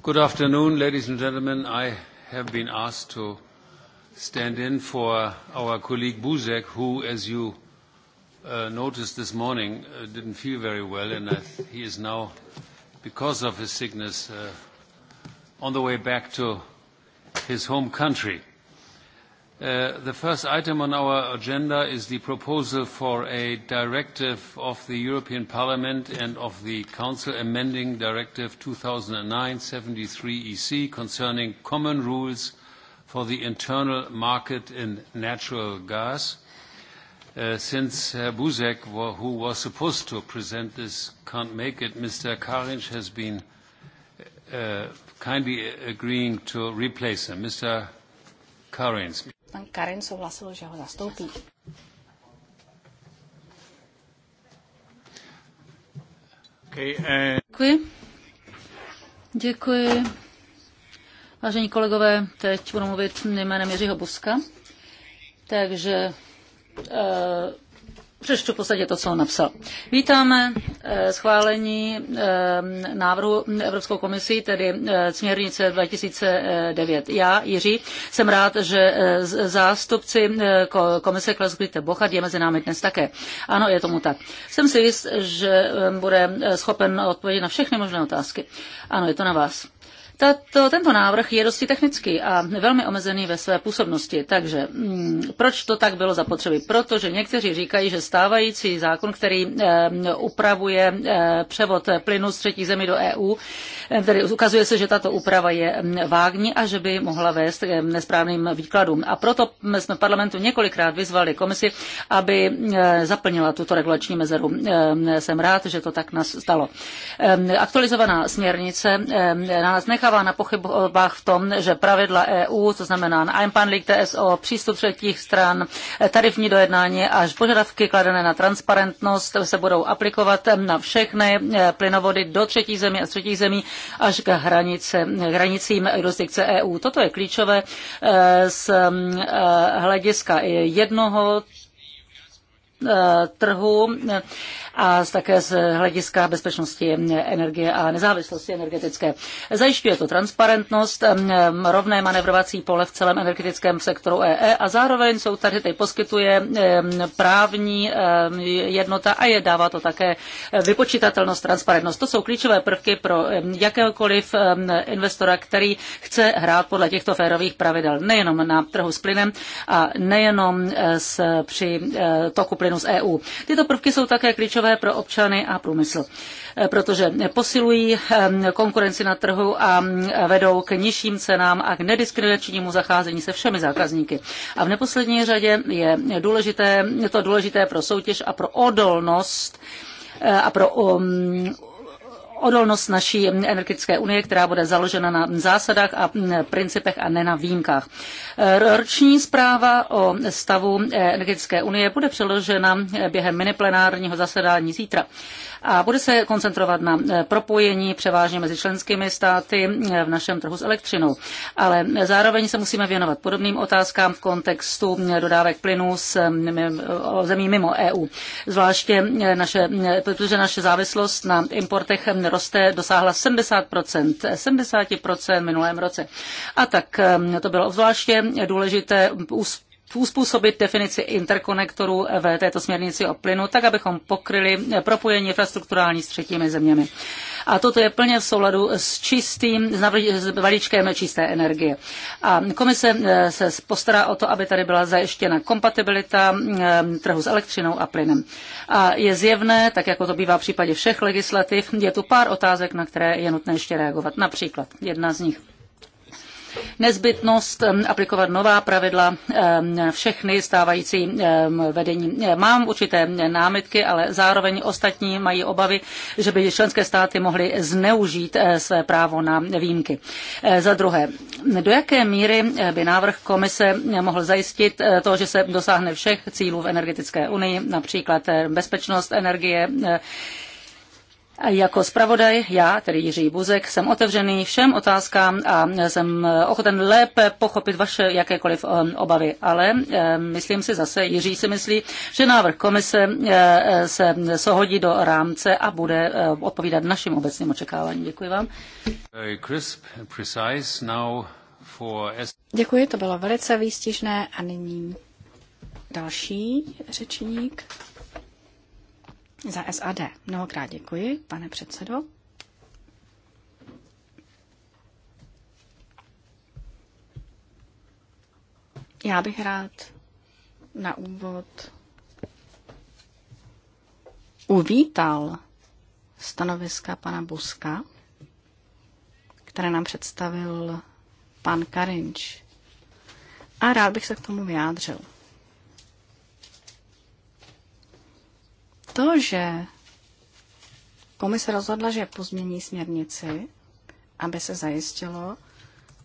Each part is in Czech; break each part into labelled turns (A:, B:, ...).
A: Good afternoon, ladies and gentlemen. I have been asked to stand in for our colleague Buzek, who, as you uh, noticed this morning, uh, didn't feel very well, and uh, he is now, because of his sickness, uh, on the way back to his home country. Uh, the first item on our agenda is the proposal for a directive of the European Parliament and of the Council amending Directive 2009/73/EC e concerning common rules for the internal market in natural gas. Uh, since Herr Buzek, who was supposed to present this, can't make it, Mr. Karinc has been uh, kindly agreeing to replace him. Mr. Karinc.
B: Pan Karin souhlasil, že ho zastoupí.
A: Eh.
C: Děkuji. Děkuji. Vážení kolegové, teď budu mluvit jménem Jiřího Buska. Takže eh, Přečtu v podstatě to, co on napsal. Vítáme eh, schválení eh, návrhu Evropskou komisí, tedy eh, směrnice 2009. Já, Jiří, jsem rád, že zástupci komise Klasglite Bochat je mezi námi dnes také. Ano, je tomu tak. Jsem si jist, že bude schopen odpovědět na všechny možné otázky. Ano, je to na vás. Tato, tento návrh je dosti technický a velmi omezený ve své působnosti. Takže mm, proč to tak bylo zapotřebí? Protože někteří říkají, že stávající zákon, který eh, upravuje eh, převod plynu z třetí zemi do EU, eh, tedy ukazuje se, že tato úprava je mm, vágní a že by mohla vést k eh, nesprávným výkladům. A proto jsme v parlamentu několikrát vyzvali komisi, aby eh, zaplnila tuto regulační mezeru. Eh, jsem rád, že to tak nastalo. Eh, aktualizovaná směrnice eh, nás nechá nechává na pochybách v tom, že pravidla EU, to znamená na Einpanlik TSO, přístup třetích stran, tarifní dojednání až požadavky kladené na transparentnost se budou aplikovat na všechny eh, plynovody do třetí zemí a třetí zemí až k hranice, hranicím jurisdikce EU. Toto je klíčové eh, z eh, hlediska jednoho trhu a také z hlediska bezpečnosti energie a nezávislosti energetické. Zajišťuje to transparentnost, rovné manevrovací pole v celém energetickém sektoru EE e a zároveň jsou tady teď poskytuje právní jednota a je dává to také vypočitatelnost, transparentnost. To jsou klíčové prvky pro jakéhokoliv investora, který chce hrát podle těchto férových pravidel nejenom na trhu s plynem a nejenom eh, s, při eh, toku plynu z EU. Tyto prvky jsou také klíčové zajímavé pro občany a průmysl, eh, protože posilují ehm, konkurenci na trhu a eh, vedou k nižším cenám a k nediskriminačnímu zacházení se všemi zákazníky. A v neposlední řadě je důležité, je to důležité pro soutěž a pro odolnost eh, a pro um, odolnost naší energetické unie, která bude založena na zásadách a principech a ne na výjimkách. Eh, roční zpráva o stavu energetické unie bude přeložena během miniplenárního zasedání zítra a bude se koncentrovat na eh, propojení převážně mezi členskými státy eh, v našem trhu s elektřinou. Ale zároveň se musíme věnovat podobným otázkám v kontextu eh, dodávek plynu s zemí mimo EU. Zvláště naše, protože naše závislost na importech roste, dosáhla 70%, 70% minulém roce. A tak to bylo zvláště důležité uspůsobit definici interkonektorů v této směrnici o plynu, tak abychom pokryli propojení infrastrukturální s třetími zeměmi. A toto je plně v souladu s čistým, s balíčkem čisté energie. A komise eh, se postará o to, aby tady byla zajištěna kompatibilita eh, trhu s elektřinou a plynem. A je zjevné, tak jako to bývá v případě všech legislativ, je tu pár otázek, na které je nutné ještě reagovat. Například jedna z nich nezbytnost aplikovat nová pravidla všechny stávající vedení. Mám určité námitky, ale zároveň ostatní mají obavy, že by členské státy mohly zneužít eh, své právo na výjimky. Eh, za druhé, do jaké míry eh, by návrh komise mohl zajistit to, že se dosáhne všech cílů v energetické unii, například bezpečnost energie, jako zpravodaj, já, tedy Jiří Buzek, jsem otevřený všem otázkám a jsem ochoten lépe pochopit vaše jakékoliv eh, obavy. Ale eh, myslím si zase, Jiří si myslí, že návrh komise eh, se sohodí do rámce a bude odpovídat našim obecným očekáváním. Děkuji vám. Děkuji, to
B: bylo velice výstižné a nyní další řečník. Za SAD. Mnohokrát děkuji, pane předsedo. Já bych rád na úvod uvítal stanoviska pana Buska, které nám představil pan Karinč. A rád bych se k tomu vyjádřil. To, že komise rozhodla, že pozmění směrnici, aby se zajistilo,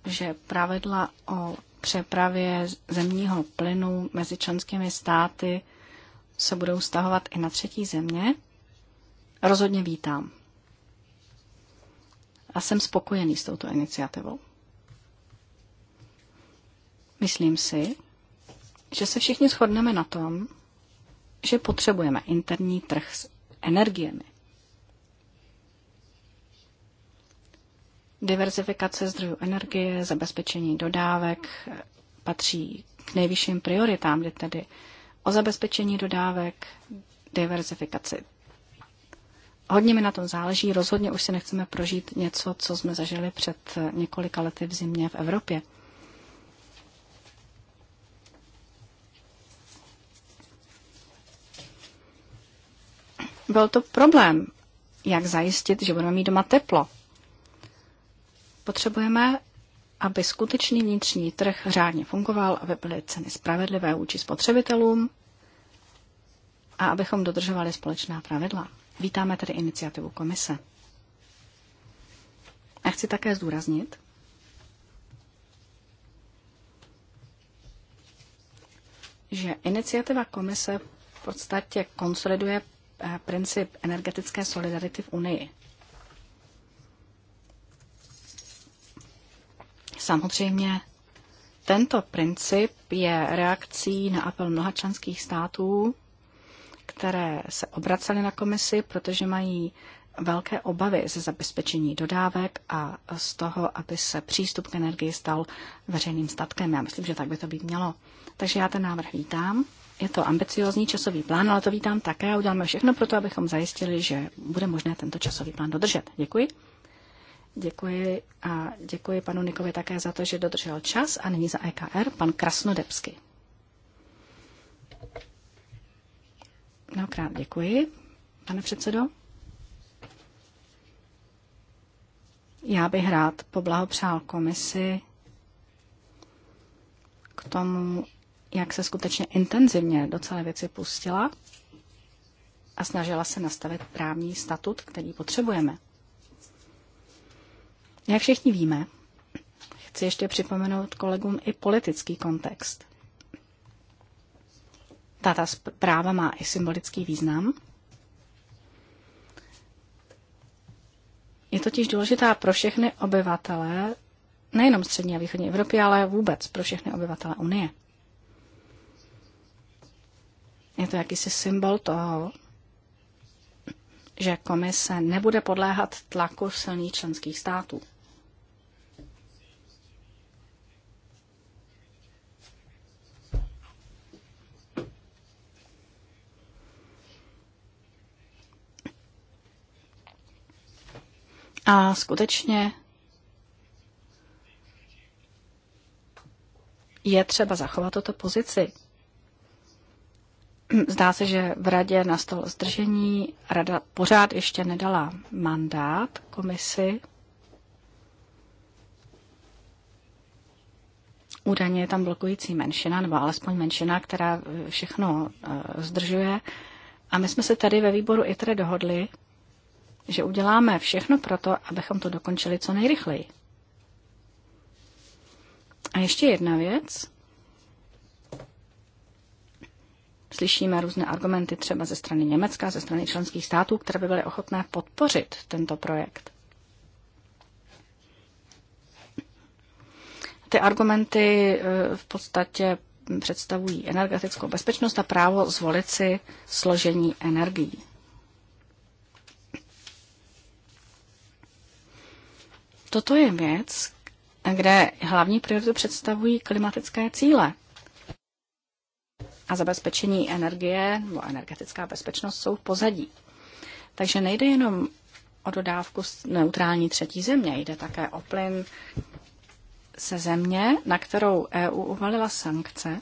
B: že pravidla o přepravě zemního plynu mezi členskými státy se budou stahovat i na třetí země, rozhodně vítám. A jsem spokojený s touto iniciativou. Myslím si, že se všichni shodneme na tom, že potřebujeme interní trh s energiemi. Diverzifikace zdrojů energie, zabezpečení dodávek patří k nejvyšším prioritám, kde tedy o zabezpečení dodávek, diverzifikaci. Hodně mi na tom záleží, rozhodně už si nechceme prožít něco, co jsme zažili před několika lety v zimě v Evropě. byl to problém, jak zajistit, že budeme mít doma teplo. Potřebujeme, aby skutečný vnitřní trh řádně fungoval, aby byly ceny spravedlivé vůči spotřebitelům a abychom dodržovali společná pravidla. Vítáme tedy iniciativu komise. A chci také zdůraznit, že iniciativa komise v podstatě konsoliduje princip energetické solidarity v Unii. Samozřejmě tento princip je reakcí na apel mnoha členských států, které se obracely na komisi, protože mají velké obavy ze zabezpečení dodávek a z toho, aby se přístup k energii stal veřejným statkem. Já myslím, že tak by to být mělo. Takže já ten návrh vítám. Je to ambiciozní časový plán, ale to vítám také a uděláme všechno pro to, abychom zajistili, že bude možné tento časový plán dodržet. Děkuji. Děkuji a děkuji panu Nikovi také za to, že dodržel čas a nyní za EKR pan Krasnodebsky. Mnohokrát děkuji, pane předsedo. Já bych rád poblahopřál komisi k tomu, jak se skutečně intenzivně do celé věci pustila a snažila se nastavit právní statut, který potřebujeme. Jak všichni víme, chci ještě připomenout kolegům i politický kontext. Tato zpráva má i symbolický význam. Je totiž důležitá pro všechny obyvatele, nejenom střední a východní Evropy, ale vůbec pro všechny obyvatele Unie. Je to jakýsi symbol toho, že komise nebude podléhat tlaku silných členských států. A skutečně je třeba zachovat toto pozici. Zdá se, že v radě nastalo zdržení. Rada pořád ještě nedala mandát komisi. Údajně je tam blokující menšina, nebo alespoň menšina, která eh, všechno eh, zdržuje. A my jsme se tady ve výboru ITRE dohodli, že uděláme všechno pro to, abychom to dokončili co nejrychleji. A ještě jedna věc. slyšíme různé argumenty třeba ze strany Německa, ze strany členských států, které by byly ochotné podpořit tento projekt. Ty argumenty e, v podstatě představují energetickou bezpečnost a právo zvolit si složení energií. Toto je věc, kde hlavní prioritu představují klimatické cíle a zabezpečení energie nebo energetická bezpečnost jsou v pozadí. Takže nejde jenom o dodávku z neutrální třetí země, jde také o plyn se země, na kterou EU uvalila sankce.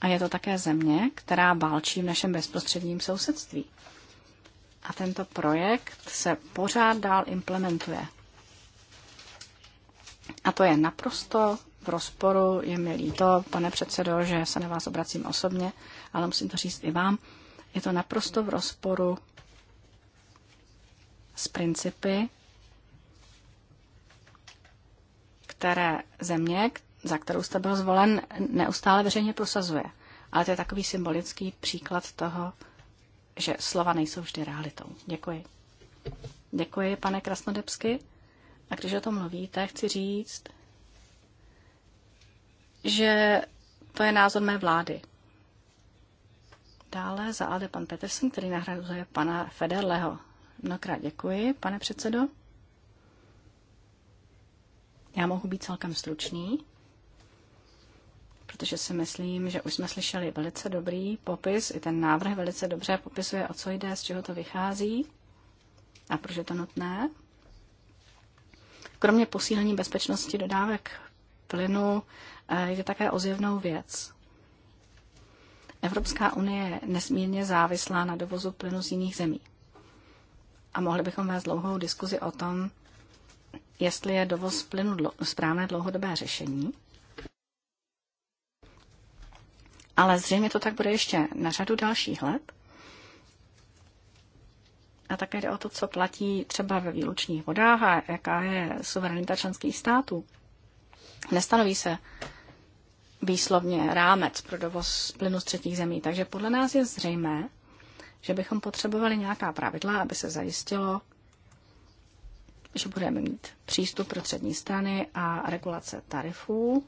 B: A je to také země, která bálčí v našem bezprostředním sousedství. A tento projekt se pořád dál implementuje. A to je naprosto v rozporu. Je mi líto, pane předsedo, že se na vás obracím osobně, ale musím to říct i vám. Je to naprosto v rozporu s principy, které země, za kterou jste byl zvolen, neustále veřejně prosazuje. Ale to je takový symbolický příklad toho, že slova nejsou vždy realitou. Děkuji. Děkuji, pane Krasnodebsky. A když o tom mluvíte, chci říct, že to je názor mé vlády. Dále za AD pan Petersen, který nahraduje pana Federleho. Mnohokrát děkuji, pane předsedo. Já mohu být celkem stručný, protože si myslím, že už jsme slyšeli velice dobrý popis, i ten návrh velice dobře popisuje, o co jde, z čeho to vychází a proč je to nutné. Kromě posílení bezpečnosti dodávek plynu eh, je také ozjevnou věc. Evropská unie je nesmírně závislá na dovozu plynu z jiných zemí. A mohli bychom vést dlouhou diskuzi o tom, jestli je dovoz plynu správné dlouhodobé řešení. Ale zřejmě to tak bude ještě na řadu dalších let. A také jde o to, co platí třeba ve výlučných vodách a jaká je suverenita členských států Nestanoví se výslovně rámec pro dovoz plynu z třetích zemí, takže podle nás je zřejmé, že bychom potřebovali nějaká pravidla, aby se zajistilo, že budeme mít přístup pro střední strany a regulace tarifů,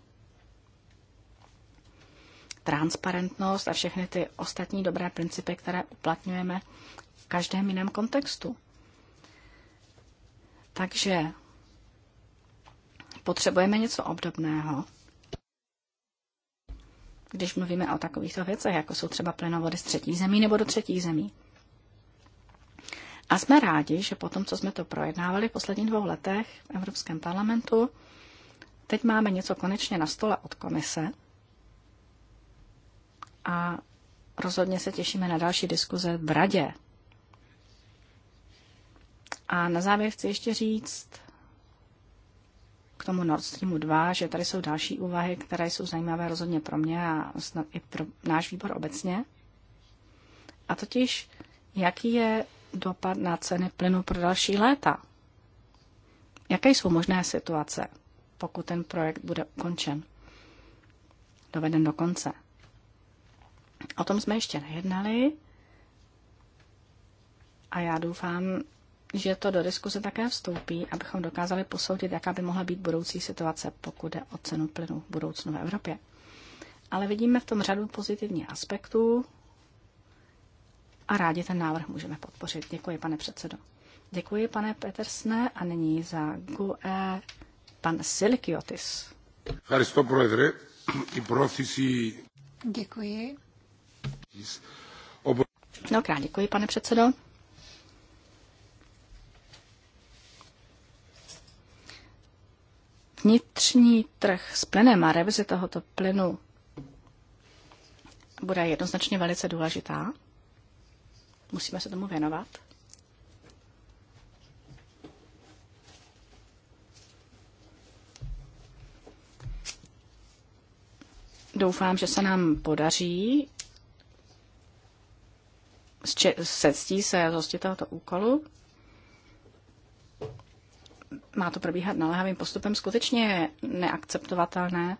B: transparentnost a všechny ty ostatní dobré principy, které uplatňujeme v každém jiném kontextu. Takže Potřebujeme něco obdobného, když mluvíme o takovýchto věcech, jako jsou třeba plynovody z třetí zemí nebo do třetí zemí. A jsme rádi, že po tom, co jsme to projednávali v posledních dvou letech v Evropském parlamentu, teď máme něco konečně na stole od komise a rozhodně se těšíme na další diskuze v radě. A na závěr chci ještě říct, k tomu Nord Streamu 2, že tady jsou další úvahy, které jsou zajímavé rozhodně pro mě a snad i pro náš výbor obecně. A totiž, jaký je dopad na ceny plynu pro další léta? Jaké jsou možné situace, pokud ten projekt bude ukončen, doveden do konce? O tom jsme ještě nejednali a já doufám, že to do diskuse také vstoupí, abychom dokázali posoudit, jaká by mohla být budoucí situace, pokud jde o cenu plynu v budoucnu v Evropě. Ale vidíme v tom řadu pozitivních aspektů a rádi ten návrh můžeme podpořit. Děkuji, pane předsedo. Děkuji, pane Petersne, a nyní za GUE pan Silikiotis. Děkuji. Mnohokrát děkuji, pane předsedo. vnitřní trh s plynem a revize tohoto plynu bude jednoznačně velice důležitá. Musíme se tomu věnovat. Doufám, že se nám podaří se ctí se zhostit tohoto úkolu má to probíhat naléhavým postupem, skutečně je neakceptovatelné,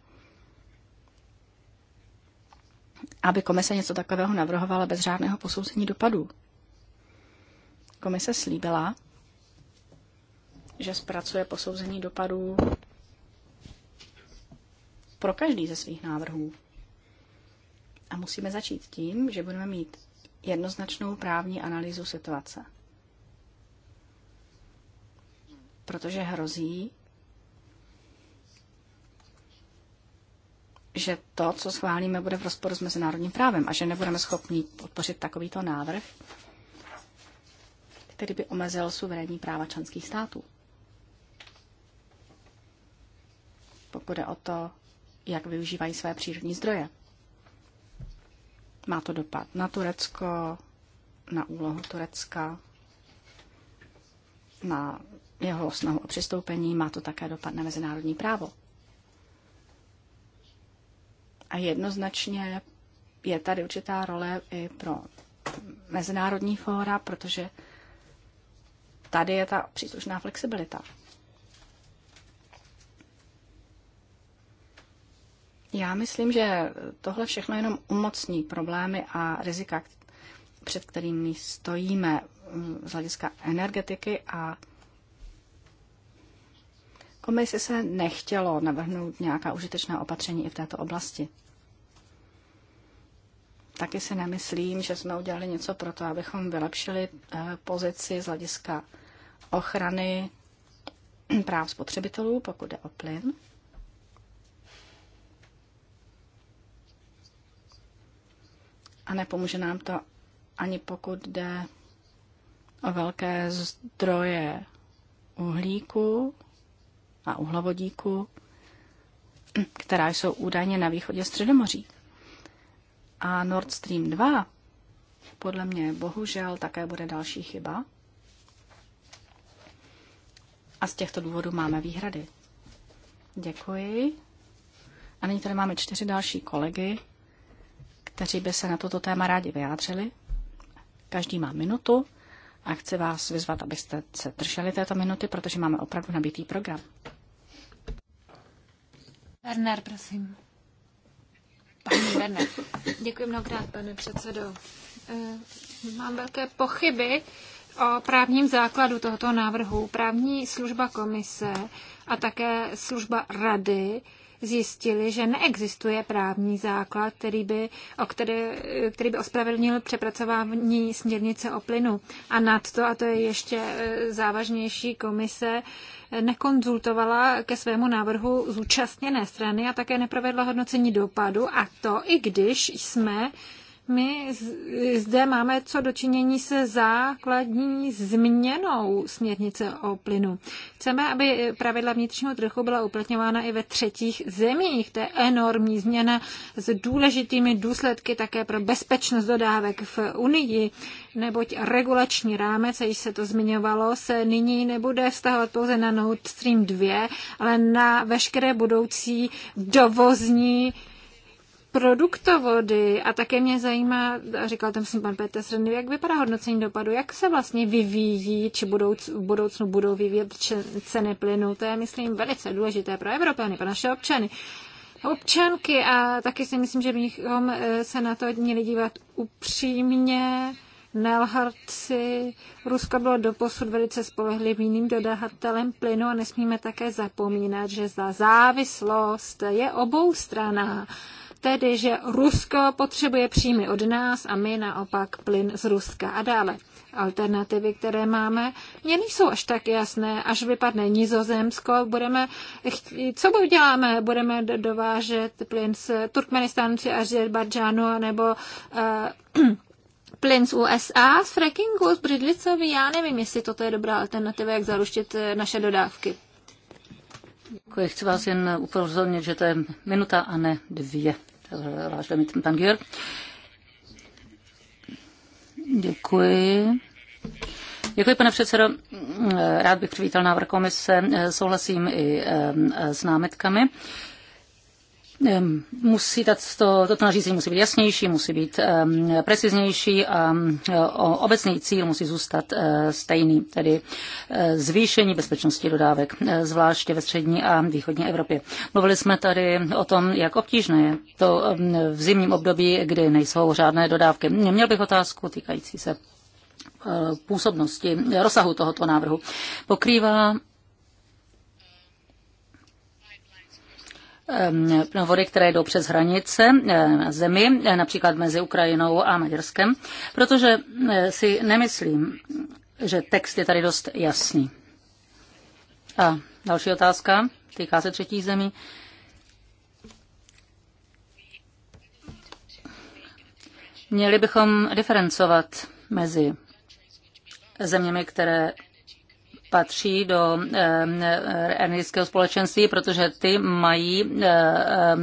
B: aby komise něco takového navrhovala bez řádného posouzení dopadů. Komise slíbila, že zpracuje posouzení dopadů pro každý ze svých návrhů. A musíme začít tím, že budeme mít jednoznačnou právní analýzu situace. protože hrozí, že to, co schválíme, bude v rozporu s mezinárodním právem a že nebudeme schopni podpořit takovýto návrh, který by omezil suverénní práva členských států. Pokud je o to, jak využívají své přírodní zdroje. Má to dopad na Turecko, na úlohu Turecka, na jeho snahu o přistoupení, má to také dopad na mezinárodní právo. A jednoznačně je tady určitá role i pro mezinárodní fóra, protože tady je ta příslušná flexibilita. Já myslím, že tohle všechno jenom umocní problémy a rizika, před kterými stojíme mm, z hlediska energetiky a Komisi se nechtělo navrhnout nějaká užitečná opatření i v této oblasti. Taky si nemyslím, že jsme udělali něco pro to, abychom vylepšili eh, pozici z hlediska ochrany práv spotřebitelů, pokud jde o plyn. A nepomůže nám to ani pokud jde o velké zdroje uhlíku, a uhlovodíku, která jsou údajně na východě Středomoří. A Nord Stream 2 podle mě bohužel také bude další chyba. A z těchto důvodů máme výhrady. Děkuji. A nyní tady máme čtyři další kolegy, kteří by se na toto téma rádi vyjádřili. Každý má minutu a chci vás vyzvat, abyste se drželi této minuty, protože máme opravdu nabitý program.
D: Werner, prosím. Pane Werner. Děkuji mnohokrát, pane předsedo. Eh, mám velké pochyby o právním základu tohoto návrhu. Právní služba komise a také služba rady zjistili, že neexistuje právní základ, který by, o který, který by ospravedlnil přepracování směrnice o plynu. A nad to, a to je ještě e, závažnější, komise nekonzultovala ke svému návrhu zúčastněné strany a také neprovedla hodnocení dopadu a to, i když jsme my zde máme co dočinění se základní změnou směrnice o plynu. Chceme, aby pravidla vnitřního trhu byla uplatňována i ve třetích zemích. To je enormní změna s důležitými důsledky také pro bezpečnost dodávek v Unii, neboť regulační rámec, již se to zmiňovalo, se nyní nebude vztahovat pouze na Nord Stream 2, ale na veškeré budoucí dovozní produktovody a také mě zajímá, a říkal tam jsem pan Petr Srny, jak vypadá hodnocení dopadu, jak se vlastně vyvíjí, či budou, v budoucnu budou vyvíjet ceny plynu. To je, myslím, velice důležité pro Evropany, pro naše občany občanky a taky si myslím, že bychom eh, se na to měli dívat upřímně, Nelharci, Rusko bylo doposud velice spolehlivým dodahatelem plynu a nesmíme také zapomínat, že za závislost je obou straná tedy že Rusko potřebuje příjmy od nás a my naopak plyn z Ruska a dále. Alternativy, které máme, mě nejsou až tak jasné, až vypadne Nizozemsko, budeme, co uděláme, budeme dovážet plyn z Turkmenistánu či Azerbajdžánu nebo uh, plyn z USA, z frackingu, z Bridlicovi, já nevím, jestli toto je dobrá alternativa, jak zaruštit eh, naše
C: dodávky. Děkuji, chci vás jen upozornit, že to je minuta a ne dvě pan Gjörg. Děkuji. Děkuji, pane předsedo. Rád bych přivítal návrh komise. Souhlasím i s námitkami. Musí tato, toto nařízení musí být jasnější, musí být um, preciznější a um, obecný cíl musí zůstat uh, stejný, tedy uh, zvýšení bezpečnosti dodávek, uh, zvláště ve střední a východní Evropě. Mluvili jsme tady o tom, jak obtížné je to um, v zimním období, kdy nejsou řádné dodávky. Měl bych otázku týkající se působnosti, rozsahu tohoto návrhu. Pokrývá No, vody, které jdou přes hranice eh, na zemi, eh, například mezi Ukrajinou a Maďarskem, protože eh, si nemyslím, že text je tady dost jasný. A další otázka, týká se třetí zemí. Měli bychom diferencovat mezi zeměmi, které patří do eh, energetického společenství, protože ty mají eh,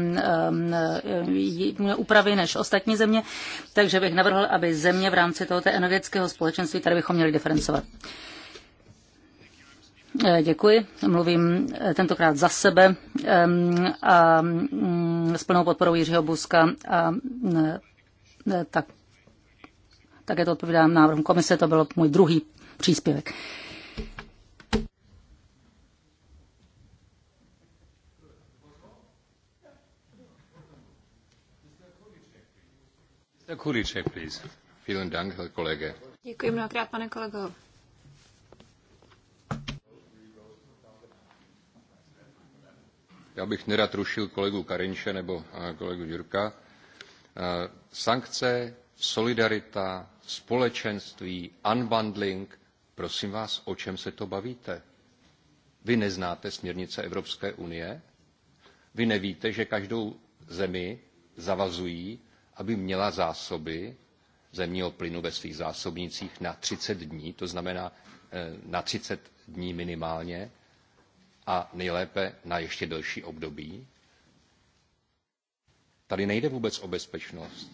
C: eh, úpravy než ostatní země, takže bych navrhl, aby země v rámci tohoto energetického společenství tady bychom měli diferencovat. Děkuji, mluvím tentokrát za sebe a mm, s plnou podporou Jiřího Buska a tak, také to odpovídám návrhu komise, to byl můj druhý příspěvek.
E: please.
D: Děkuji mnohokrát, pane kolego.
E: Já bych nerad rušil kolegu Karinše nebo eh, kolegu Jurka. Eh, sankce, solidarita, společenství, unbundling. Prosím vás, o čem se to bavíte? Vy neznáte směrnice Evropské unie? Vy nevíte, že každou zemi zavazují aby měla zásoby zemního plynu ve svých zásobnících na 30 dní, to znamená eh, na 30 dní minimálně a nejlépe na ještě delší období. Tady nejde vůbec o bezpečnost.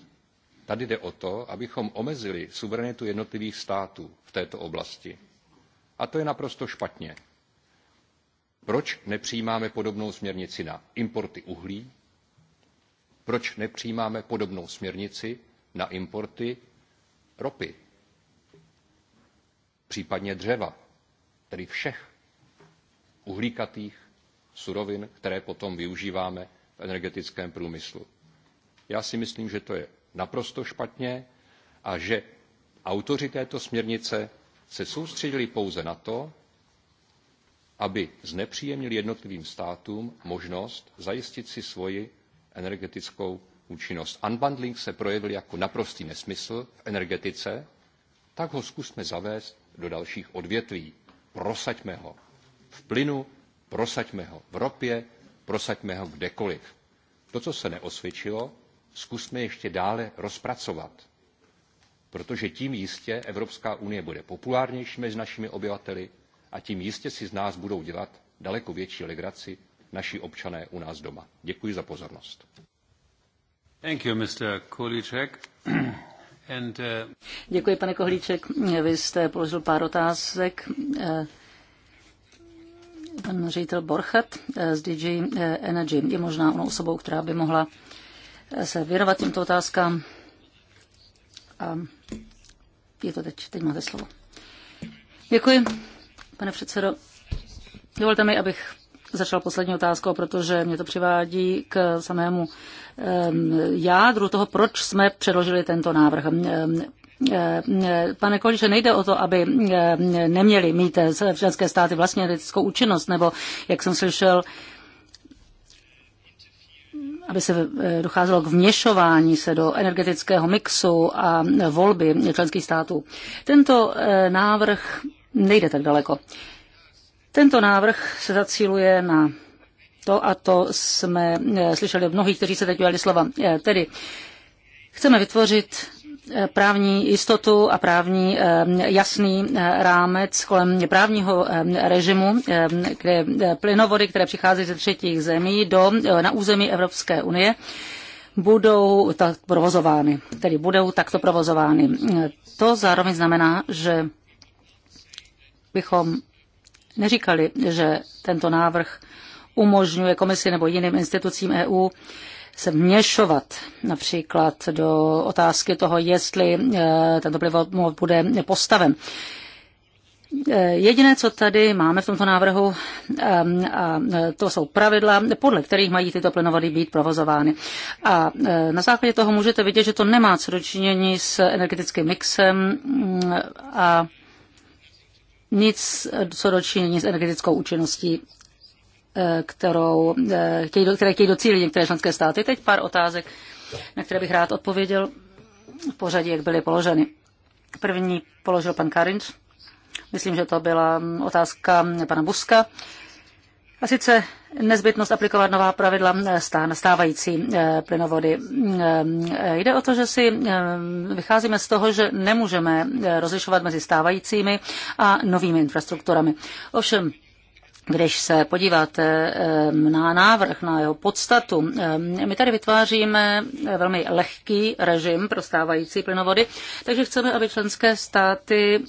E: Tady jde o to, abychom omezili suverenitu jednotlivých států v této oblasti. A to je naprosto špatně. Proč nepřijímáme podobnou směrnici na importy uhlí, proč nepřijímáme podobnou směrnici na importy ropy, případně dřeva, tedy všech uhlíkatých surovin, které potom využíváme v energetickém průmyslu. Já si myslím, že to je naprosto špatně a že autoři této směrnice se soustředili pouze na to, aby znepříjemnili jednotlivým státům možnost zajistit si svoji energetickou účinnost. Unbundling se projevil jako naprostý nesmysl v energetice, tak ho zkusme zavést do dalších odvětví. Prosaďme ho. V plynu prosaďme ho. V ropě prosaďme ho kdekoliv. To, co se neosvědčilo, zkusme ještě dále rozpracovat. Protože tím jistě Evropská unie bude populárnější mezi našimi obyvateli a tím jistě si z nás budou dělat daleko větší legraci naši občané u nás doma. Děkuji za pozornost.
A: Thank you, Mr. And, uh...
C: Děkuji, pane Kohlíček. Vy jste položil pár otázek. Eh, pan ředitel Borchat eh, z DG eh, Energy je možná onou osobou, která by mohla se věnovat těmto otázkám. A je to teď. Teď máte slovo. Děkuji, pane předsedo. Dovolte mi, abych začal poslední otázkou, protože mě to přivádí k samému jádru toho, proč jsme předložili tento návrh. Pane Količe, nejde o to, aby neměli mít členské státy vlastně lidskou účinnost, nebo, jak jsem slyšel, aby se docházelo k vměšování se do energetického mixu a volby členských států. Tento návrh nejde tak daleko. Tento návrh se zacíluje na to, a to jsme eh, slyšeli od mnohých, kteří se teď ujali slova, eh, tedy chceme vytvořit eh, právní jistotu a právní jasný rámec kolem právního režimu, kde plynovody, které přicházejí ze třetích zemí do, na území Evropské unie, budou tak provozovány, tedy budou takto provozovány. To zároveň znamená, že bychom neříkali, že tento návrh umožňuje komisi nebo jiným institucím EU se měšovat například do otázky toho, jestli eh, tento plivomov bude postaven. Eh, jediné, co tady máme v tomto návrhu, eh, a to jsou pravidla, podle kterých mají tyto plynovody být provozovány. A na základě toho můžete vidět, že to nemá co dočinění s energetickým mixem mm, a nic co dočinění s energetickou účinností, eh, kterou, eh, které chtějí docílit některé členské státy. Teď pár otázek, na které bych rád odpověděl v pořadí, jak byly položeny. První položil pan Karinč. Myslím, že to byla mm, otázka pana Buska. A sice nezbytnost aplikovat nová pravidla eh, na stávající eh, plynovody. Eh, jde o to, že si vycházíme z toho, že nemůžeme rozlišovat mezi stávajícími a novými infrastrukturami. Ovšem, když se podíváte na návrh, na jeho podstatu, my tady vytváříme velmi lehký režim pro stávající plynovody, takže chceme, aby členské státy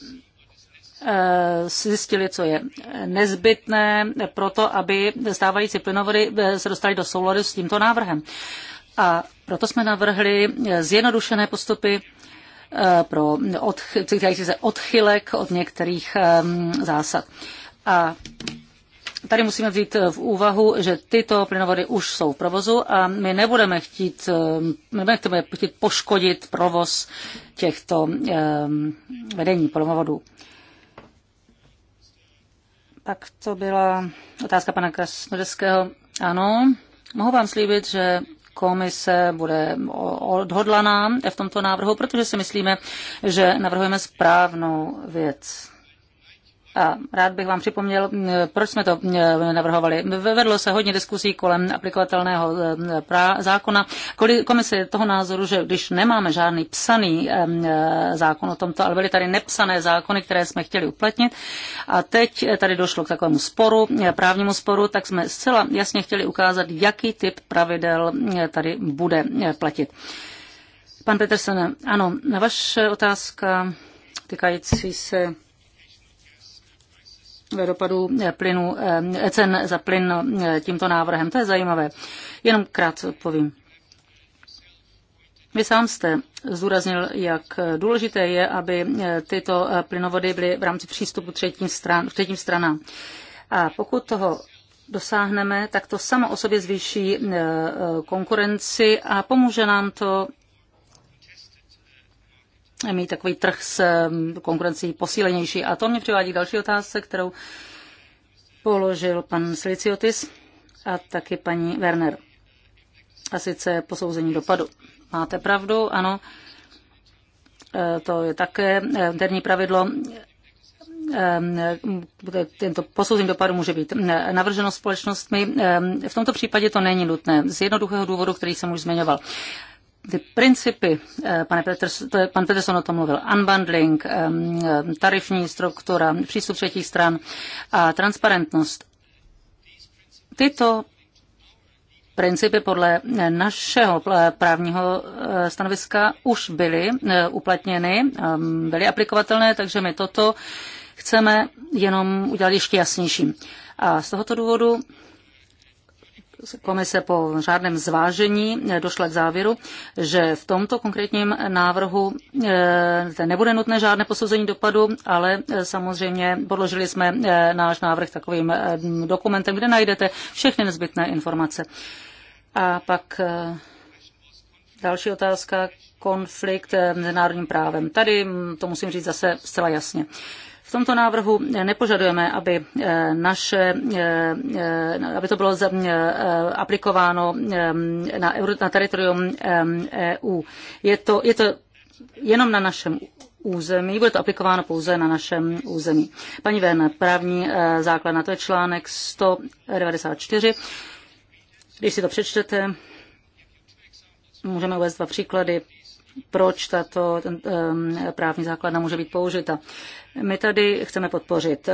C: Eh, zjistili, co je nezbytné pro to, aby stávající plynovody eh, se dostaly do souladu s tímto návrhem. A proto jsme navrhli eh, zjednodušené postupy pro odchy, se odchylek od některých zásad. A tady musíme vzít v úvahu, že tyto plynovody už jsou v provozu a my nebudeme chtít, my nebudeme chtít poškodit provoz těchto vedení plynovodů. Tak to byla otázka pana Krasnodeského. Ano, mohu vám slíbit, že komise bude odhodlaná v tomto návrhu, protože si myslíme, že navrhujeme správnou věc. A rád bych vám připomněl, proč jsme to navrhovali. Vedlo se hodně diskusí kolem aplikovatelného zákona. Komise je toho názoru, že když nemáme žádný psaný zákon o tomto, ale byly tady nepsané zákony, které jsme chtěli uplatnit, a teď tady došlo k takovému sporu, právnímu sporu, tak jsme zcela jasně chtěli ukázat, jaký typ pravidel tady bude platit. Pan Petersen, ano, na vaše otázka týkající se dopadu eh, plynu, eh, cen za plyn no, eh, tímto návrhem. To je zajímavé. Jenom krátce odpovím. Vy sám jste zúraznil jak důležité je, aby tyto plynovody byly v rámci přístupu třetím, stran, třetím stranám. A pokud toho dosáhneme, tak to samo o sobě zvýší konkurenci a pomůže nám to mít takový trh s um, konkurencí posílenější. A to mě přivádí k další otázce, kterou položil pan Siliciotis a taky paní Werner. A sice posouzení dopadu. Máte pravdu, ano. E, to je také e, interní pravidlo e, tento posouzení dopadu může být navrženo společnostmi. V tomto případě to není nutné z jednoduchého důvodu, který jsem už zmiňoval ty principy, eh, pane Peters, to je, pan Peterson o tom mluvil, unbundling, eh, eh, tarifní struktura, přístup třetích stran a transparentnost. Tyto principy podle našeho právního stanoviska už byly uplatněny, byly aplikovatelné, takže my toto chceme jenom udělat ještě jasnějším. A z tohoto důvodu komise po řádném zvážení došla k závěru, že v tomto konkrétním návrhu eh, nebude nutné žádné posouzení dopadu, ale eh, samozřejmě podložili jsme eh, náš návrh takovým dokumentem, kde najdete všechny nezbytné informace. A pak další otázka, konflikt s národním právem. Tady mm, to musím říct zase zcela jasně tomto návrhu nepožadujeme, aby, eh, naše, eh, eh, aby to bylo aplikováno na, na teritorium EU. E je to, je to jenom na našem území, bude to aplikováno pouze na našem území. Paní Verne, právní základ na to je článek 194. Když si to přečtete, můžeme uvést dva příklady proč tato ten, právní základna může být použita. My tady chceme podpořit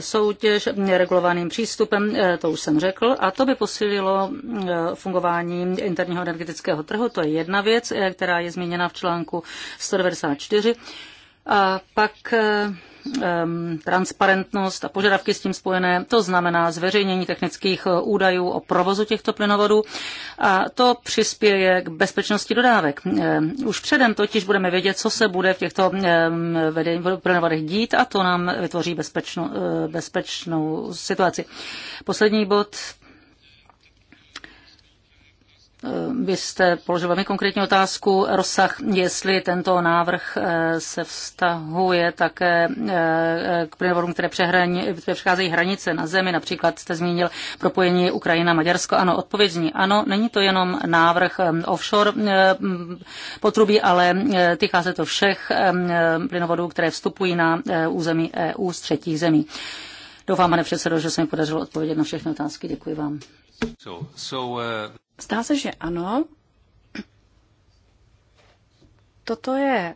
C: soutěž regulovaným přístupem, e, to už jsem řekl, a to by posílilo e, fungování interního energetického trhu. To je jedna věc, e, která je zmíněna v článku 194. A pak Ehm, transparentnost a požadavky s tím spojené, to znamená zveřejnění technických eh, údajů o provozu těchto plynovodů a to přispěje k bezpečnosti dodávek. Ehm, už předem totiž budeme vědět, co se bude v těchto ehm, plynovodech dít a to nám vytvoří bezpečno, eh, bezpečnou situaci. Poslední bod Eh, vy jste položil velmi konkrétní otázku, rozsah, jestli tento návrh eh, se vztahuje také eh, k plynovodům, které, které přecházejí hranice na zemi. Například jste zmínil propojení Ukrajina-Maďarsko. Ano, odpověď zní ano. Není to jenom návrh offshore mm, potrubí, ale týká se to všech mm, plynovodů, které vstupují na území EU z třetích zemí. Doufám, pane předsedo, že se mi podařilo odpovědět na všechny otázky. Děkuji vám.
A: So, so, uh...
C: Zdá se, že ano. Toto je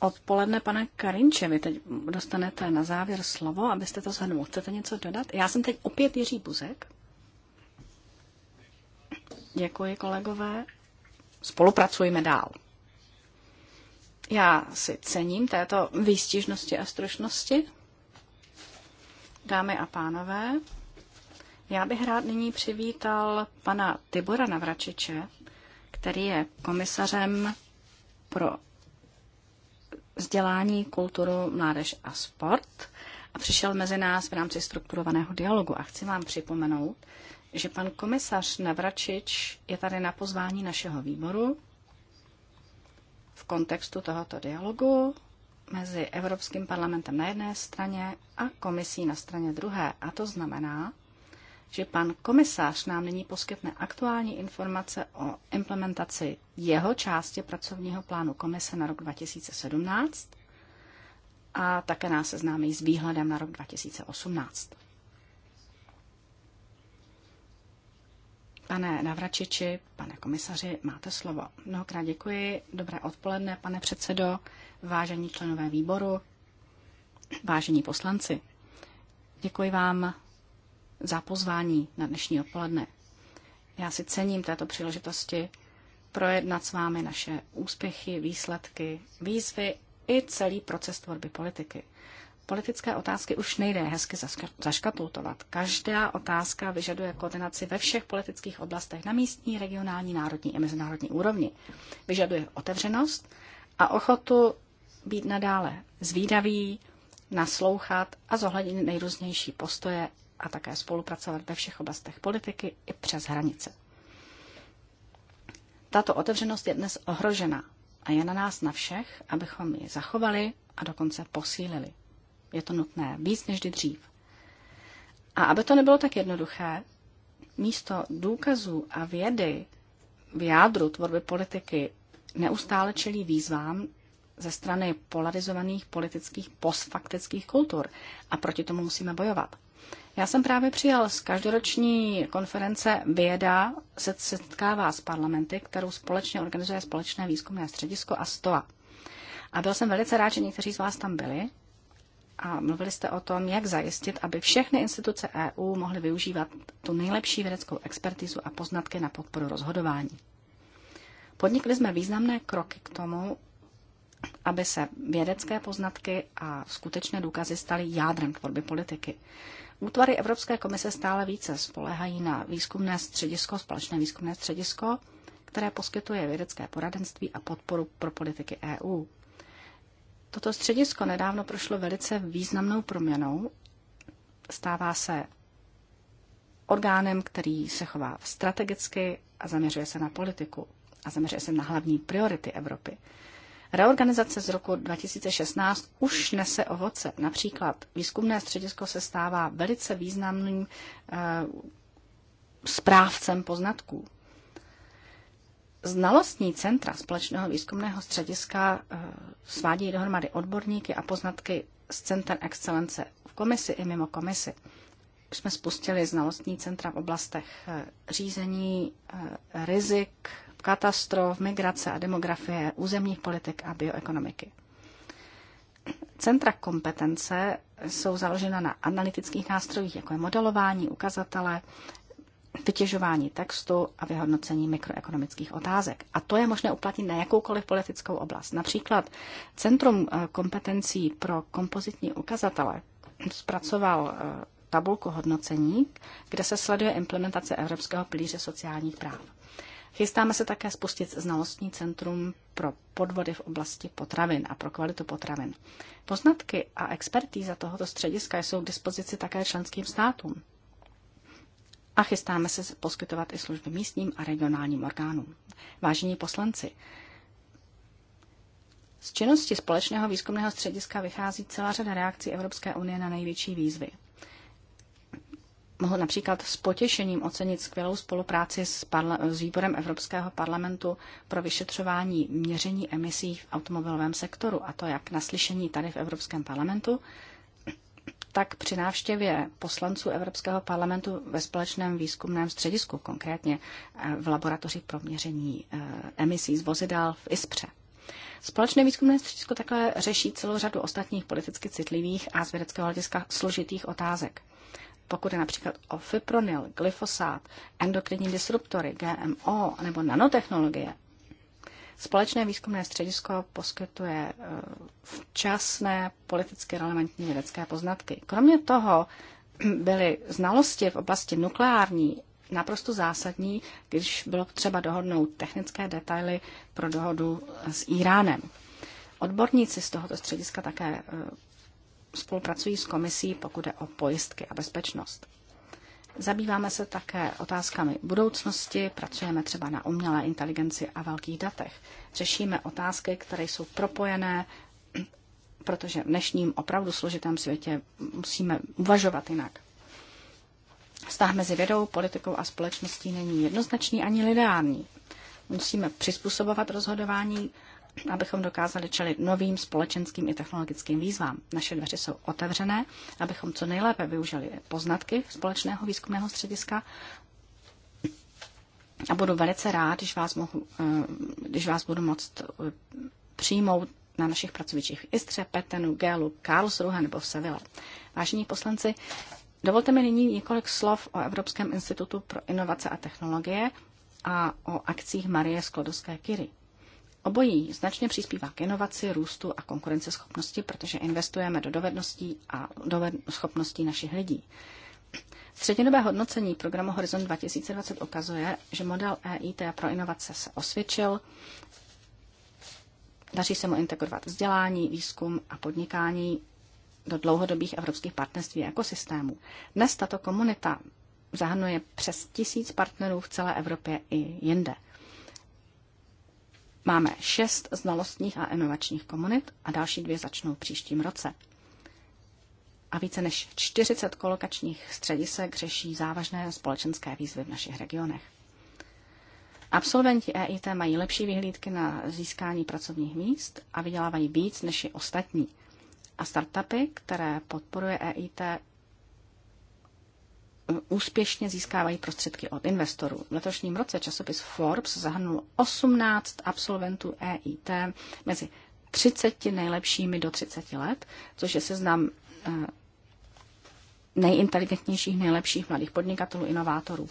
C: odpoledne,
B: pane Karinče. Vy teď dostanete na závěr slovo, abyste to zhrnul. Chcete něco dodat? Já jsem teď opět Jiří Buzek. Děkuji, kolegové. Spolupracujeme dál. Já si cením této výstižnosti a stručnosti. Dámy a pánové, já bych rád nyní přivítal pana Tibora Navračiče, který je komisařem pro vzdělání, kulturu, mládež a sport a přišel mezi nás v rámci strukturovaného dialogu. A chci vám připomenout, že pan komisař Navračič je tady na pozvání našeho výboru v kontextu tohoto dialogu mezi Evropským parlamentem na jedné straně a komisí na straně druhé. A to znamená, že pan komisář nám nyní poskytne aktuální informace o implementaci jeho části pracovního plánu komise na rok 2017 a také nás seznámí s výhledem na rok 2018. Pane Navračiči, pane komisaři, máte slovo. Mnohokrát děkuji. Dobré odpoledne, pane předsedo, vážení členové výboru, vážení poslanci. Děkuji vám za pozvání na dnešní odpoledne. Já si cením této příležitosti projednat s vámi naše úspěchy, výsledky, výzvy i celý proces tvorby politiky. Politické otázky už nejde hezky zaškatultovat. Každá otázka vyžaduje koordinaci ve všech politických oblastech na místní, regionální, národní i mezinárodní úrovni. Vyžaduje otevřenost a ochotu být nadále zvídavý, naslouchat a zohlednit nejrůznější postoje a také spolupracovat ve všech oblastech politiky i přes hranice. Tato otevřenost je dnes ohrožena a je na nás na všech, abychom ji zachovali a dokonce posílili. Je to nutné víc než dřív. A aby to nebylo tak jednoduché, místo důkazů a vědy v jádru tvorby politiky neustále čelí výzvám ze strany polarizovaných politických postfaktických kultur a proti tomu musíme bojovat. Já jsem právě přijal z každoroční konference Věda se setkává s parlamenty, kterou společně organizuje Společné výzkumné středisko a STOA. A byl jsem velice rád, že někteří z vás tam byli a mluvili jste o tom, jak zajistit, aby všechny instituce EU mohly využívat tu nejlepší vědeckou expertizu a poznatky na podporu rozhodování. Podnikli jsme významné kroky k tomu, aby se vědecké poznatky a skutečné důkazy staly jádrem tvorby politiky. Útvary Evropské komise stále více spolehají na výzkumné středisko, společné výzkumné středisko, které poskytuje vědecké poradenství a podporu pro politiky EU. Toto středisko nedávno prošlo velice významnou proměnou. Stává se orgánem, který se chová strategicky a zaměřuje se na politiku a zaměřuje se na hlavní priority Evropy. Reorganizace z roku 2016 už nese ovoce. Například výzkumné středisko se stává velice významným eh, správcem poznatků. Znalostní centra společného výzkumného střediska eh, svádějí dohromady odborníky a poznatky z Center Excelence v komisi i mimo komisi. Už jsme spustili znalostní centra v oblastech eh, řízení, eh, rizik, katastrof, migrace a demografie, územních politik a bioekonomiky. Centra kompetence jsou založena na analytických nástrojích, jako je modelování, ukazatele, vytěžování textu a vyhodnocení mikroekonomických otázek. A to je možné uplatnit na jakoukoliv politickou oblast. Například Centrum eh, kompetencí pro kompozitní ukazatele zpracoval eh, tabulku hodnocení, kde se sleduje implementace Evropského pilíře sociálních práv. Chystáme se také spustit znalostní centrum pro podvody v oblasti potravin a pro kvalitu potravin. Poznatky a expertíza tohoto střediska jsou k dispozici také členským státům. A chystáme se poskytovat i služby místním a regionálním orgánům. Vážení poslanci, z činnosti společného výzkumného střediska vychází celá řada reakcí Evropské unie na největší výzvy mohl například s potěšením ocenit skvělou spolupráci s, parla- s výborem Evropského parlamentu pro vyšetřování měření emisí v automobilovém sektoru, a to jak na slyšení tady v Evropském parlamentu, tak při návštěvě poslanců Evropského parlamentu ve společném výzkumném středisku, konkrétně eh, v laboratoři pro měření eh, emisí z vozidel v ISPře. Společné výzkumné středisko takhle řeší celou řadu ostatních politicky citlivých a z vědeckého hlediska složitých otázek pokud je například o fipronil, glyfosát, endokrinní disruptory, GMO nebo nanotechnologie, Společné výzkumné středisko poskytuje e, včasné politicky relevantní vědecké poznatky. Kromě toho byly znalosti v oblasti nukleární naprosto zásadní, když bylo třeba dohodnout technické detaily pro dohodu s Iránem. Odborníci z tohoto střediska také e, spolupracují s komisí, pokud je o pojistky a bezpečnost. Zabýváme se také otázkami budoucnosti, pracujeme třeba na umělé inteligenci a velkých datech. Řešíme otázky, které jsou propojené, protože v dnešním opravdu složitém světě musíme uvažovat jinak. Vztah mezi vědou, politikou a společností není jednoznačný ani lineární. Musíme přizpůsobovat rozhodování abychom dokázali čelit novým společenským i technologickým výzvám. Naše dveře jsou otevřené, abychom co nejlépe využili poznatky společného výzkumného střediska a budu velice rád, když vás, mohu, eh, když vás budu moct eh, přijmout na našich pracovičích v Istře, Petenu, Gelu, Karlsruhe nebo v Seville. Vážení poslanci, dovolte mi nyní několik slov o Evropském institutu pro inovace a technologie a o akcích Marie Sklodovské kyrie Obojí značně přispívá k inovaci, růstu a konkurenceschopnosti, protože investujeme do dovedností a schopností našich lidí. Střednědobé hodnocení programu Horizon 2020 ukazuje, že model EIT pro inovace se osvědčil, daří se mu integrovat vzdělání, výzkum a podnikání do dlouhodobých evropských partnerství a ekosystémů. Dnes tato komunita zahrnuje přes tisíc partnerů v celé Evropě i jinde – Máme šest znalostních a inovačních komunit a další dvě začnou příštím roce. A více než 40 kolokačních středisek řeší závažné společenské výzvy v našich regionech. Absolventi EIT mají lepší vyhlídky na získání pracovních míst a vydělávají víc než i ostatní. A startupy, které podporuje EIT, Eh, úspěšně získávají prostředky od investorů. V letošním roce časopis Forbes zahrnul 18 absolventů EIT mezi 30 nejlepšími do 30 let, což je seznam eh, nejinteligentnějších, nejlepších mladých podnikatelů, inovátorů.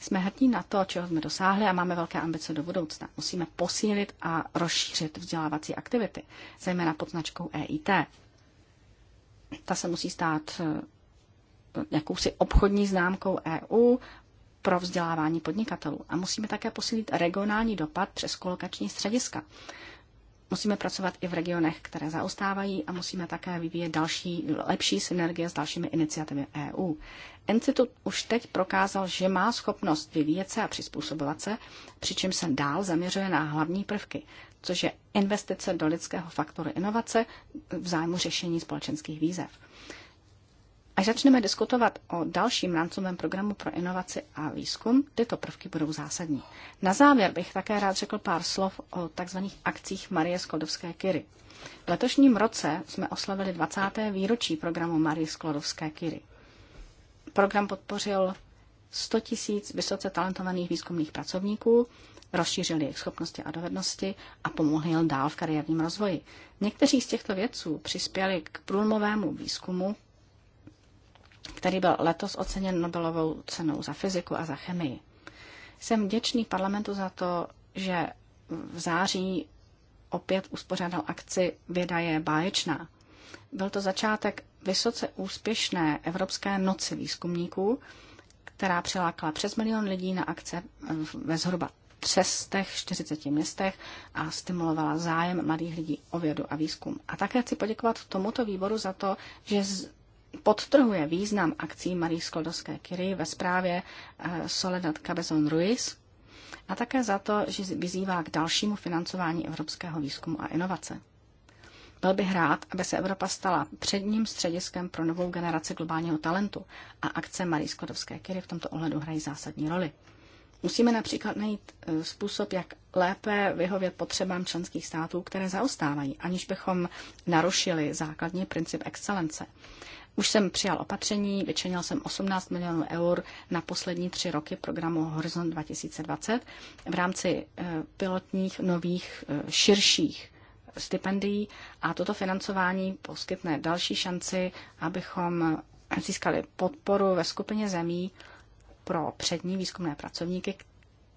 B: Jsme hrdí na to, čeho jsme dosáhli a máme velké ambice do budoucna. Musíme posílit a rozšířit vzdělávací aktivity, zejména pod značkou EIT. Ta se musí stát eh, jakousi obchodní známkou EU pro vzdělávání podnikatelů. A musíme také posílit regionální dopad přes kolokační střediska. Musíme pracovat i v regionech, které zaostávají a musíme také vyvíjet další, lepší synergie s dalšími iniciativy EU. Institut už teď prokázal, že má schopnost vyvíjet se a přizpůsobovat se, přičemž se dál zaměřuje na hlavní prvky, což je investice do lidského faktoru inovace v zájmu řešení společenských výzev. Až začneme diskutovat o dalším rámcovém programu pro inovaci a výzkum, tyto prvky budou zásadní. Na závěr bych také rád řekl pár slov o tzv. akcích Marie Sklodovské Kiry. V letošním roce jsme oslavili 20. výročí programu Marie Sklodovské Kiry. Program podpořil 100 tisíc vysoce talentovaných výzkumných pracovníků, rozšířil jejich schopnosti a dovednosti a pomohl jim dál v kariérním rozvoji. Někteří z těchto vědců přispěli k průlmovému výzkumu který byl letos oceněn Nobelovou cenou za fyziku a za chemii. Jsem vděčný parlamentu za to, že v září opět uspořádal akci Věda je báječná. Byl to začátek vysoce úspěšné Evropské noci výzkumníků, která přilákala přes milion lidí na akce ve zhruba 340 městech a stimulovala zájem mladých lidí o vědu a výzkum. A také chci poděkovat tomuto výboru za to, že podtrhuje význam akcí Marie Skoldovské Kiry ve zprávě eh, Soledad Cabezon Ruiz a také za to, že vyzývá k dalšímu financování evropského výzkumu a inovace. Byl bych rád, aby se Evropa stala předním střediskem pro novou generaci globálního talentu a akce Marie Skodovské Kiry v tomto ohledu hrají zásadní roli. Musíme například najít eh, způsob, jak lépe vyhovět potřebám členských států, které zaostávají, aniž bychom narušili základní princip excelence. Už jsem přijal opatření, vyčenil jsem 18 milionů eur na poslední tři roky programu Horizon 2020 v rámci eh, pilotních nových eh, širších stipendií a toto financování poskytne další šanci, abychom získali podporu ve skupině zemí pro přední výzkumné pracovníky,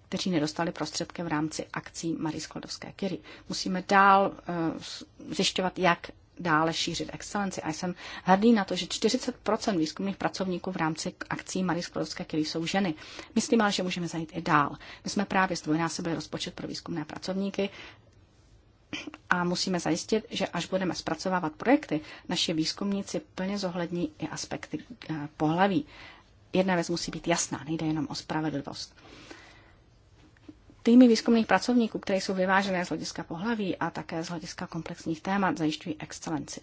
B: kteří nedostali prostředky v rámci akcí Marie Skladovské Kiry. Musíme dál eh, zjišťovat, jak dále šířit excelenci. A jsem hrdý na to, že 40 výzkumných pracovníků v rámci akcí Marie Sklodovské, které jsou ženy. Myslím ale, že můžeme zajít i dál. My jsme právě zdvojnásobili rozpočet pro výzkumné pracovníky a musíme zajistit, že až budeme zpracovávat projekty, naši výzkumníci plně zohlední i aspekty eh, pohlaví. Jedna věc musí být jasná, nejde jenom o spravedlivost. Týmy výzkumných pracovníků, které jsou vyvážené z hlediska pohlaví a také z hlediska komplexních témat, zajišťují excelenci.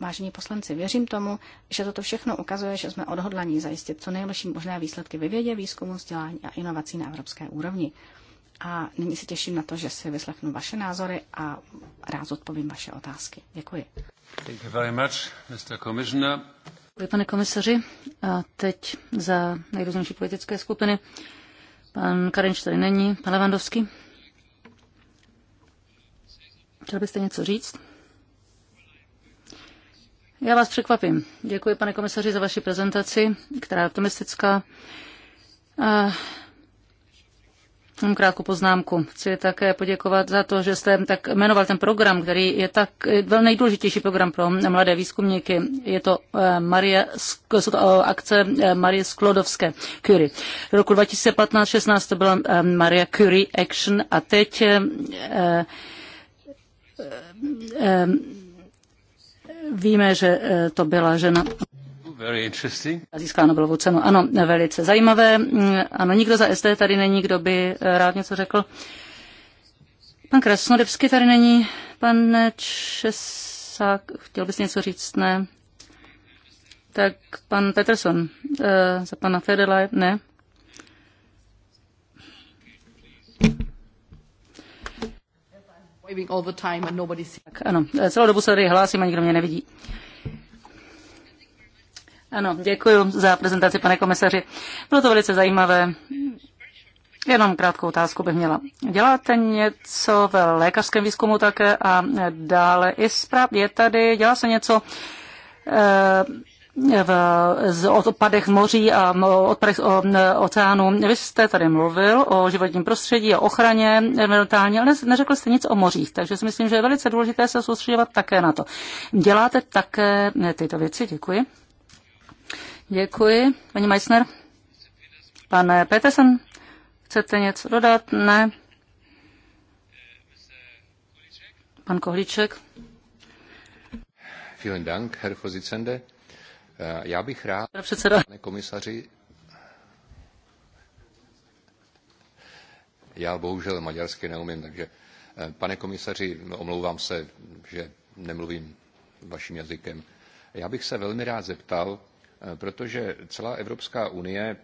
B: Vážení poslanci, věřím tomu, že toto všechno ukazuje, že jsme odhodlaní zajistit co nejlepší možné výsledky ve vědě, výzkumu, vzdělání a inovací na evropské úrovni. A nyní se těším na to, že si vyslechnu vaše názory a rád odpovím vaše otázky. Děkuji.
A: Thank you very much, Mr. Commissioner.
C: Děkuji, pane komisaři. A teď za nejrůznější politické skupiny. Pan Karenč tady není. Pan Levandovský? Chtěl byste něco říct? Já vás překvapím. Děkuji, pane komisaři, za vaši prezentaci, která je optimistická. Mám krátkou poznámku. Chci také poděkovat za to, že jste tak jmenoval ten program, který je tak velmi nejdůležitější program pro mladé výzkumníky. Je to, eh, Marie, jsou to eh, akce eh, Marie Sklodovské Curie. V roku 2015-16 to byla Maria Curie Action a teď víme, že to byla žena. A získá Nobelovu cenu. Ano, velice zajímavé. Ano, nikdo za SD tady není, kdo by rád něco řekl. Pan Krasnodevsky tady není. Pan Česák, chtěl bys něco říct? Ne. Tak pan Peterson uh, za pana Fedela, ne? Tak ano, celou dobu se tady hlásím a nikdo mě nevidí. Uh, ano, děkuji za prezentaci, pane komisaři. Bylo to velice zajímavé. Jenom krátkou otázku bych měla. Děláte něco v lékařském výzkumu také a dále zpráv je tady, dělá se něco eh, v, z odpadech moří a odpadech oceánu. Vy jste tady mluvil o životním prostředí, a ochraně environmentální, ale neřekl jste nic o mořích, takže si myslím, že je velice důležité se soustředovat také na to. Děláte také tyto věci, děkuji. Děkuji. Pani Meissner? Pane eh, Petersen, chcete něco dodat? Ne. Pan Kohlíček.
E: Vielen Dank, Herr Vorsitzende. Eh, já bych rád, pane komisaři, já bohužel maďarsky neumím, takže eh, pane komisaři, omlouvám se, že nemluvím vaším jazykem. Já bych se velmi rád zeptal, Eh, protože celá Evropská unie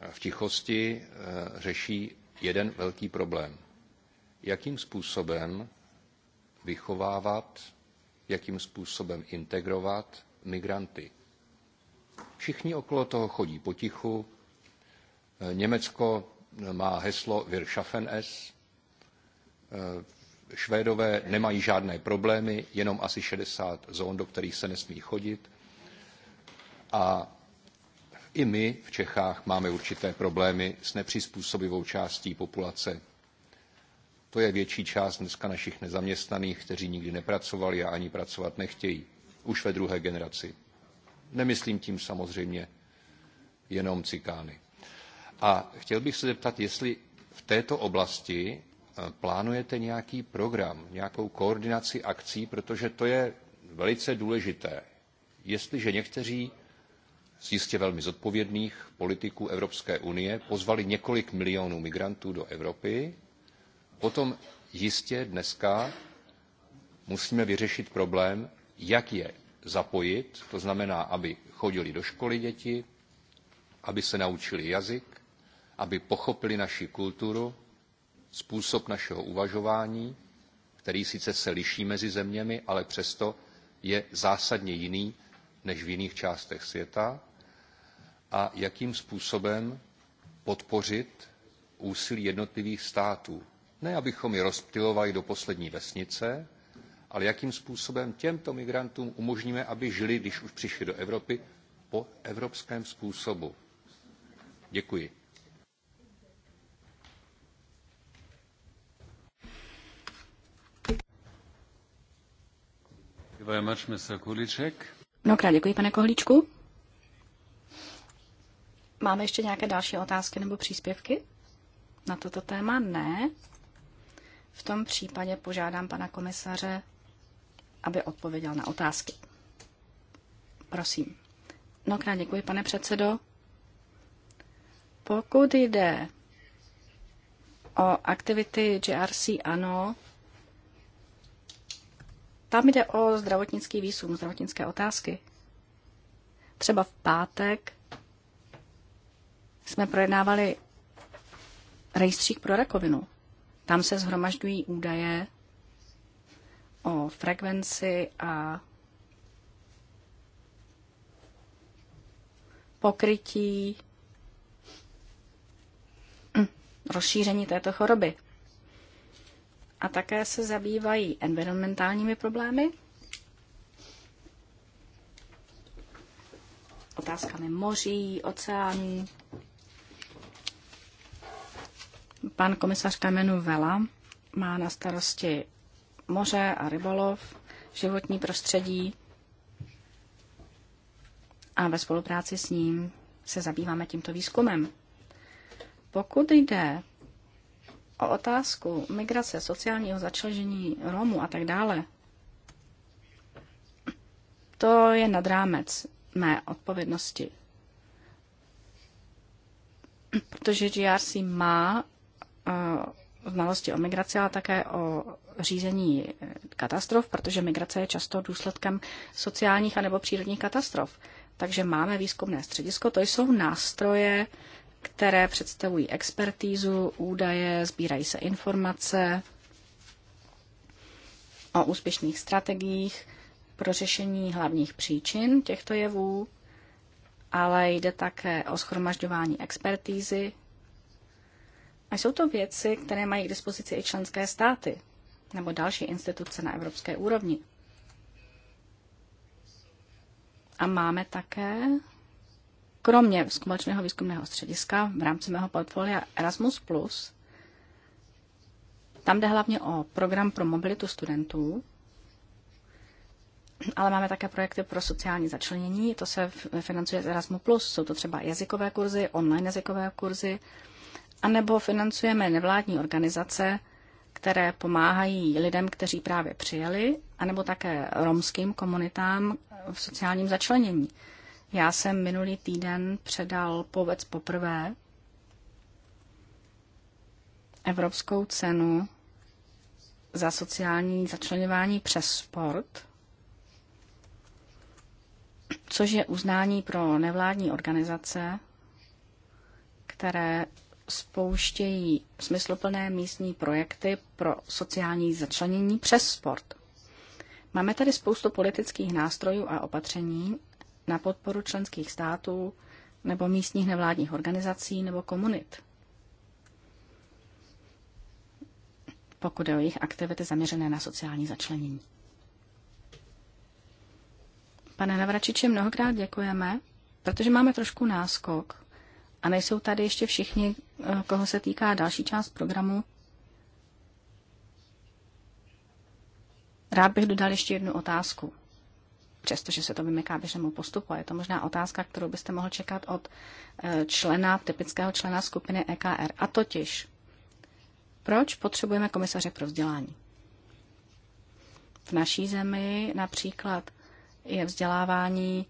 E: eh, v tichosti eh, řeší jeden velký problém. Jakým způsobem vychovávat, jakým způsobem integrovat migranty. Všichni okolo toho chodí potichu. Německo má heslo Wir schaffen es. Švédové nemají žádné problémy, jenom asi 60 zón, do kterých se nesmí chodit. A i my v Čechách máme určité problémy s nepřizpůsobivou částí populace. To je větší část dneska našich nezaměstnaných, kteří nikdy nepracovali a ani pracovat nechtějí. Už ve druhé generaci. Nemyslím tím samozřejmě jenom cikány. A chtěl bych se zeptat, jestli v této oblasti eh, plánujete nějaký program, nějakou koordinaci akcí, protože to je velice důležité. Jestliže někteří z jistě velmi zodpovědných politiků Evropské unie pozvali několik milionů migrantů do Evropy, potom jistě dneska musíme vyřešit problém, jak je zapojit, to znamená, aby chodili do školy děti, aby se naučili jazyk, aby pochopili naši kulturu, způsob našeho uvažování, který sice se liší mezi zeměmi, ale přesto je zásadně jiný než v jiných částech světa a jakým způsobem podpořit úsilí jednotlivých států. Ne, abychom je rozptilovali do poslední vesnice, ale jakým způsobem těmto migrantům umožníme, aby žili, když už přišli do Evropy, po evropském způsobu.
A: Děkuji.
B: Mnohokrát děkuji, pane Kohlíčku. Máme ještě nějaké další otázky nebo příspěvky na toto téma? Ne. V tom případě požádám pana komisaře, aby odpověděl na otázky. Prosím. No, krát děkuji, pane předsedo. Pokud jde o aktivity GRC, ano, tam jde o zdravotnický výzkum, zdravotnické otázky. Třeba v pátek jsme projednávali rejstřík pro rakovinu. Tam se zhromažďují údaje o frekvenci a pokrytí hm, rozšíření této choroby. A také se zabývají environmentálními problémy, otázkami moří, oceánů, Pan komisař Kamenu Vela má na starosti moře a rybolov, životní prostředí a ve spolupráci s ním se zabýváme tímto výzkumem. Pokud jde o otázku migrace, sociálního začlenění Romů a tak dále, to je nad rámec mé odpovědnosti. Protože GRC má Eh, znalosti o migraci, ale také o řízení katastrof, protože migrace je často důsledkem sociálních anebo přírodních katastrof. Takže máme výzkumné středisko, to jsou nástroje, které představují expertízu, údaje, sbírají se informace o úspěšných strategiích pro řešení hlavních příčin těchto jevů, ale jde také o schromažďování expertízy a jsou to věci, které mají k dispozici i členské státy nebo další instituce na evropské úrovni. A máme také, kromě společného výzkumného střediska v rámci mého portfolia Erasmus+, tam jde hlavně o program pro mobilitu studentů, ale máme také projekty pro sociální začlenění, to se financuje z Erasmus, jsou to třeba jazykové kurzy, online jazykové kurzy, anebo financujeme nevládní organizace, které pomáhají lidem, kteří právě přijeli, anebo také romským komunitám v sociálním začlenění. Já jsem minulý týden předal povec poprvé Evropskou cenu za sociální začlenování přes sport, což je uznání pro nevládní organizace, které spouštějí smysluplné místní projekty pro sociální začlenění přes sport. Máme tady spoustu politických nástrojů a opatření na podporu členských států nebo místních nevládních organizací nebo komunit. pokud je o jejich aktivity zaměřené na sociální začlenění. Pane Navračiči, mnohokrát děkujeme, protože máme trošku náskok a nejsou tady ještě všichni, eh, koho se týká další část programu. Rád bych dodal ještě jednu otázku, přestože se to vymyká běžnému postupu. Je to možná otázka, kterou byste mohl čekat od eh, člena, typického člena skupiny EKR. A totiž, proč potřebujeme komisaře pro vzdělání? V naší zemi například je vzdělávání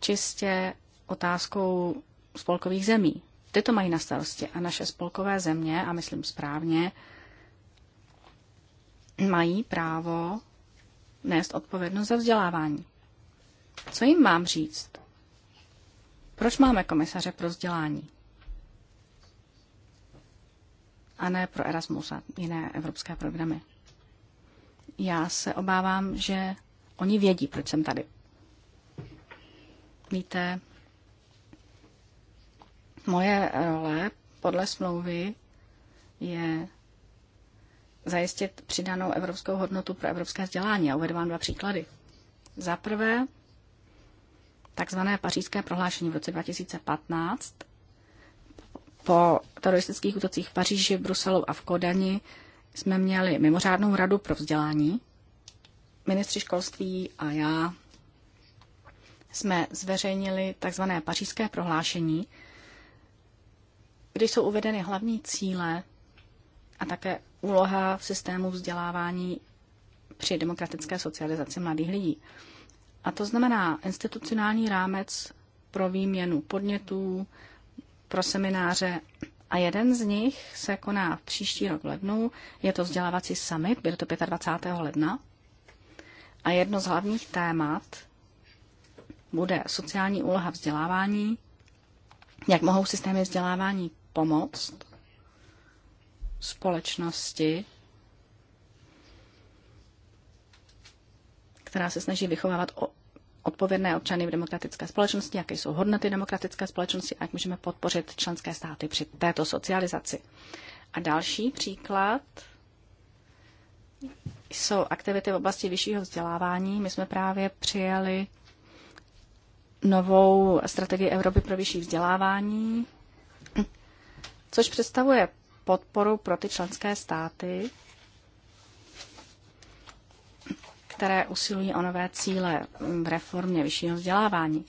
B: čistě otázkou spolkových zemí. Ty to mají na starosti a naše spolkové země, a myslím správně, mají právo nést odpovědnost za vzdělávání. Co jim mám říct? Proč máme komisaře pro vzdělání? A ne pro Erasmus a jiné evropské programy. Já se obávám, že oni vědí, proč jsem tady. Víte, Moje role podle smlouvy je zajistit přidanou evropskou hodnotu pro evropské vzdělání. A uvedu vám dva příklady. Za prvé, takzvané pařížské prohlášení v roce 2015 po teroristických útocích v Paříži, v Bruselu a v Kodani jsme měli mimořádnou radu pro vzdělání. Ministři školství a já jsme zveřejnili takzvané pařížské prohlášení, kde jsou uvedeny hlavní cíle a také úloha v systému vzdělávání při demokratické socializaci mladých lidí. A to znamená institucionální rámec pro výměnu podnětů, pro semináře a jeden z nich se koná v příští rok v lednu. Je to vzdělávací summit, bude to 25. ledna. A jedno z hlavních témat bude sociální úloha vzdělávání, jak mohou systémy vzdělávání pomoct společnosti, která se snaží vychovávat o odpovědné občany v demokratické společnosti, jaké jsou hodnoty demokratické společnosti a jak můžeme podpořit členské státy při této socializaci. A další příklad jsou aktivity v oblasti vyššího vzdělávání. My jsme právě přijali novou strategii Evropy pro vyšší vzdělávání což představuje podporu pro ty členské státy, které usilují o nové cíle v reformě vyššího vzdělávání.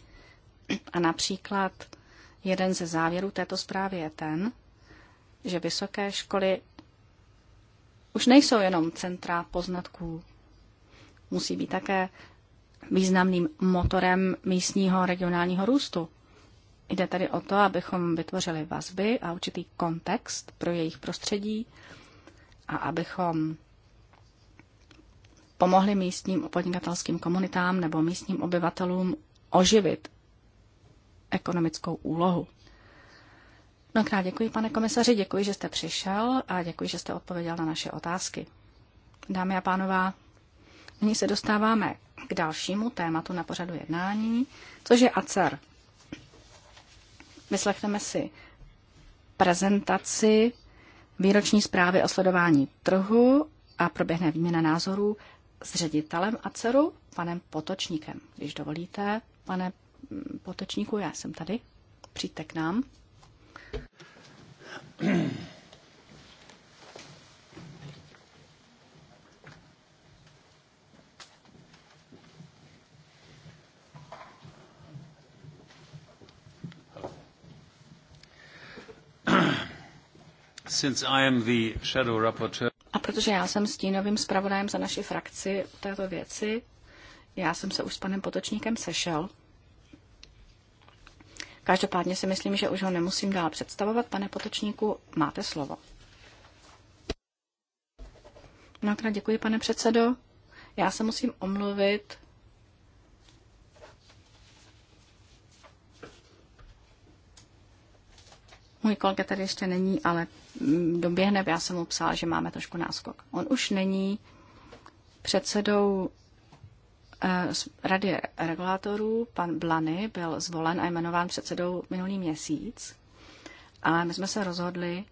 B: A například jeden ze závěrů této zprávy je ten, že vysoké školy už nejsou jenom centra poznatků. Musí být také významným motorem místního regionálního růstu. Jde tady o to, abychom vytvořili vazby a určitý kontext pro jejich prostředí a abychom pomohli místním podnikatelským komunitám nebo místním obyvatelům oživit ekonomickou úlohu. Mnohokrát děkuji, pane komisaři, děkuji, že jste přišel a děkuji, že jste odpověděl na naše otázky. Dámy a pánová, nyní se dostáváme k dalšímu tématu na pořadu jednání, což je ACER. Vyslechneme si prezentaci výroční zprávy o sledování trhu a proběhne výměna názorů s ředitelem ACERu, panem Potočníkem. Když dovolíte, pane Potočníku, já jsem tady. Přijďte k nám. A protože já jsem stínovým zpravodajem za naši frakci této věci, já jsem se už s panem Potočníkem sešel. Každopádně si myslím, že už ho nemusím dál představovat. Pane Potočníku, máte slovo. Mnohokrát děkuji, pane předsedo. Já se musím omluvit. Můj kolega tady ještě není, ale doběhne. Já jsem mu psala, že máme trošku náskok. On už není předsedou eh, Rady regulátorů, pan Blany, byl zvolen a jmenován předsedou minulý měsíc, ale my jsme se rozhodli,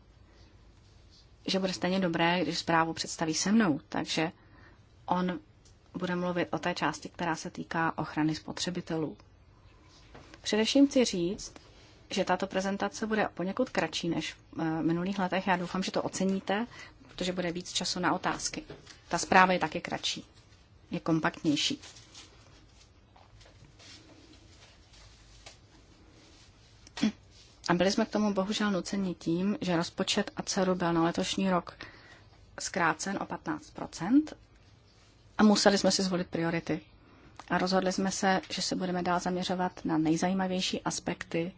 B: že bude stejně dobré, když zprávu představí se mnou. Takže on bude mluvit o té části, která se týká ochrany spotřebitelů. Především chci říct, že tato prezentace bude poněkud kratší než eh, v minulých letech. Já doufám, že to oceníte, protože bude víc času na otázky. Ta zpráva je taky kratší, je kompaktnější. A byli jsme k tomu bohužel nuceni tím, že rozpočet ACERu byl na letošní rok zkrácen o 15 a museli jsme si zvolit priority. A rozhodli jsme se, že se budeme dál zaměřovat na nejzajímavější aspekty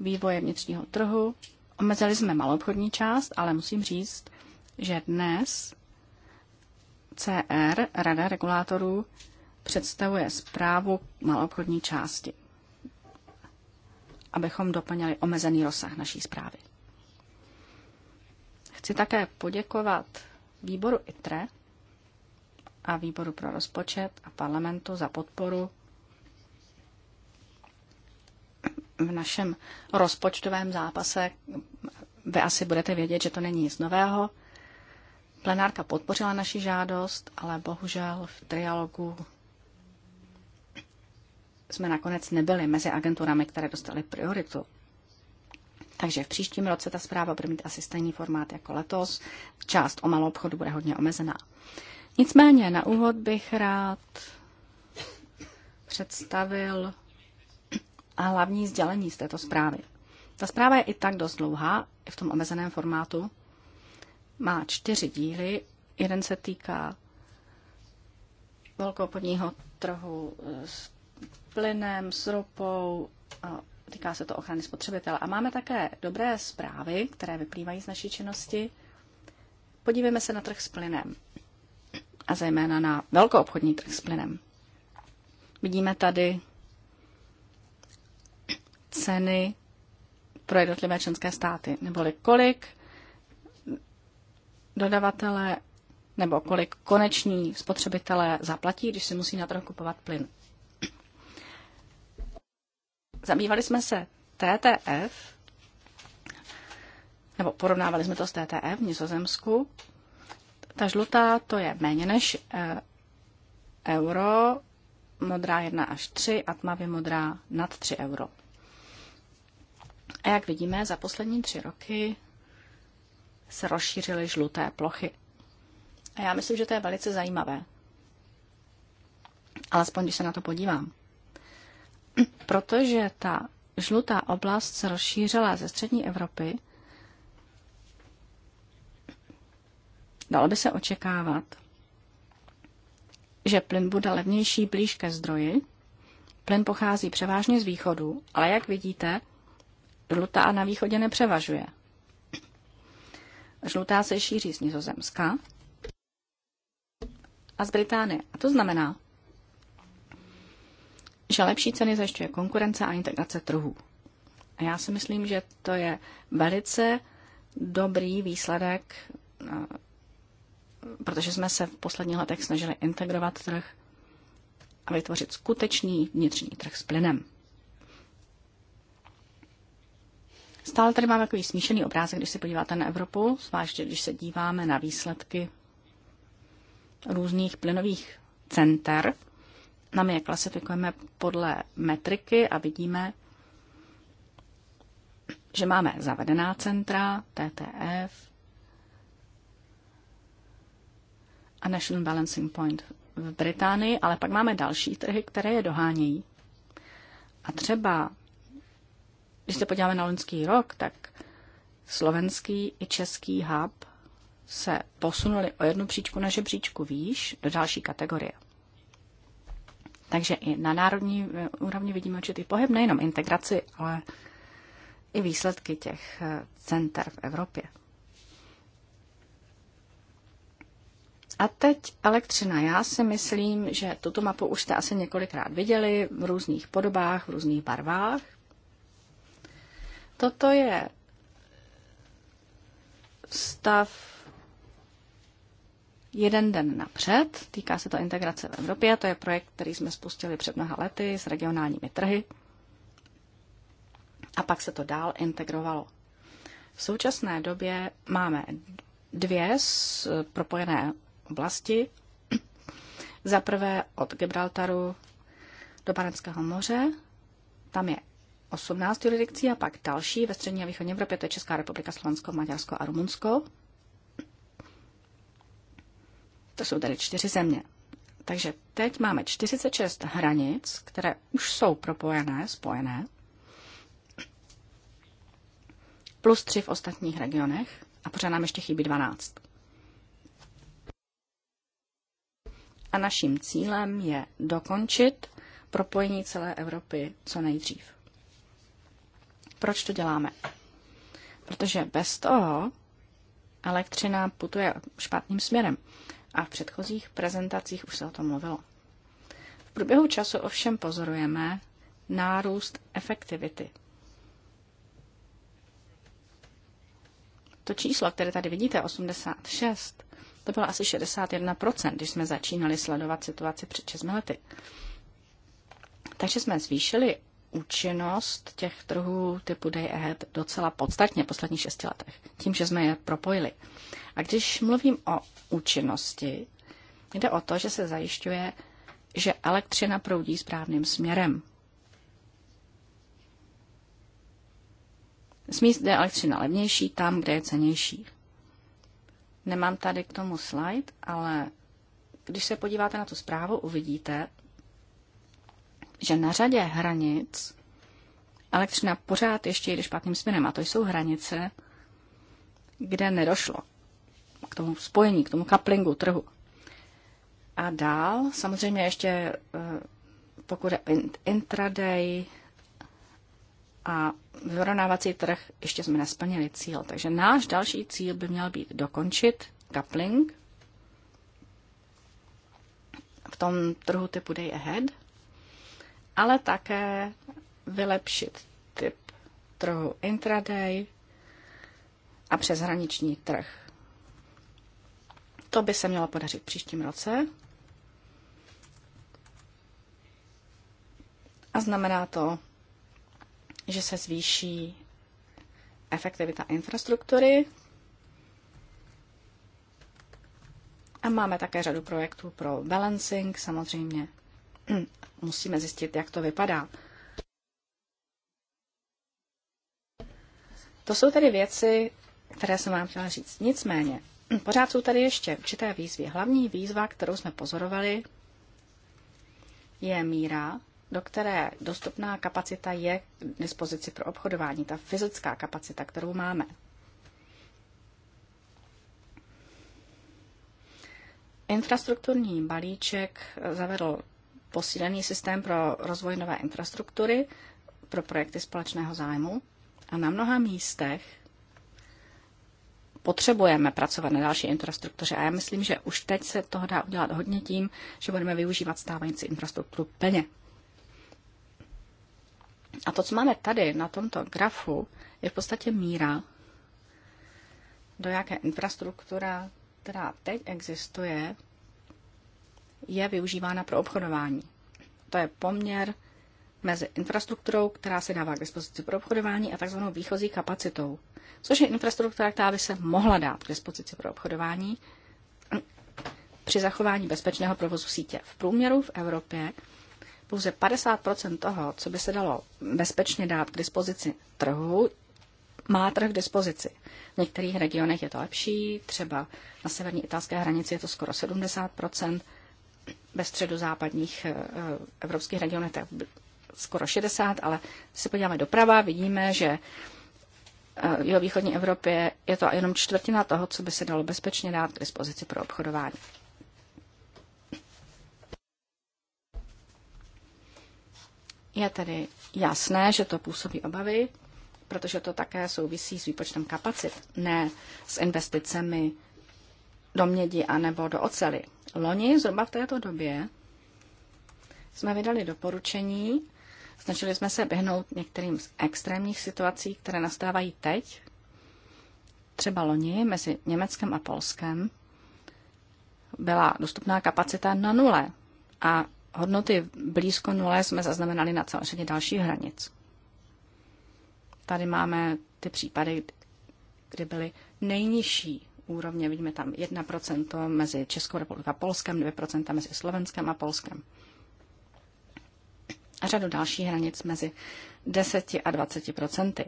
B: vývoje vnitřního trhu. Omezili jsme malobchodní část, ale musím říct, že dnes CR, Rada regulátorů, představuje zprávu malobchodní části, abychom doplnili omezený rozsah naší zprávy. Chci také poděkovat výboru ITRE a výboru pro rozpočet a parlamentu za podporu v našem rozpočtovém zápase vy asi budete vědět, že to není nic nového. Plenárka podpořila naši žádost, ale bohužel v trialogu jsme nakonec nebyli mezi agenturami, které dostaly prioritu. Takže v příštím roce ta zpráva bude mít asi stejný formát jako letos. Část o malou obchodu bude hodně omezená. Nicméně na úvod bych rád představil a hlavní sdělení z této zprávy. Ta zpráva je i tak dost dlouhá, v tom omezeném formátu. Má čtyři díly. Jeden se týká velkopodního trhu eh, s plynem, s ropou, týká se to ochrany spotřebitele. A máme také dobré zprávy, které vyplývají z naší činnosti. Podívejme se na trh s plynem a zejména na velkoobchodní trh s plynem. Vidíme tady ceny pro jednotlivé členské státy, neboli kolik dodavatele nebo kolik koneční spotřebitelé zaplatí, když si musí na trhu kupovat plyn. Zabývali jsme se TTF, nebo porovnávali jsme to s TTF v Nizozemsku. Ta žlutá to je méně než eh, euro, modrá 1 až 3 a tmavě modrá nad 3 euro. A jak vidíme, za poslední tři roky se rozšířily žluté plochy. A já myslím, že to je velice zajímavé. Alespoň, když se na to podívám. Protože ta žlutá oblast se rozšířila ze střední Evropy, dalo by se očekávat, že plyn bude levnější blíž ke zdroji. Plyn pochází převážně z východu, ale jak vidíte, žlutá na východě nepřevažuje. Žlutá se šíří z Nizozemska a z Británie. A to znamená, že lepší ceny zajišťuje konkurence a integrace trhů. A já si myslím, že to je velice dobrý výsledek, eh, protože jsme se v posledních letech snažili integrovat trh a vytvořit skutečný vnitřní trh s plynem. Stále tady máme takový smíšený obrázek, když se podíváte na Evropu, zvláště když se díváme na výsledky různých plynových center. Na my je klasifikujeme podle metriky a vidíme, že máme zavedená centra, TTF a National Balancing Point v Británii, ale pak máme další trhy, které je dohánějí. A třeba když se podíváme na loňský rok, tak slovenský i český hub se posunuli o jednu příčku na žebříčku výš do další kategorie. Takže i na národní eh, úrovni vidíme určitý pohyb, nejenom integraci, ale i výsledky těch eh, center v Evropě. A teď elektřina. Já si myslím, že tuto mapu už jste asi několikrát viděli v různých podobách, v různých barvách. Toto je stav jeden den napřed. Týká se to integrace v Evropě. To je projekt, který jsme spustili před mnoha lety s regionálními trhy. A pak se to dál integrovalo. V současné době máme dvě propojené oblasti. Za prvé od Gibraltaru do Barentského moře. Tam je 18 jurisdikcí a pak další ve střední a východní Evropě, to je Česká republika, Slovensko, Maďarsko a Rumunsko. To jsou tedy čtyři země. Takže teď máme 46 hranic, které už jsou propojené, spojené, plus tři v ostatních regionech a pořád nám ještě chybí 12. A naším cílem je dokončit propojení celé Evropy co nejdřív. Proč to děláme? Protože bez toho elektřina putuje špatným směrem. A v předchozích prezentacích už se o tom mluvilo. V průběhu času ovšem pozorujeme nárůst efektivity. To číslo, které tady vidíte, 86, to bylo asi 61%, když jsme začínali sledovat situaci před 6 lety. Takže jsme zvýšili účinnost těch trhů typu Day Ahead docela podstatně v posledních šesti letech, tím, že jsme je propojili. A když mluvím o účinnosti, jde o to, že se zajišťuje, že elektřina proudí správným směrem. Smí je elektřina levnější tam, kde je cenější. Nemám tady k tomu slide, ale když se podíváte na tu zprávu, uvidíte, že na řadě hranic elektřina pořád ještě jde špatným směrem. A to jsou hranice, kde nedošlo k tomu spojení, k tomu kaplingu trhu. A dál samozřejmě ještě eh, pokud je intraday a vyrovnávací trh, ještě jsme nesplnili cíl. Takže náš další cíl by měl být dokončit Kapling v tom trhu typu day ahead – ale také vylepšit typ trhu intraday a přeshraniční trh. To by se mělo podařit příštím roce. A znamená to, že se zvýší efektivita infrastruktury. A máme také řadu projektů pro balancing, samozřejmě. Musíme zjistit, jak to vypadá. To jsou tedy věci, které jsem vám chtěla říct. Nicméně, pořád jsou tady ještě určité výzvy. Hlavní výzva, kterou jsme pozorovali, je míra, do které dostupná kapacita je k dispozici pro obchodování, ta fyzická kapacita, kterou máme. Infrastrukturní balíček zavedl posílený systém pro rozvoj nové infrastruktury, pro projekty společného zájmu a na mnoha místech potřebujeme pracovat na další infrastruktuře a já myslím, že už teď se toho dá udělat hodně tím, že budeme využívat stávající infrastrukturu plně. A to, co máme tady na tomto grafu, je v podstatě míra, do jaké infrastruktura, která teď existuje, je využívána pro obchodování. To je poměr mezi infrastrukturou, která se dává k dispozici pro obchodování, a takzvanou výchozí kapacitou, což je infrastruktura, která by se mohla dát k dispozici pro obchodování při zachování bezpečného provozu sítě. V průměru v Evropě pouze 50 toho, co by se dalo bezpečně dát k dispozici trhu, má trh k dispozici. V některých regionech je to lepší, třeba na severní italské hranici je to skoro 70 ve středozápadních eh, eh, evropských regionech tak skoro 60, ale když se podíváme doprava, vidíme, že eh, v jeho východní Evropě je to jenom čtvrtina toho, co by se dalo bezpečně dát k dispozici pro obchodování. Je tedy jasné, že to působí obavy, protože to také souvisí s výpočtem kapacit, ne s investicemi do mědi anebo do ocely. Loni zhruba v této době jsme vydali doporučení, snažili jsme se běhnout některým z extrémních situací, které nastávají teď, třeba loni mezi Německem a Polskem, byla dostupná kapacita na nule a hodnoty blízko nule jsme zaznamenali na celé řadě dalších hranic. Tady máme ty případy, kdy byly nejnižší úrovně. Vidíme tam 1% mezi Českou republikou a Polskem, 2% mezi Slovenskem a Polskem. A řadu dalších hranic mezi 10 a 20%.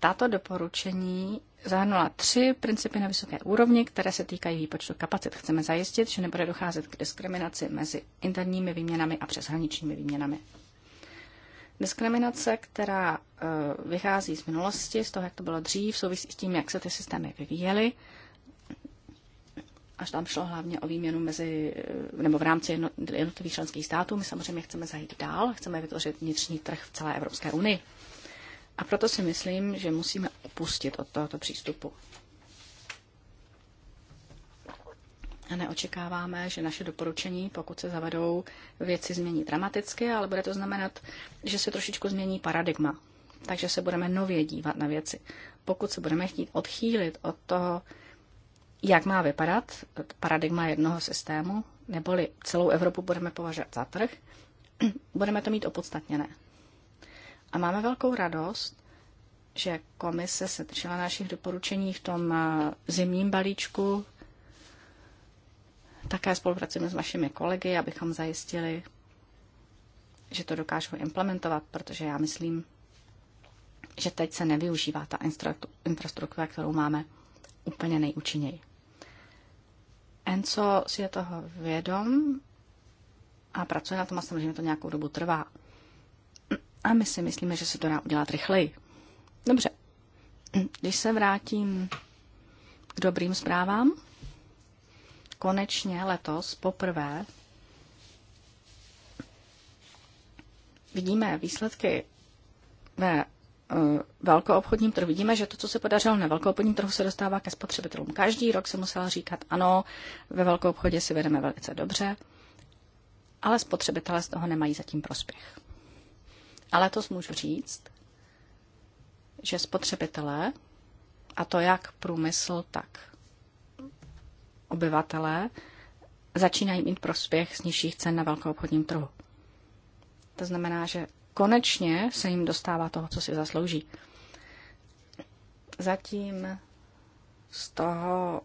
B: Tato doporučení zahrnula tři principy na vysoké úrovni, které se týkají výpočtu kapacit. Chceme zajistit, že nebude docházet k diskriminaci mezi interními výměnami a přeshraničními výměnami. Diskriminace, která eh, vychází z minulosti, z toho, jak to bylo dřív, souvisí s tím, jak se ty systémy vyvíjely až tam šlo hlavně o výměnu mezi, nebo v rámci jednotlivých členských států. My samozřejmě chceme zajít dál, chceme vytvořit vnitřní trh v celé Evropské unii. A proto si myslím, že musíme opustit od tohoto přístupu. A neočekáváme, že naše doporučení, pokud se zavedou, věci změní dramaticky, ale bude to znamenat, že se trošičku změní paradigma. Takže se budeme nově dívat na věci. Pokud se budeme chtít odchýlit od toho, jak má vypadat paradigma jednoho systému, neboli celou Evropu budeme považovat za trh, budeme to mít opodstatněné. A máme velkou radost, že komise se držela našich doporučení v tom eh, zimním balíčku. Také spolupracujeme s vašimi kolegy, abychom zajistili, že to dokážou implementovat, protože já myslím, že teď se nevyužívá ta infrastruktura, kterou máme úplně nejúčinněji. Enco si je toho vědom a pracuje na tom a samozřejmě to nějakou dobu trvá. A my si myslíme, že se to dá udělat rychleji. Dobře. Když se vrátím k dobrým zprávám, konečně letos poprvé vidíme výsledky ve Eh, velkoobchodním trhu. Vidíme, že to, co se podařilo na velkoobchodním trhu, se dostává ke spotřebitelům. Každý rok se musela říkat, ano, ve velkoobchodě si vedeme velice dobře, ale spotřebitelé z toho nemají zatím prospěch. Ale to můžu říct, že spotřebitelé, a to jak průmysl, tak obyvatelé, začínají mít prospěch z nižších cen na velkoobchodním trhu. To znamená, že konečně se jim dostává toho, co si zaslouží. Zatím z toho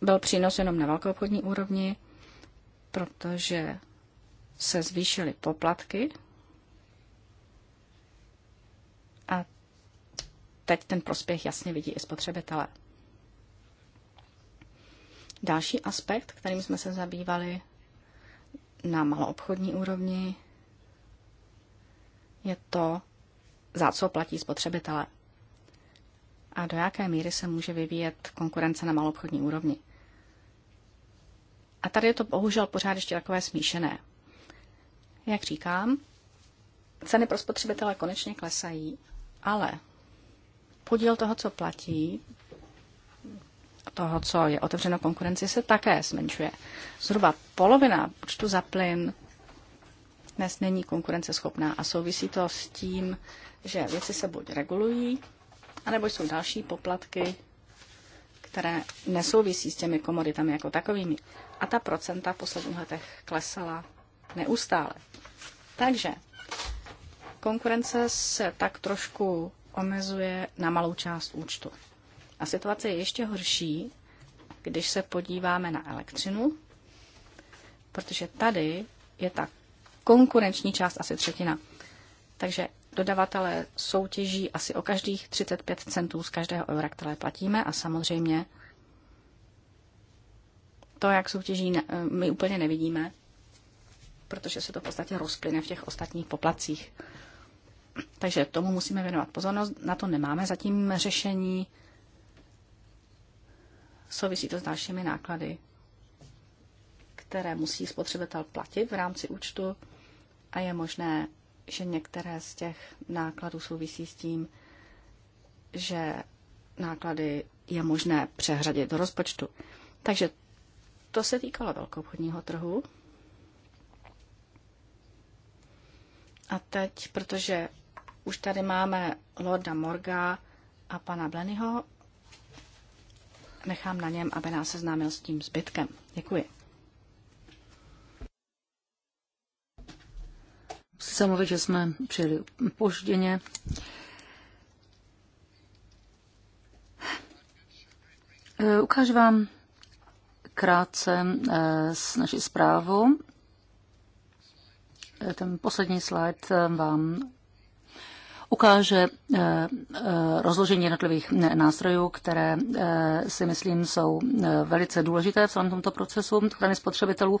B: byl přínos jenom na obchodní úrovni, protože se zvýšily poplatky a teď ten prospěch jasně vidí i spotřebitelé. Další aspekt, kterým jsme se zabývali na maloobchodní úrovni, je to, za co platí spotřebitele a do jaké míry se může vyvíjet konkurence na malobchodní úrovni. A tady je to bohužel pořád ještě takové smíšené. Jak říkám, ceny pro spotřebitele konečně klesají, ale podíl toho, co platí, toho, co je otevřeno konkurenci, se také zmenšuje. Zhruba polovina počtu za plyn dnes není konkurenceschopná a souvisí to s tím, že věci se buď regulují, anebo jsou další poplatky, které nesouvisí s těmi komoditami jako takovými. A ta procenta v posledních letech klesala neustále. Takže konkurence se tak trošku omezuje na malou část účtu. A situace je ještě horší, když se podíváme na elektřinu, protože tady je ta konkurenční část asi třetina. Takže dodavatelé soutěží asi o každých 35 centů z každého eura, které platíme a samozřejmě to, jak soutěží, eh, my úplně nevidíme, protože se to v podstatě rozplyne v těch ostatních poplacích. Takže tomu musíme věnovat pozornost. Na to nemáme zatím řešení. Souvisí to s dalšími náklady, které musí spotřebitel platit v rámci účtu a je možné, že některé z těch nákladů souvisí s tím, že náklady je možné přehradit do rozpočtu. Takže to se týkalo obchodního trhu. A teď, protože už tady máme Lorda Morga a pana Blenyho, nechám na něm, aby nás seznámil s tím
C: zbytkem. Děkuji. Samozřejmě že jsme přijeli požděně. Eh, ukážu vám krátce eh, s naší zprávu. Eh, ten poslední slide vám ukáže rozložení jednotlivých nástrojů, které si myslím jsou velice důležité v celém tomto procesu ochrany spotřebitelů.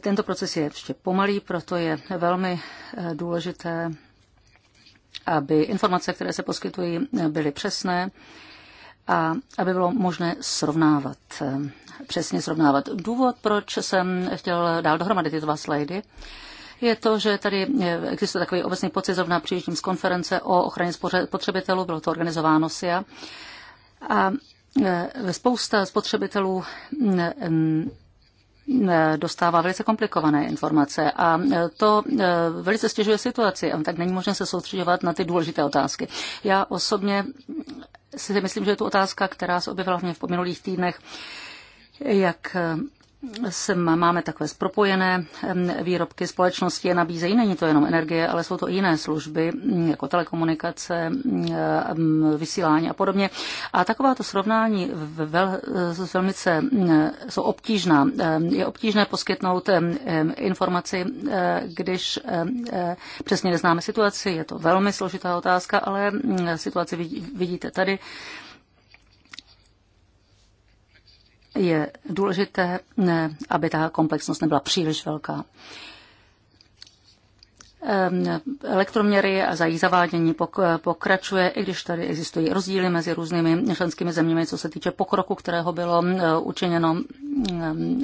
C: Tento proces je ještě pomalý, proto je velmi eh, důležité, aby informace, které se poskytují, byly přesné a aby bylo možné srovnávat, eh, přesně srovnávat. Důvod, proč jsem chtěl dál dohromady tyto dva slajdy, je to, že tady eh, existuje takový obecný pocit zrovna příštím z konference o ochraně spotřebitelů, bylo to organizováno SIA. A spousta spotřebitelů mm, Eh, dostává velice komplikované informace a eh, to eh, velice stěžuje situaci, a tak není možné se soustředovat na ty důležité otázky. Já osobně si myslím, že je to otázka, která se objevila v mě v minulých týdnech, jak máme takové spropojené výrobky společnosti je nabízejí. Není to jenom energie, ale jsou to i jiné služby, mm, jako telekomunikace, mm, vysílání a podobně. A takováto srovnání vel, velmi se, mm, jsou obtížná. Je obtížné poskytnout informaci, eh, když eh, přesně neznáme situaci. Je to velmi složitá otázka, ale situaci vidíte tady. je důležité, aby ta komplexnost nebyla příliš velká. Ehm, elektroměry a za jejich zavádění pokračuje, i když tady existují rozdíly mezi různými členskými zeměmi, co se týče pokroku, kterého bylo ehm, učiněno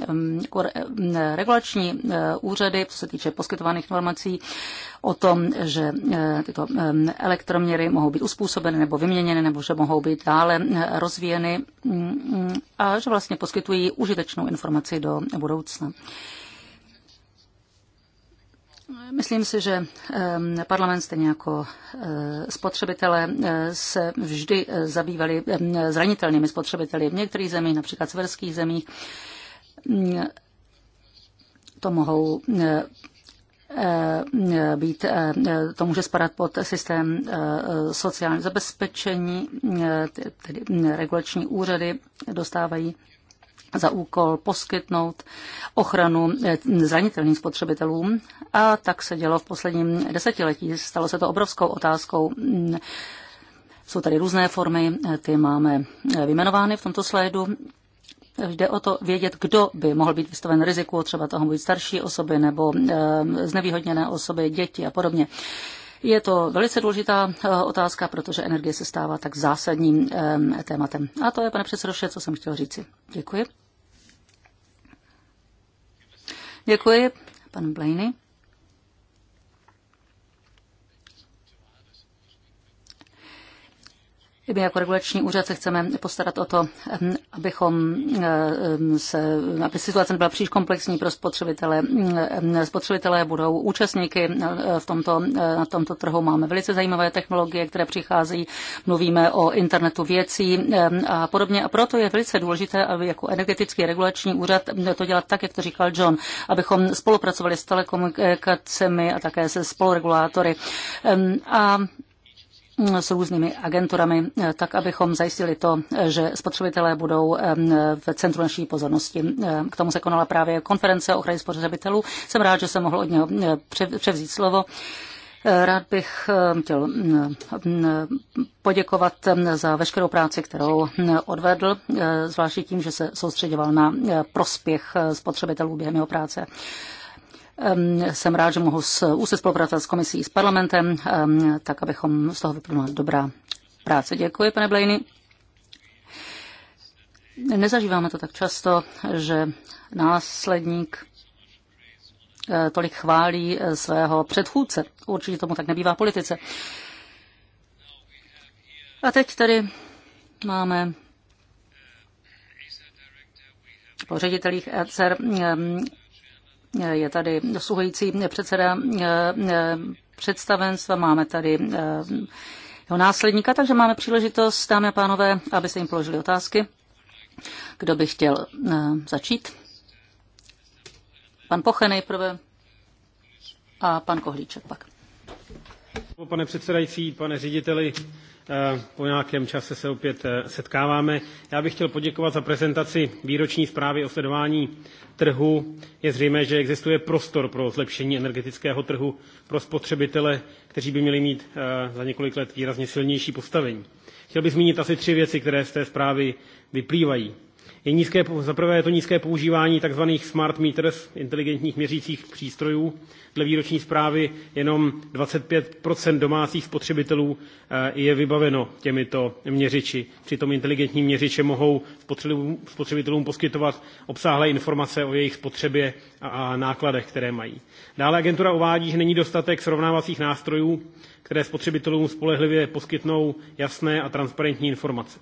C: ehm, jako regulační úřady, co se týče poskytovaných informací o tom, že tyto elektroměry mohou být uspůsobeny nebo vyměněny, nebo že mohou být dále rozvíjeny mm, mm, a že vlastně poskytují užitečnou informaci do budoucna. No, myslím si, že ehm, parlament stejně jako eh, spotřebitelé eh, se vždy eh, zabývali ehm, zranitelnými spotřebiteli v některých zemích, například severských zemích. Mm, to mohou být, to může spadat pod systém sociální zabezpečení, tedy mm, regulační úřady dostávají za úkol poskytnout ochranu eh, zranitelným spotřebitelům. A tak se dělo v posledním desetiletí. Stalo se to obrovskou otázkou. Mm, jsou tady různé formy, eh, ty máme eh, vymenovány v tomto slédu. Jde o to vědět, kdo by mohl být vystaven riziku, třeba toho být starší osoby nebo znevýhodněné osoby, děti a podobně. Je to velice důležitá otázka, protože energie se stává tak zásadním tématem. A to je, pane předsedo, vše, co jsem chtěl říci. Děkuji. Děkuji, pan Blaney. My jako regulační úřad se chceme postarat o to, hm, abychom eh, hm, se, aby situace nebyla příliš komplexní pro spotřebitele. Hm, spotřebitelé budou účastníky eh, v tomto, eh, na tomto trhu. Máme velice zajímavé technologie, které přicházejí. Mluvíme o internetu věcí a podobně. A proto je velice důležité, aby jako energetický regulační úřad to dělat tak, jak to říkal John, abychom spolupracovali s telekomunikacemi a také se spoluregulátory. A s různými agenturami, tak abychom zajistili to, že spotřebitelé budou v centru naší pozornosti. K tomu se konala právě konference o ochraně spotřebitelů. Jsem rád, že jsem mohl od něho převzít slovo. Rád bych chtěl poděkovat za veškerou práci, kterou odvedl, zvláště tím, že se soustředěval na prospěch spotřebitelů během jeho práce. Jsem rád, že mohu s úzce spolupracovat s komisí, s parlamentem, tak abychom z toho vyplnuli dobrá práce. Děkuji, pane Blejny. Nezažíváme to tak často, že následník eh, tolik chválí eh, svého předchůdce. Určitě tomu tak nebývá v politice. A teď tady máme po ředitelích ECR je tady dosluhující předseda eh, eh, představenstva, máme tady eh, jeho následníka, takže máme příležitost, dámy a pánové, aby se jim položili otázky. Kdo by chtěl začít? Pan Poche nejprve a pan Kohlíček pak.
F: Pane předsedající, pane řediteli, Eh, po nějakém čase se opět eh, setkáváme. Já bych chtěl poděkovat za prezentaci výroční zprávy o sledování trhu. Je zřejmé, že existuje prostor pro zlepšení energetického trhu pro spotřebitele, kteří by měli mít eh, za několik let výrazně silnější postavení. Chtěl bych zmínit asi tři věci, které z té zprávy vyplývají. Je nízké, zaprvé je to nízké používání tzv. smart meters, inteligentních měřících přístrojů. Dle výroční zprávy jenom 25 domácích spotřebitelů eh, je vybaveno těmito měřiči. Přitom inteligentní měřiče mohou spotřebitelům poskytovat obsáhlé informace o jejich spotřebě a nákladech, které mají. Dále agentura uvádí, že není dostatek srovnávacích nástrojů, které spotřebitelům spolehlivě poskytnou jasné a transparentní informace.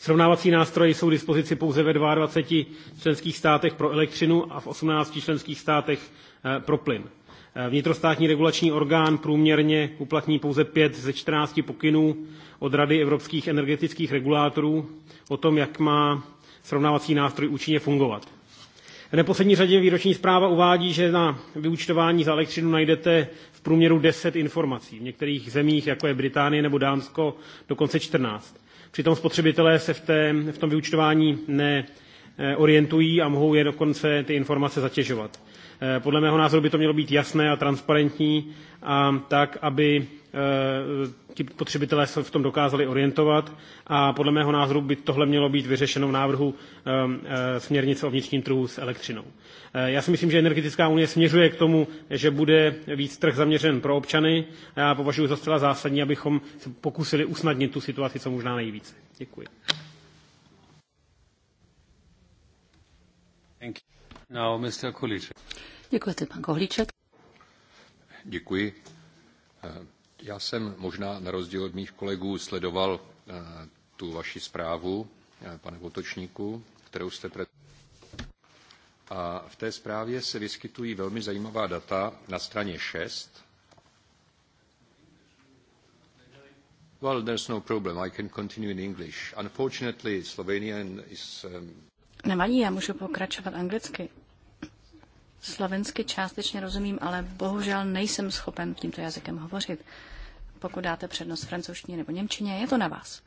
F: Srovnávací nástroje jsou k dispozici pouze ve 22 členských státech pro elektřinu a v 18 členských státech eh, pro plyn. Eh, vnitrostátní regulační orgán průměrně uplatní pouze 5 ze 14 pokynů od Rady evropských energetických regulátorů o tom, jak má srovnávací nástroj účinně fungovat. V neposlední řadě výroční zpráva uvádí, že na vyúčtování za elektřinu najdete v průměru 10 informací, v některých zemích, jako je Británie nebo Dánsko, dokonce 14. Přitom spotřebitelé se v, té, v tom vyučtování neorientují a mohou je dokonce ty informace zatěžovat. Eh, podle mého názoru by to mělo být jasné a transparentní a tak, aby eh, ti potřebitelé se v tom dokázali orientovat a podle mého názoru by tohle mělo být vyřešeno v návrhu ehm, e, směrnice o vnitřním trhu s elektřinou. E, já si myslím, že energetická unie směřuje k tomu, že bude víc trh zaměřen pro občany a já považuji za zcela zásadní, abychom se pokusili usnadnit tu situaci co možná nejvíce. Děkuji.
A: Now, Mr.
C: Děkuji, pan Kohlíček.
A: Děkuji. Já jsem
E: možná na rozdíl od mých kolegů sledoval eh, tu vaši zprávu, eh, pane Votočníku, kterou jste před. A v té zprávě se vyskytují velmi zajímavá data na straně 6. Well, there's no problem. I can continue in English. Unfortunately, Slovenian is... Um...
B: Nevadí, já můžu pokračovat anglicky. Slovensky částečně rozumím, ale bohužel nejsem schopen tímto jazykem hovořit. Pokud dáte přednost francouzštině nebo němčině, je to na vás.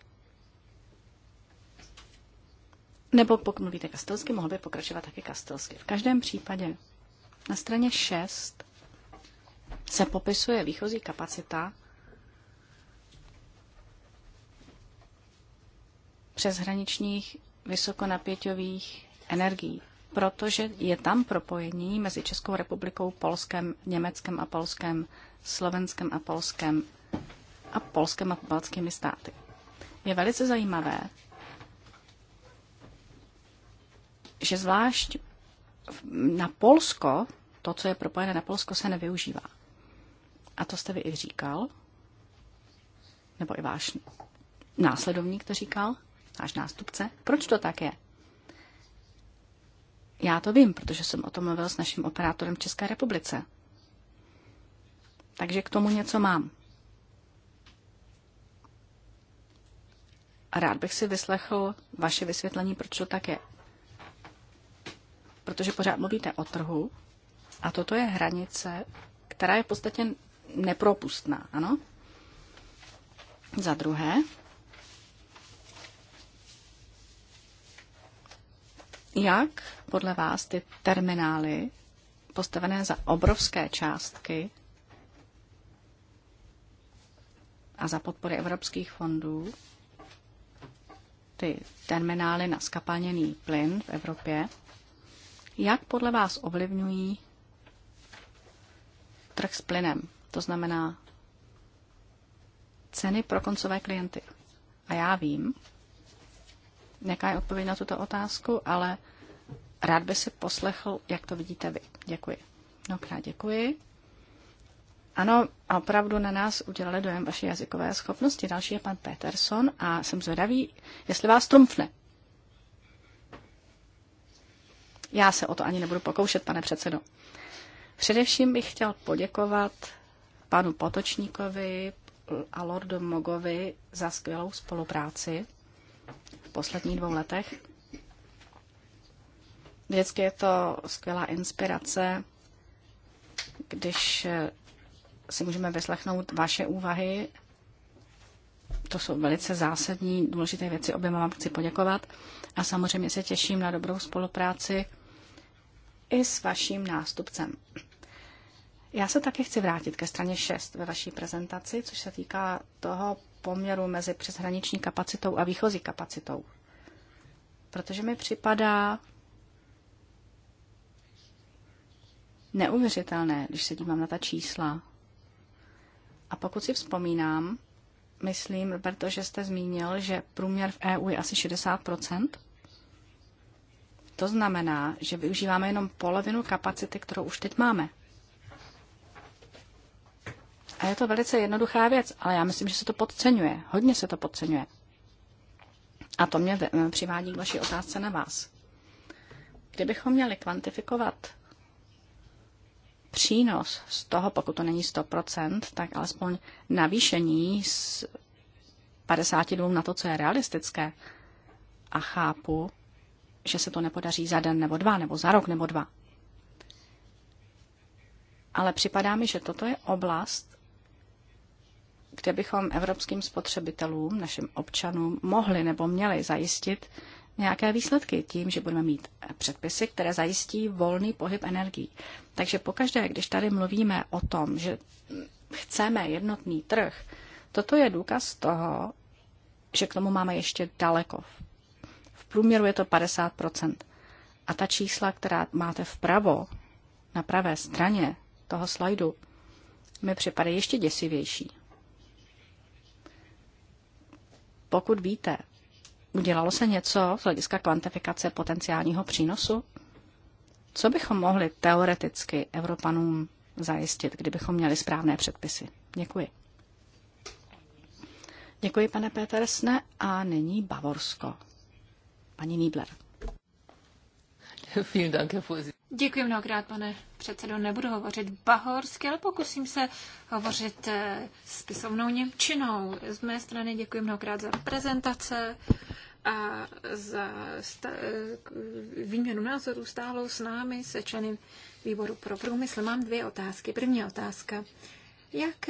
B: Nebo pokud mluvíte kastelsky, mohl by pokračovat taky kastelsky. V každém případě na straně 6 se popisuje výchozí kapacita přeshraničních vysokonapěťových energií protože je tam propojení mezi Českou republikou, Polskem, Německem a Polskem, Slovenskem a Polskem a Polskem a polskými státy. Je velice zajímavé, že zvlášť na Polsko, to, co je propojené na Polsko, se nevyužívá. A to jste vy i říkal, nebo i váš následovník to říkal, náš nástupce. Proč to tak je? Já to vím, protože jsem o tom mluvil s naším operátorem v České republice. Takže k tomu něco mám. A rád bych si vyslechl vaše vysvětlení, proč to tak je. Protože pořád mluvíte o trhu a toto je hranice, která je v podstatě nepropustná, ano? Za druhé, Jak podle vás ty terminály postavené za obrovské částky a za podpory evropských fondů, ty terminály na skapalněný plyn v Evropě, jak podle vás ovlivňují trh s plynem, to znamená ceny pro koncové klienty. A já vím, jaká je odpověď na tuto otázku, ale rád by si poslechl, jak to vidíte vy. Děkuji. No, krát děkuji. Ano, opravdu na nás udělali dojem vaše jazykové schopnosti. Další je pan Peterson a jsem zvědavý, jestli vás trumfne. Já se o to ani nebudu pokoušet, pane předsedo. Především bych chtěl poděkovat panu Potočníkovi a Lordu Mogovi za skvělou spolupráci v posledních dvou letech. Vždycky je to skvělá inspirace, když si můžeme vyslechnout vaše úvahy. To jsou velice zásadní, důležité věci, oběma vám chci poděkovat. A samozřejmě se těším na dobrou spolupráci i s vaším nástupcem. Já se taky chci vrátit ke straně 6 ve vaší prezentaci, což se týká toho, poměru mezi přeshraniční kapacitou a výchozí kapacitou. Protože mi připadá neuvěřitelné, když se dívám na ta čísla. A pokud si vzpomínám, myslím, Roberto, že jste zmínil, že průměr v EU je asi 60 To znamená, že využíváme jenom polovinu kapacity, kterou už teď máme. A je to velice jednoduchá věc, ale já myslím, že se to podceňuje. Hodně se to podceňuje. A to mě eh, přivádí k vaší otázce na vás. Kdybychom měli kvantifikovat přínos z toho, pokud to není 100%, tak alespoň navýšení z 52 na to, co je realistické. A chápu, že se to nepodaří za den nebo dva, nebo za rok nebo dva. Ale připadá mi, že toto je oblast, kde bychom evropským spotřebitelům, našim občanům, mohli nebo měli zajistit nějaké výsledky tím, že budeme mít předpisy, které zajistí volný pohyb energií. Takže pokaždé, když tady mluvíme o tom, že chceme jednotný trh, toto je důkaz toho, že k tomu máme ještě daleko. V průměru je to 50 A ta čísla, která máte vpravo, na pravé straně toho slajdu, mi připadají ještě děsivější. Pokud víte, udělalo se něco z hlediska kvantifikace potenciálního přínosu? Co bychom mohli teoreticky Evropanům zajistit, kdybychom měli správné předpisy? Děkuji. Děkuji, pane Petersne. A nyní Bavorsko. Paní
C: Niebler.
D: Děkuji mnohokrát, pane předsedo. Nebudu hovořit bahorsky, ale pokusím se hovořit eh, spisovnou němčinou. Z mé strany děkuji mnohokrát za prezentace a za eh, výměnu názorů stálou s námi, se členy výboru pro průmysl. Mám dvě otázky. První otázka. Jak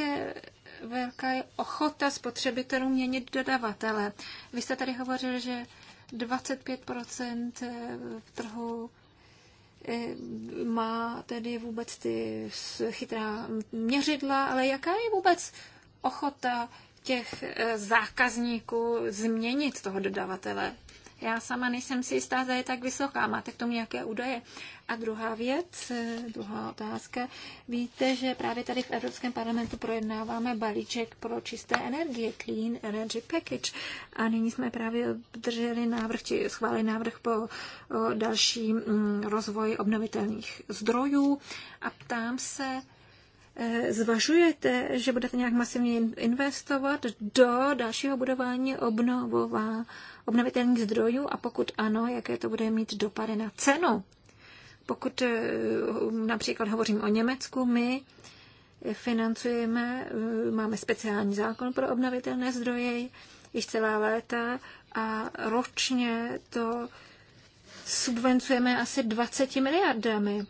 D: velká je ochota spotřebitelů měnit dodavatele? Vy jste tady hovořil, že 25 eh, v trhu eh, má tedy vůbec ty chytrá měřidla, ale jaká je vůbec ochota těch eh, zákazníků změnit toho dodavatele? Já sama nejsem si jistá, že je tak vysoká. Máte k tomu nějaké údaje? A druhá věc, eh, druhá otázka. Víte, že právě tady v Evropském parlamentu projednáváme balíček pro čisté energie, Clean Energy Package. A nyní jsme právě obdrželi návrh, či schválili návrh po další mm, rozvoj rozvoji obnovitelných zdrojů. A ptám se, eh, Zvažujete, že budete nějak masivně investovat do dalšího budování obnovování obnovitelných zdrojů a pokud ano, jaké to bude mít dopady na cenu. Pokud eh, například hovořím o Německu, my financujeme, eh, máme speciální zákon pro obnovitelné zdroje již celá léta a ročně to subvencujeme asi 20 miliardami.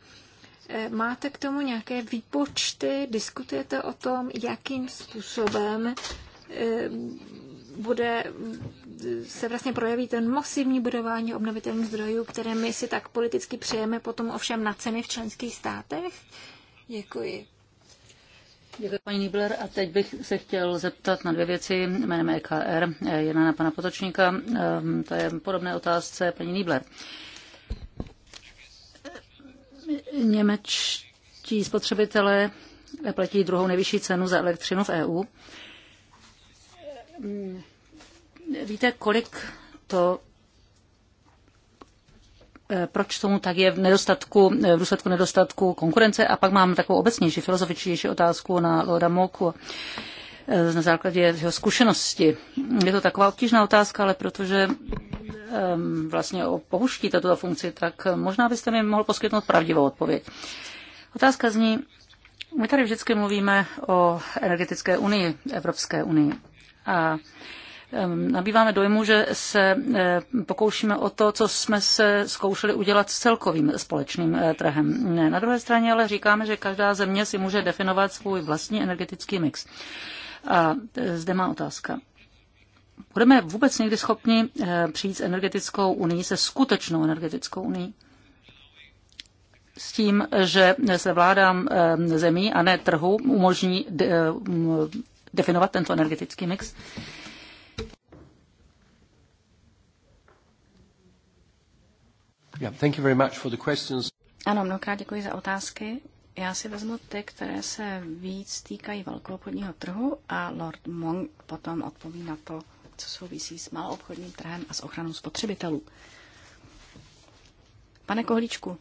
D: Eh, máte k tomu nějaké výpočty? Diskutujete o tom, jakým způsobem bude se vlastně projeví ten masivní budování obnovitelných zdrojů, které my si tak politicky přejeme potom ovšem na ceny v členských státech? Děkuji.
C: Děkuji, paní Nibler. A teď bych se chtěl zeptat na dvě věci jménem EKR. Jedna na pana Potočníka, ehm, to je podobné otázce paní Nibler. Němečtí spotřebitelé platí druhou nejvyšší cenu za elektřinu v EU Víte, kolik to eh, proč tomu tak je v, nedostatku, eh, v důsledku nedostatku konkurence. A pak mám takovou obecnější, filozofičnější otázku na Loda Moku eh, na základě jeho zkušenosti. Je to taková obtížná otázka, ale protože vlastně pouštíte tuto funkci, tak možná byste mi mohl poskytnout pravdivou odpověď. Otázka zní, my tady vždycky mluvíme o energetické unii, Evropské unii. A nabýváme dojmu, že se eh, pokoušíme o to, co jsme se zkoušeli udělat s celkovým společným eh, trhem. Na druhé straně ale říkáme, že každá země si může definovat svůj vlastní energetický mix. A eh, zde má otázka. Budeme vůbec někdy schopni přijít s energetickou unii, se skutečnou energetickou unii? s tím, že se vládám zemí a ne trhu umožní definovat tento energetický mix?
A: thank you very much for the questions.
B: Ano, mnohokrát děkuji za otázky. Já si vezmu ty, které se víc týkají velkoobchodního trhu a Lord Mong potom odpoví na to, co souvisí s maloobchodním trhem a s ochranou spotřebitelů. Pane Kohlíčku,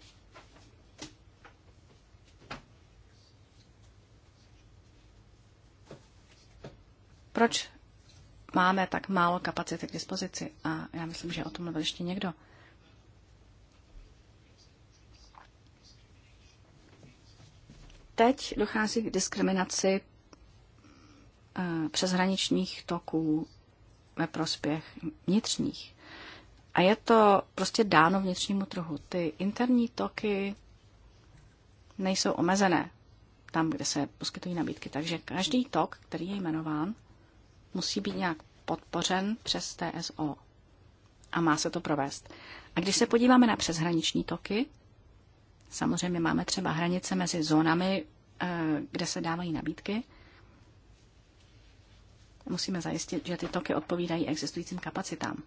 B: proč máme tak málo kapacity k dispozici? A já myslím, že o tom mluvil ještě někdo. teď dochází k diskriminaci eh, přeshraničních toků ve prospěch vnitřních. A je to prostě dáno vnitřnímu trhu. Ty interní toky nejsou omezené tam, kde se poskytují nabídky. Takže každý tok, který je jmenován, musí být nějak podpořen přes TSO. A má se to provést. A když se podíváme na přeshraniční toky, Samozřejmě máme třeba hranice mezi zónami, eh, kde se dávají nabídky. Musíme zajistit, že ty toky odpovídají existujícím kapacitám.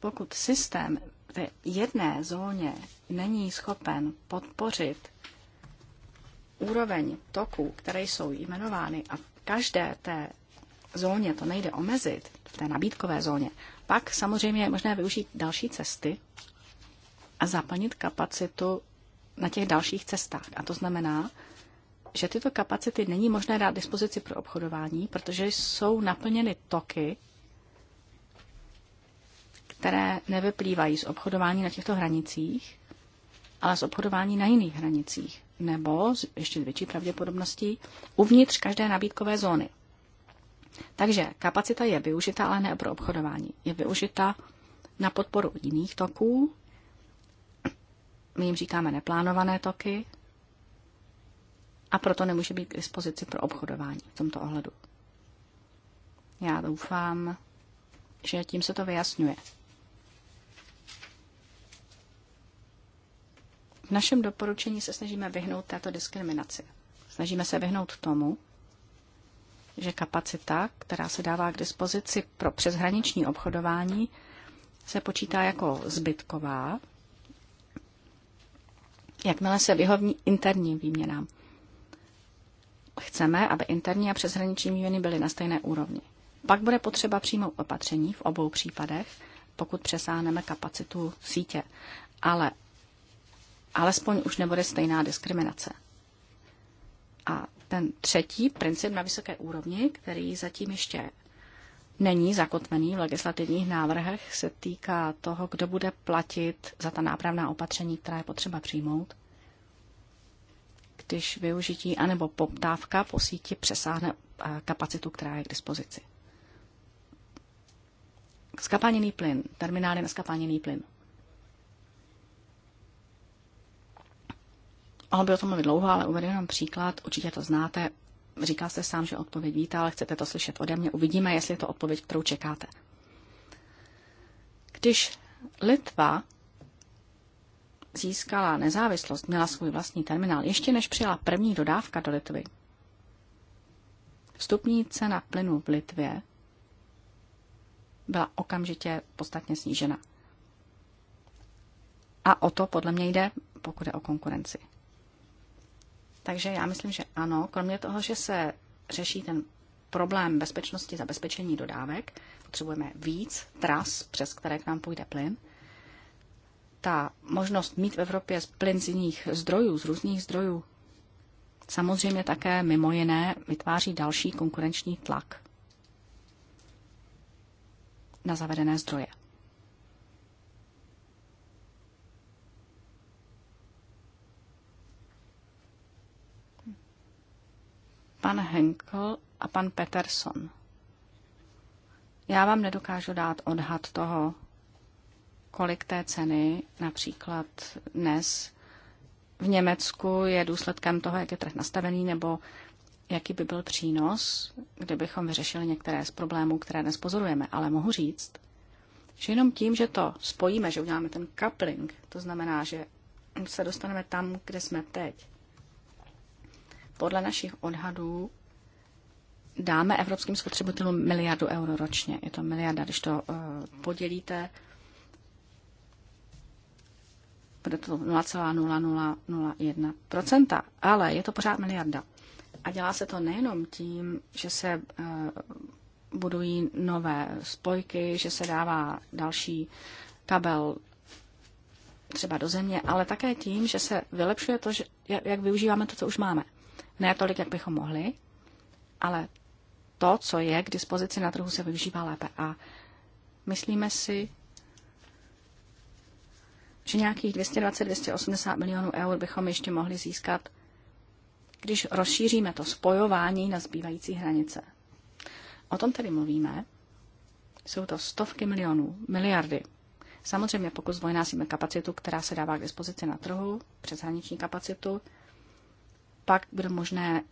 B: Pokud systém v jedné zóně není schopen podpořit úroveň toků, které jsou jmenovány a v každé té zóně to nejde omezit, v té nabídkové zóně, pak samozřejmě je možné využít další cesty a zaplnit kapacitu na těch dalších cestách. A to znamená, že tyto kapacity není možné dát dispozici pro obchodování, protože jsou naplněny toky, které nevyplývají z obchodování na těchto hranicích, ale z obchodování na jiných hranicích, nebo z ještě větší pravděpodobností uvnitř každé nabídkové zóny. Takže kapacita je využita, ale ne pro obchodování. Je využita na podporu jiných toků my jim říkáme neplánované toky a proto nemůže být k dispozici pro obchodování v tomto ohledu. Já doufám, že tím se to vyjasňuje. V našem doporučení se snažíme vyhnout této diskriminaci. Snažíme se vyhnout tomu, že kapacita, která se dává k dispozici pro přeshraniční obchodování, se počítá jako zbytková jakmile se vyhovní interním výměnám. Chceme, aby interní a přeshraniční výměny byly na stejné úrovni. Pak bude potřeba přijmout opatření v obou případech, pokud přesáhneme kapacitu sítě. Ale alespoň už nebude stejná diskriminace. A ten třetí princip na vysoké úrovni, který zatím ještě není zakotvený v legislativních návrhech, se týká toho, kdo bude platit za ta nápravná opatření, která je potřeba přijmout, když využití anebo poptávka po síti přesáhne eh, kapacitu, která je k dispozici. Skapaněný plyn, terminály na skapaněný plyn. Mohl by o tom mluvit dlouho, ale uvedu jenom příklad, určitě to znáte, Říkal jste sám, že odpověď víte, ale chcete to slyšet ode mě. Uvidíme, jestli je to odpověď, kterou čekáte. Když Litva získala nezávislost, měla svůj vlastní terminál, ještě než přijela první dodávka do Litvy, vstupní cena plynu v Litvě byla okamžitě podstatně snížena. A o to podle mě jde, pokud je o konkurenci. Takže já myslím, že ano, kromě toho, že se řeší ten problém bezpečnosti zabezpečení dodávek, potřebujeme víc tras, přes které k nám půjde plyn. Ta možnost mít v Evropě plyn z jiných zdrojů, z různých zdrojů, samozřejmě také mimo jiné vytváří další konkurenční tlak na zavedené zdroje. pan Henkel a pan Peterson. Já vám nedokážu dát odhad toho, kolik té ceny například dnes v Německu je důsledkem toho, jak je trh nastavený, nebo jaký by byl přínos, kdybychom vyřešili některé z problémů, které dnes pozorujeme. Ale mohu říct, že jenom tím, že to spojíme, že uděláme ten coupling, to znamená, že se dostaneme tam, kde jsme teď, podle našich odhadů dáme evropským spotřebitelům miliardu euro ročně. Je to miliarda, když to eh, podělíte, bude to 0,0001%, ale je to pořád miliarda. A dělá se to nejenom tím, že se eh, budují nové spojky, že se dává další kabel třeba do země, ale také tím, že se vylepšuje to, že, jak využíváme to, co už máme. Ne tolik, jak bychom mohli, ale to, co je k dispozici na trhu, se využívá lépe. A myslíme si, že nějakých 220-280 milionů eur bychom ještě mohli získat, když rozšíříme to spojování na zbývající hranice. O tom tedy mluvíme. Jsou to stovky milionů, miliardy. Samozřejmě, pokud zvojnásíme kapacitu, která se dává k dispozici na trhu, přeshraniční kapacitu, pak bude možné,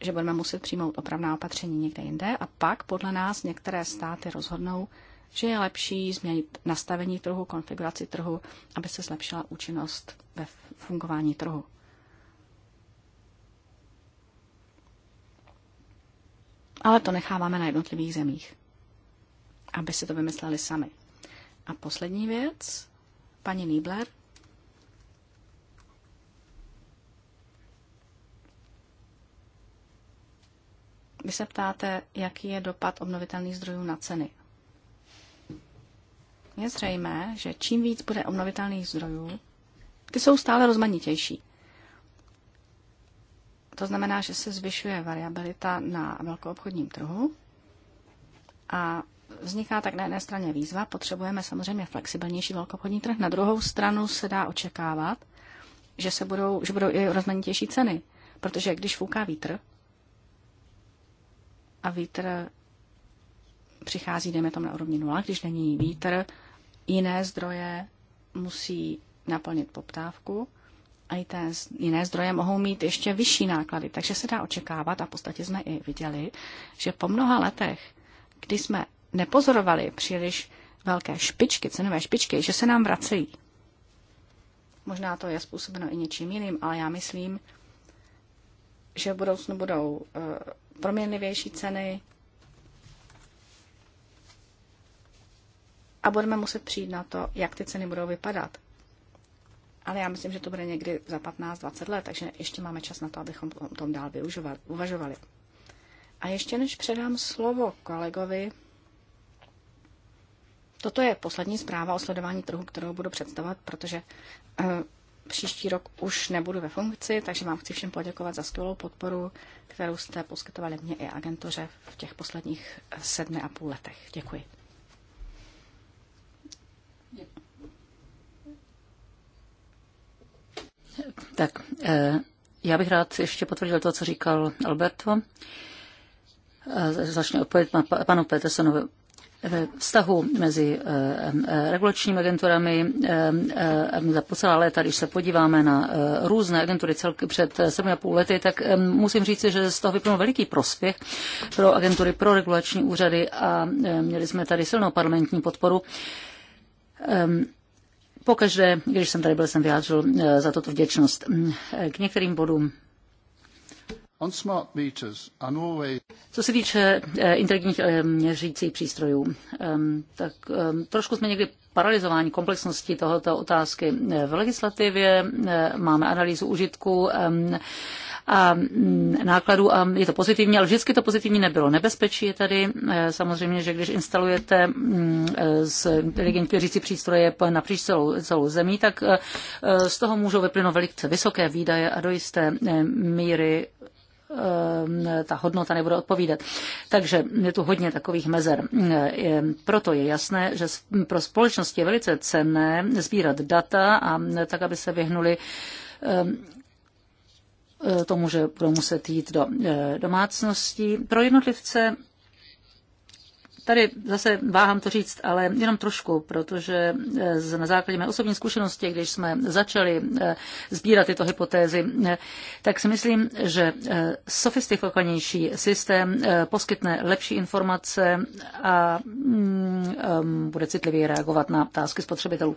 B: že budeme muset přijmout opravná opatření někde jinde a pak podle nás některé státy rozhodnou, že je lepší změnit nastavení trhu, konfiguraci trhu, aby se zlepšila účinnost ve fungování trhu. Ale to necháváme na jednotlivých zemích, aby si to vymysleli sami. A poslední věc, paní Niebler Vy se ptáte, jaký je dopad obnovitelných zdrojů na ceny. Je zřejmé, že čím víc bude obnovitelných zdrojů, ty jsou stále rozmanitější. To znamená, že se zvyšuje variabilita na velkoobchodním trhu a vzniká tak na jedné straně výzva, potřebujeme samozřejmě flexibilnější velkoobchodní trh, na druhou stranu se dá očekávat, že, se budou, že budou i rozmanitější ceny, protože když fouká vítr, a vítr přichází, dejme tomu, na úrovni nula, když není vítr, jiné zdroje musí naplnit poptávku a i té jiné zdroje mohou mít ještě vyšší náklady. Takže se dá očekávat, a v podstatě jsme i viděli, že po mnoha letech, kdy jsme nepozorovali příliš velké špičky, cenové špičky, že se nám vracejí. Možná to je způsobeno i něčím jiným, ale já myslím, že v budoucnu budou eh, proměnlivější ceny a budeme muset přijít na to, jak ty ceny budou vypadat. Ale já myslím, že to bude někdy za 15-20 let, takže ještě máme čas na to, abychom o tom dál využovali, uvažovali. A ještě než předám slovo kolegovi, Toto je poslední zpráva o sledování trhu, kterou budu představovat, protože eh, příští rok už nebudu ve funkci, takže vám chci všem poděkovat za skvělou podporu, kterou jste poskytovali mě i agentuře v těch posledních eh,
C: sedmi a půl letech. Děkuji. Tak, eh, já bych rád ještě potvrdil to, co říkal Alberto. Eh, začne odpovědět panu Petersonovi ve vztahu mezi eh, eh, regulačními agenturami eh, za po celá léta, když se podíváme na různé agentury celky před 7,5 lety, tak musím říct, že z toho vyplnul veliký prospěch pro agentury, pro regulační úřady a měli jsme tady silnou parlamentní podporu. Ehm, pokaždé, když jsem tady byl, jsem vyjádřil za toto vděčnost. Hm, k některým bodům co se týče eh, inteligentních eh, měřících přístrojů, ehm, tak ehm, trošku jsme někdy paralizováni komplexností tohoto otázky. Eh, v legislativě máme analýzu užitku ehm, a mm, nákladů a je to pozitivní, ale vždycky to pozitivní nebylo. Nebezpečí je tady samozřejmě, že když instalujete z mm, inteligentní měřící přístroje napříč celou, celou zemí, tak z toho můžou vyplynout velice vysoké výdaje a do jisté míry Ehm, ta hodnota nebude odpovídat. Takže je tu hodně takových mezer. Ehm, proto je jasné, že pro společnost je velice cenné sbírat data a e, tak, aby se vyhnuli ehm, e, tomu, že budou muset jít do e, domácností. Pro jednotlivce Tady zase váhám to říct, ale jenom trošku, protože eh, na základě mé osobní zkušenosti, když jsme začali eh, sbírat tyto hypotézy, eh, tak si myslím, že sofistikovanější systém poskytne lepší informace a mm, bude citlivěji reagovat na otázky spotřebitelů.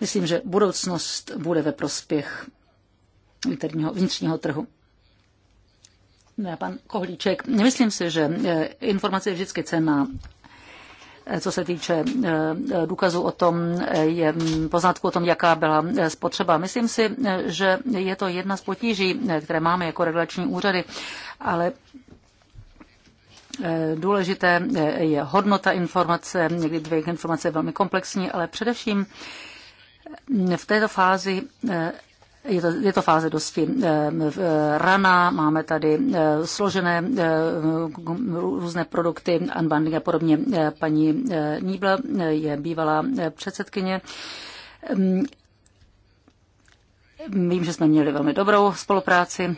C: Myslím, že budoucnost bude ve prospěch vnitřního trhu. No pan Kohlíček, myslím si, že eh, informace je vždycky cená. Eh, co se týče eh, důkazu o tom, je mm, poznatku o tom, jaká byla spotřeba. Myslím si, že je to jedna z potíží, které máme jako regulační úřady, ale důležité je hodnota informace, někdy dvě informace je velmi komplexní, ale především mm, v této fázi je to, je to fáze dosti eh, eh, raná, máme tady eh, složené různé produkty, unbundling a podobně. Paní Níbla je bývalá předsedkyně mm, Vím, že jsme měli velmi dobrou spolupráci.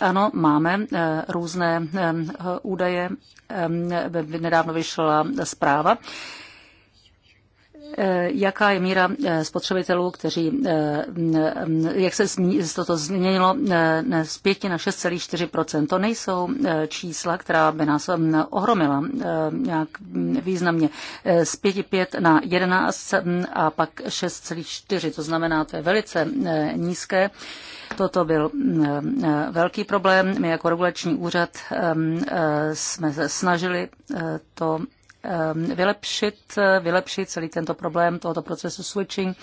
C: Ano, máme různé údaje. Nedávno vyšla zpráva Eh, jaká je míra eh, spotřebitelů, kteří, eh, jak se toto změnilo z 5 na 6,4 To nejsou čísla, která by nás ohromila nějak hm, významně. Z 5,5 na 11 a pak 6,4, to znamená, to je velice nízké. Toto byl hm, velký problém. My jako regulační úřad hm, jsme se snažili to Ehm, vylepšit, vylepšit celý tento problém tohoto procesu switching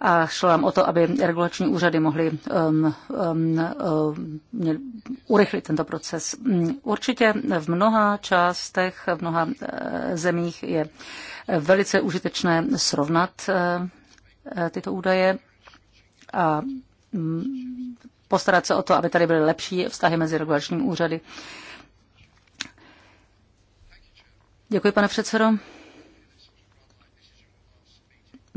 C: a šlo nám o to, aby regulační úřady mohly um, um, um, urychlit tento proces. Určitě v mnoha částech, v mnoha eh, zemích je velice užitečné srovnat uh, tyto údaje a um, postarat se o to, aby tady byly lepší vztahy mezi regulačními úřady. Uh, Děkuji, pane předsedo.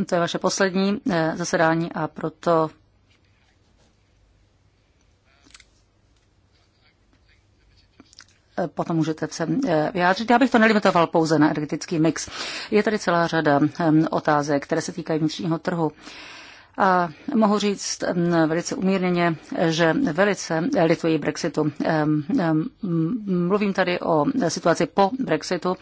C: To je vaše poslední eh, zasedání a proto eh, potom můžete se eh, vyjádřit. Já bych to nelimitoval pouze na energetický mix. Je tady celá řada otázek, které se týkají vnitřního trhu. A mohu říct mm, velice umírněně, že velice lituji Brexitu. Mluvím tady o situaci po Brexitu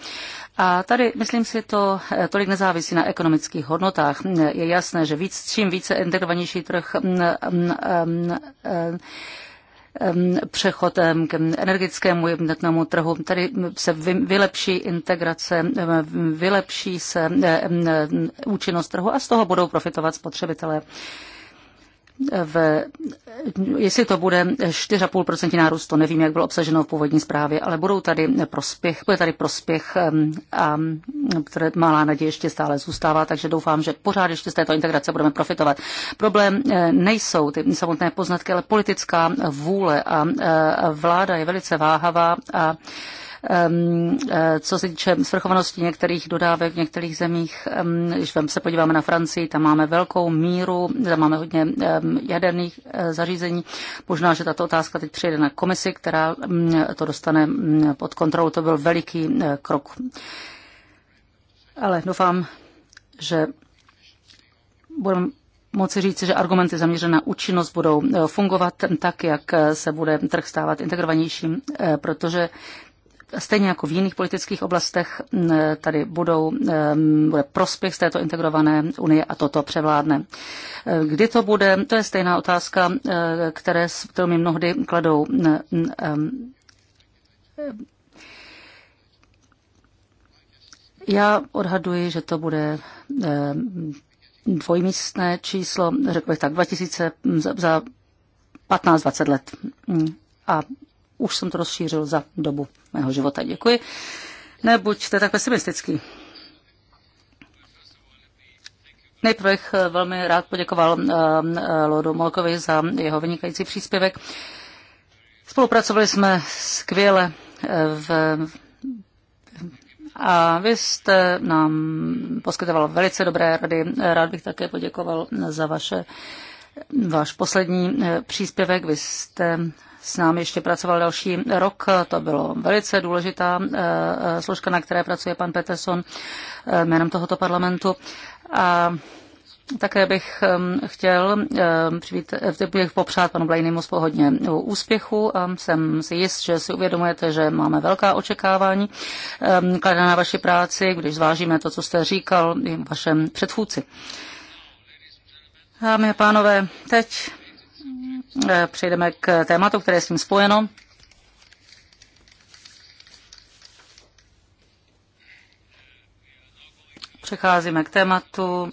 C: a tady, myslím si, to eh, tolik nezávisí na ekonomických hodnotách. Je jasné, že víc, čím více integrovanější trh mm, mm, eh, přechod k energetickému jednotnému trhu. Tady se vylepší integrace, vylepší se účinnost trhu a z toho budou profitovat spotřebitelé v, jestli to bude 4,5% nárůst, to nevím, jak bylo obsaženo v původní zprávě, ale budou tady prospěch, bude tady prospěch a které malá naděje ještě stále zůstává, takže doufám, že pořád ještě z této integrace budeme profitovat. Problém eh, nejsou ty samotné poznatky, ale politická vůle a eh, vláda je velice váhavá a Ehm, eh, co se týče svrchovanosti některých dodávek v některých zemích, ehm, když se podíváme na Francii, tam máme velkou míru, tam máme hodně ehm, jaderných eh, zařízení. Možná, že tato otázka teď přijde na komisi, která mm, to dostane mm, pod kontrolu. To byl veliký eh, krok. Ale doufám, že budeme moci říci, že argumenty zaměřené na účinnost budou fungovat tak, jak se bude trh stávat integrovanějším, protože Stejně jako v jiných politických oblastech tady budou, bude prospěch z této integrované unie a toto převládne. E, kdy to bude, to je stejná otázka, e, které, kterou mi mnohdy kladou já odhaduji, že to bude e, dvojmístné číslo, řekl bych tak, 2000 za 15-20 let. A už jsem to rozšířil za dobu mého života. Děkuji. Nebuďte tak pesimistický. Nejprve bych eh, velmi rád poděkoval eh, eh, Lordu Molkovi za jeho vynikající příspěvek. Spolupracovali jsme skvěle v a vy jste nám poskytoval velice dobré rady. Rád bych také poděkoval za vaše, váš poslední příspěvek. Vy jste s námi ještě pracoval další rok. To bylo velice důležitá eh, eh, složka, na které pracuje pan Peterson eh, jménem tohoto parlamentu. A také bych ehm, chtěl ehm, přivít bych popřát panu Blainimu spohodně úspěchu a jsem si jist, že si uvědomujete, že máme velká očekávání ehm, kladená na vaši práci, když zvážíme to, co jste říkal i vašem předchůdci. Dámy a pánové, teď Eh, přejdeme k tématu, které je s tím spojeno. Přecházíme k tématu,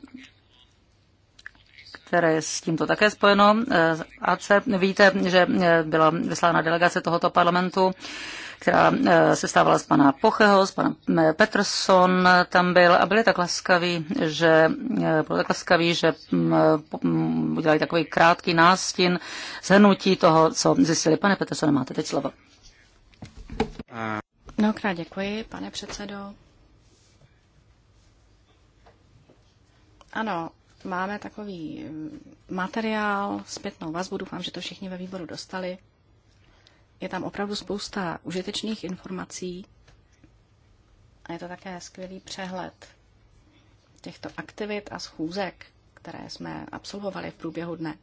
C: které je s tímto také spojeno. Eh, AC, víte, že eh, byla vyslána delegace tohoto parlamentu která eh, se stávala z pana Pocheho, z pana eh, Peterson eh, tam byl a byli tak laskaví, že, byli tak laskaví, že mm, mm, udělali takový krátký nástin zhrnutí toho, co zjistili. Pane Peterson, máte teď slovo.
B: Mnohokrát děkuji, pane předsedo. Ano, máme takový mm, materiál, zpětnou vazbu, doufám, že to všichni ve výboru dostali. Je tam opravdu spousta užitečných informací a je to také skvělý přehled těchto aktivit a schůzek, které jsme absolvovali v průběhu dne.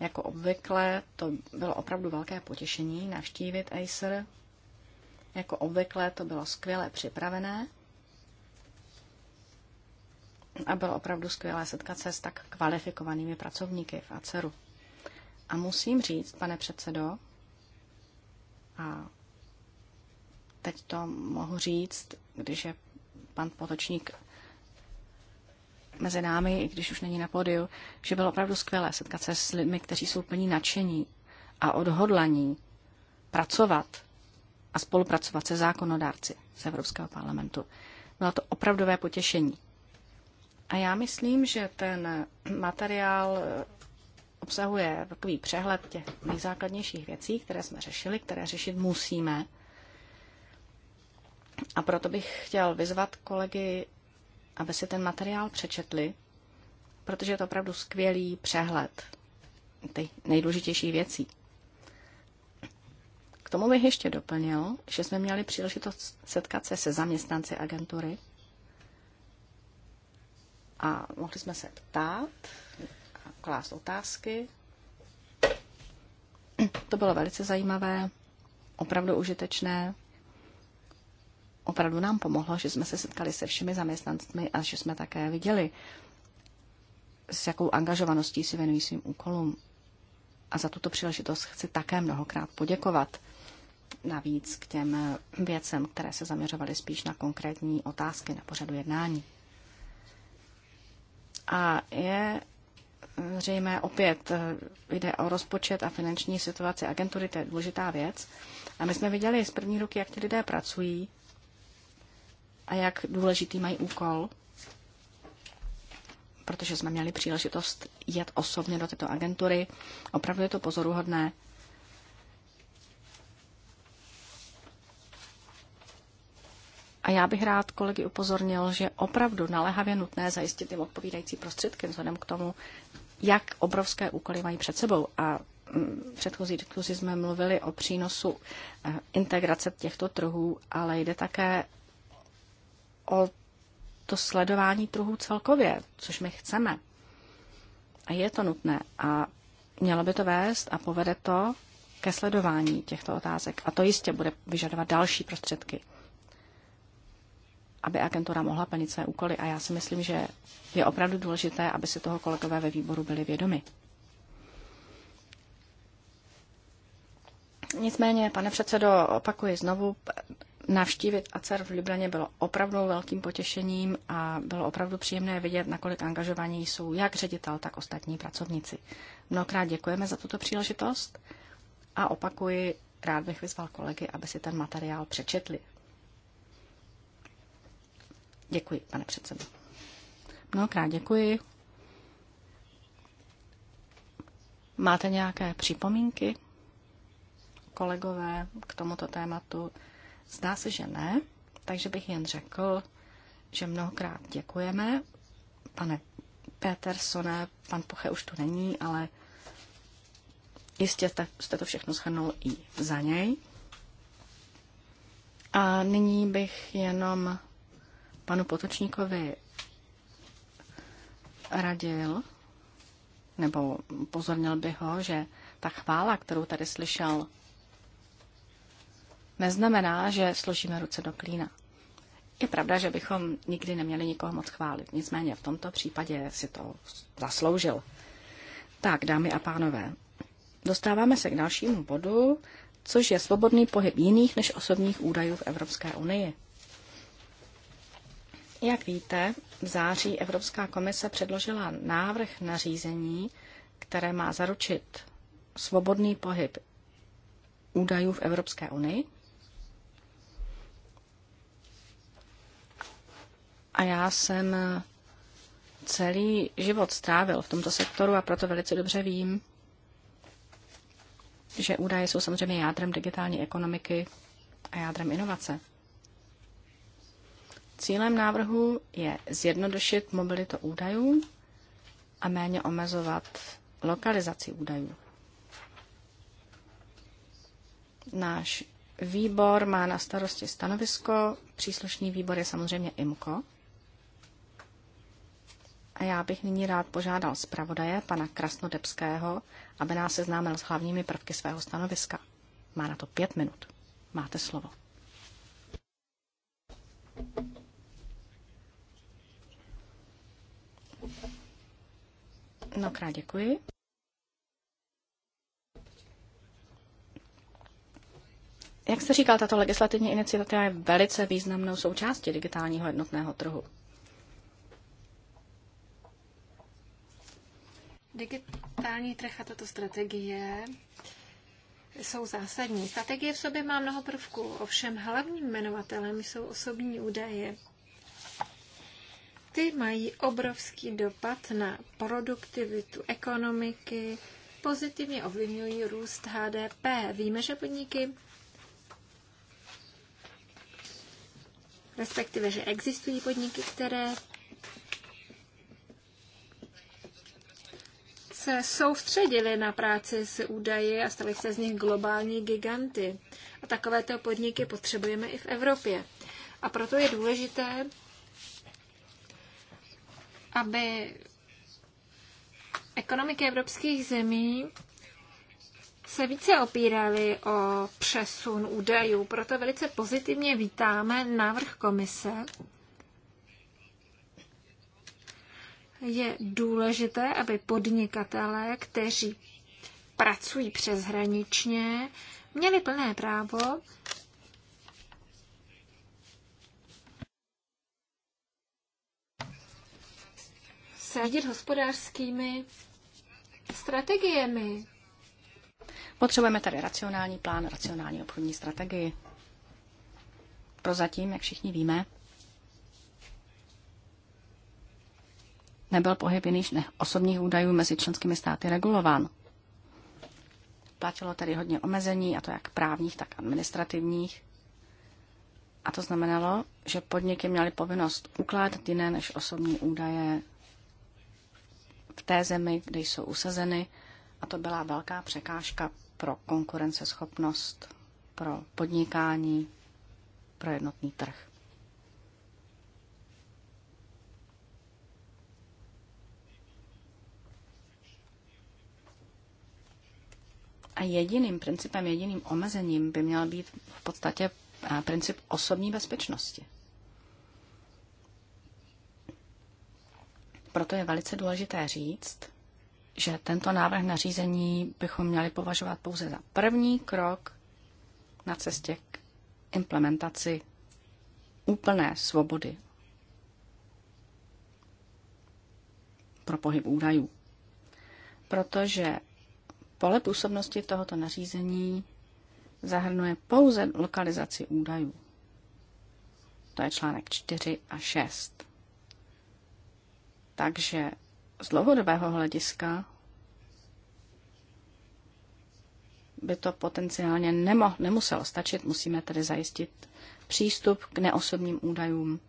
B: Jako obvykle to bylo opravdu velké potěšení navštívit Acer. Jako obvykle to bylo skvěle připravené a bylo opravdu skvělé setkat se s tak kvalifikovanými pracovníky v ACERu. A musím říct, pane předsedo, a teď to mohu říct, když je pan Potočník mezi námi, i když už není na pódiu, že bylo opravdu skvělé setkat se s lidmi, kteří jsou plní nadšení a odhodlaní pracovat a spolupracovat se zákonodárci z Evropského parlamentu. Bylo to opravdové potěšení. A já myslím, že ten materiál obsahuje takový přehled těch nejzákladnějších věcí, které jsme řešili, které řešit musíme. A proto bych chtěl vyzvat kolegy, aby si ten materiál přečetli, protože je to opravdu skvělý přehled těch nejdůležitějších věcí. K tomu bych ještě doplnil, že jsme měli příležitost setkat se se zaměstnanci agentury a mohli jsme se ptát, klást otázky. To bylo velice zajímavé, opravdu užitečné. Opravdu nám pomohlo, že jsme se setkali se všemi zaměstnancmi a že jsme také viděli, s jakou angažovaností si věnují svým úkolům. A za tuto příležitost chci také mnohokrát poděkovat. Navíc k těm věcem, které se zaměřovaly spíš na konkrétní otázky na pořadu jednání. A je zřejmé opět eh, jde o rozpočet a finanční situaci agentury, to je důležitá věc. A my jsme viděli z první ruky, jak ti lidé pracují a jak důležitý mají úkol, protože jsme měli příležitost jet osobně do této agentury. Opravdu je to pozoruhodné. A já bych rád kolegy upozornil, že opravdu naléhavě nutné zajistit jim odpovídající prostředky vzhledem k tomu, jak obrovské úkoly mají před sebou. A v mm, předchozí diskuzi jsme mluvili o přínosu eh, integrace těchto trhů, ale jde také o to sledování trhů celkově, což my chceme. A je to nutné a mělo by to vést a povede to ke sledování těchto otázek. A to jistě bude vyžadovat další prostředky aby agentura mohla plnit své úkoly. A já si myslím, že je opravdu důležité, aby si toho kolegové ve výboru byli vědomi. Nicméně, pane předsedo, opakuji znovu, navštívit ACER v Ljubljaně bylo opravdu velkým potěšením a bylo opravdu příjemné vidět, nakolik angažovaní jsou jak ředitel, tak ostatní pracovníci. Mnohokrát děkujeme za tuto příležitost a opakuji, rád bych vyzval kolegy, aby si ten materiál přečetli. Děkuji, pane předsedo. Mnohokrát děkuji. Máte nějaké připomínky, kolegové, k tomuto tématu? Zdá se, že ne, takže bych jen řekl, že mnohokrát děkujeme. Pane Petersone, pan Poche už tu není, ale jistě jste to všechno shrnul i za něj. A nyní bych jenom panu Potočníkovi radil, nebo pozornil by ho, že ta chvála, kterou tady slyšel, neznamená, že složíme ruce do klína. Je pravda, že bychom nikdy neměli nikoho moc chválit, nicméně v tomto případě si to zasloužil. Tak, dámy a pánové, dostáváme se k dalšímu bodu, což je svobodný pohyb jiných než osobních údajů v Evropské unii. Jak víte, v září Evropská komise předložila návrh nařízení, které má zaručit svobodný pohyb údajů v Evropské unii. A já jsem celý život strávil v tomto sektoru a proto velice dobře vím, že údaje jsou samozřejmě jádrem digitální ekonomiky a jádrem inovace. Cílem návrhu je zjednodušit mobilitu údajů a méně omezovat lokalizaci údajů. Náš výbor má na starosti stanovisko, příslušný výbor je samozřejmě IMKO. A já bych nyní rád požádal zpravodaje, pana Krasnodebského, aby nás seznámil s hlavními prvky svého stanoviska. Má na to pět minut. Máte slovo. Mnohokrát děkuji. Jak se říkal, tato legislativní iniciativa je velice významnou součástí digitálního jednotného trhu.
D: Digitální trh a tato strategie jsou zásadní. Strategie v sobě má mnoho prvků, ovšem hlavním jmenovatelem jsou osobní údaje. Ty mají obrovský dopad na produktivitu ekonomiky, pozitivně ovlivňují růst HDP. Víme, že podniky, respektive, že existují podniky, které se soustředili na práci s údaji a staly se z nich globální giganty. A takovéto podniky potřebujeme i v Evropě. A proto je důležité, aby ekonomiky evropských zemí se více opírali o přesun údajů. Proto velice pozitivně vítáme návrh komise. Je důležité, aby podnikatelé, kteří pracují přeshraničně, měli plné právo sradit hospodářskými strategiemi.
B: Potřebujeme tady racionální plán, racionální obchodní strategii. Prozatím, jak všichni víme, nebyl pohyb jiných ne, osobních údajů mezi členskými státy regulován. Platilo tedy hodně omezení, a to jak právních, tak administrativních. A to znamenalo, že podniky měly povinnost ukládat jiné než osobní údaje v té zemi, kde jsou usazeny. A to byla velká překážka pro konkurenceschopnost, pro podnikání, pro jednotný trh. A jediným principem, jediným omezením by měl být v podstatě eh, princip osobní bezpečnosti. Proto je velice důležité říct, že tento návrh nařízení bychom měli považovat pouze za první krok na cestě k implementaci úplné svobody pro pohyb údajů. Protože pole působnosti tohoto nařízení zahrnuje pouze lokalizaci údajů. To je článek 4 a 6. Takže z dlouhodobého hlediska by to potenciálně nemo, nemuselo stačit. Musíme tedy zajistit přístup k neosobním údajům,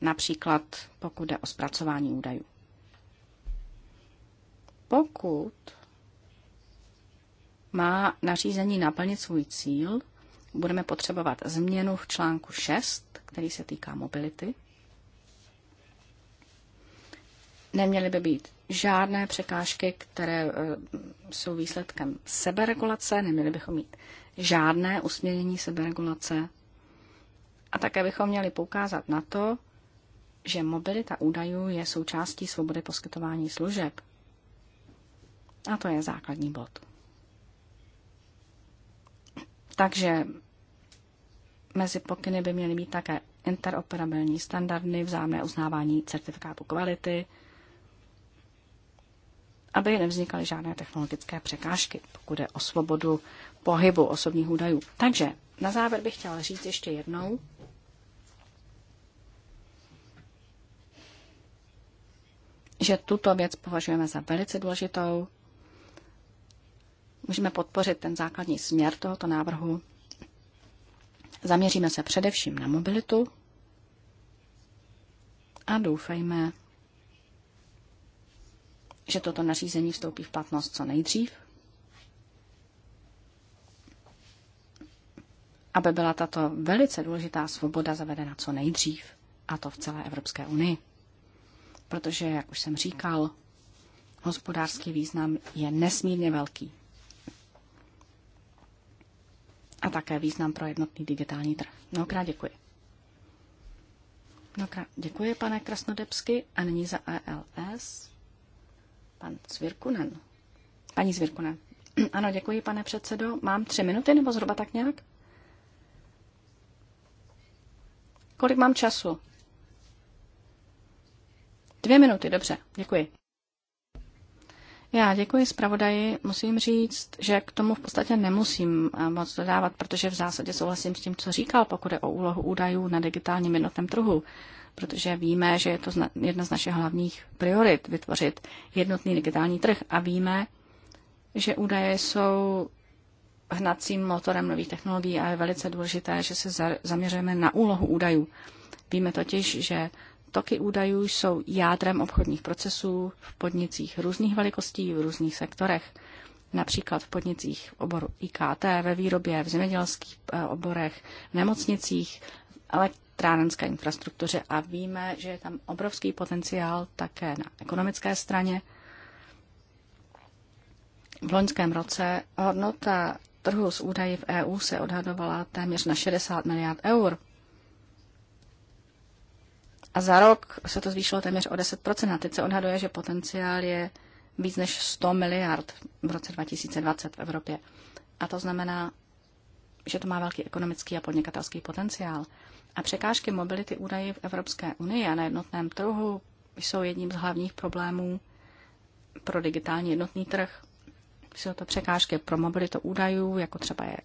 B: například pokud jde o zpracování údajů. Pokud má nařízení naplnit svůj cíl, budeme potřebovat změnu v článku 6, který se týká mobility. Neměly by být žádné překážky, které eh, jsou výsledkem seberegulace, neměli bychom mít žádné usměnění seberegulace. A také bychom měli poukázat na to, že mobilita údajů je součástí svobody poskytování služeb. A to je základní bod. Takže mezi pokyny by měly být také interoperabilní standardy, vzájemné uznávání certifikátu kvality, aby nevznikaly žádné technologické překážky, pokud je o svobodu pohybu osobních údajů. Takže na závěr bych chtěla říct ještě jednou, že tuto věc považujeme za velice důležitou. Můžeme podpořit ten základní směr tohoto návrhu. Zaměříme se především na mobilitu a doufejme, že toto nařízení vstoupí v platnost co nejdřív, aby byla tato velice důležitá svoboda zavedena co nejdřív, a to v celé Evropské unii. Protože, jak už jsem říkal, hospodářský význam je nesmírně velký. A také význam pro jednotný digitální trh. Mnohokrát děkuji. Mnohokrát děkuji, pane Krasnodebsky, a nyní za ELS Pan Zvirkunen. Paní Zvirkunen. Ano, děkuji, pane předsedo. Mám tři minuty nebo zhruba tak nějak? Kolik mám času? Dvě minuty, dobře, děkuji. Já děkuji zpravodaji. Musím říct, že k tomu v podstatě nemusím eh, moc dodávat, protože v zásadě souhlasím s tím, co říkal, pokud je o úlohu údajů na digitálním jednotném trhu protože víme, že je to jedna z našich hlavních priorit vytvořit jednotný digitální trh a víme, že údaje jsou hnacím motorem nových technologií a je velice důležité, že se zaměřujeme na úlohu údajů. Víme totiž, že toky údajů jsou jádrem obchodních procesů v podnicích různých velikostí, v různých sektorech. Například v podnicích v oboru IKT, ve výrobě, v zemědělských eh, oborech, v nemocnicích, ale elektrárenské infrastruktuře a víme, že je tam obrovský potenciál také na ekonomické straně. V loňském roce hodnota trhu s údaji v EU se odhadovala téměř na 60 miliard eur. A za rok se to zvýšilo téměř o 10%. A teď se odhaduje, že potenciál je víc než 100 miliard v roce 2020 v Evropě. A to znamená, že to má velký ekonomický a podnikatelský potenciál. A překážky mobility údají v Evropské unii a na jednotném trhu jsou jedním z hlavních problémů pro digitální jednotný trh. Jsou to překážky pro mobilitu údajů, jako třeba je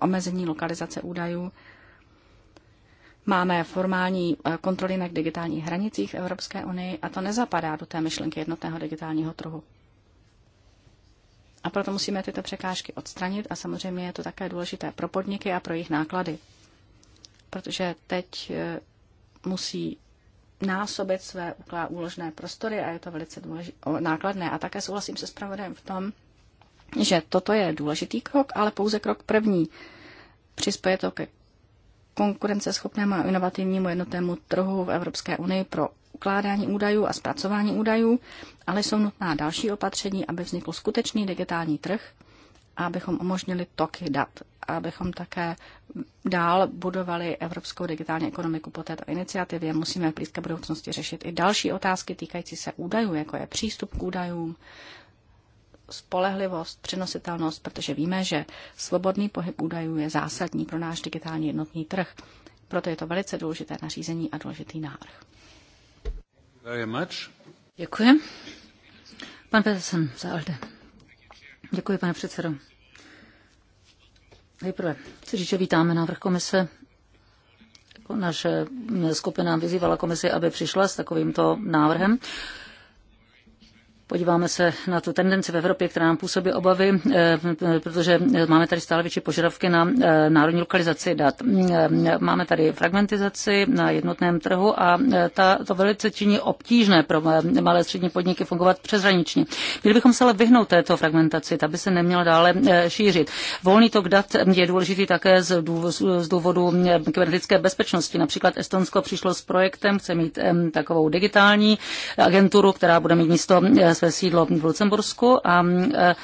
B: omezení lokalizace údajů. Máme formální eh, kontroly na digitálních hranicích v Evropské unii a to nezapadá do té myšlenky jednotného digitálního trhu. A proto musíme tyto překážky odstranit a samozřejmě je to také důležité pro podniky a pro jejich náklady protože teď eh, musí násobit své úložné prostory a je to velice důležité, nákladné. A také souhlasím se zpravodajem v tom, že toto je důležitý krok, ale pouze krok první. Přispěje to ke konkurenceschopnému a inovativnímu jednotnému trhu v Evropské unii pro ukládání údajů a zpracování údajů, ale jsou nutná další opatření, aby vznikl skutečný digitální trh, abychom umožnili toky dat, abychom také dál budovali evropskou digitální ekonomiku po této iniciativě. Musíme v blízké budoucnosti řešit i další otázky týkající se údajů, jako je přístup k údajům, spolehlivost, přenositelnost, protože víme, že svobodný pohyb údajů je zásadní pro náš digitální jednotný trh. Proto je to velice důležité nařízení a důležitý návrh.
C: Děkuji. Pan Petersen za Alde. Děkuji, pane předsedo. Nejprve chci říct, že vítáme návrh komise. Jako naše skupina vyzývala komisi, aby přišla s takovýmto návrhem. Podíváme se na tu tendenci v Evropě, která nám působí obavy, eh, protože máme tady stále větší požadavky na eh, národní lokalizaci dat. Eh, máme tady fragmentizaci na jednotném trhu a ta, to velice činí obtížné pro malé střední podniky fungovat přeshraničně. Měli bychom se ale vyhnout této fragmentaci, ta by se neměla dále šířit. Volný tok dat je důležitý také z důvodu, z důvodu kybernetické bezpečnosti. Například Estonsko přišlo s projektem, chce mít takovou digitální agenturu, která bude mít místo své sídlo v Lucembursku a eh,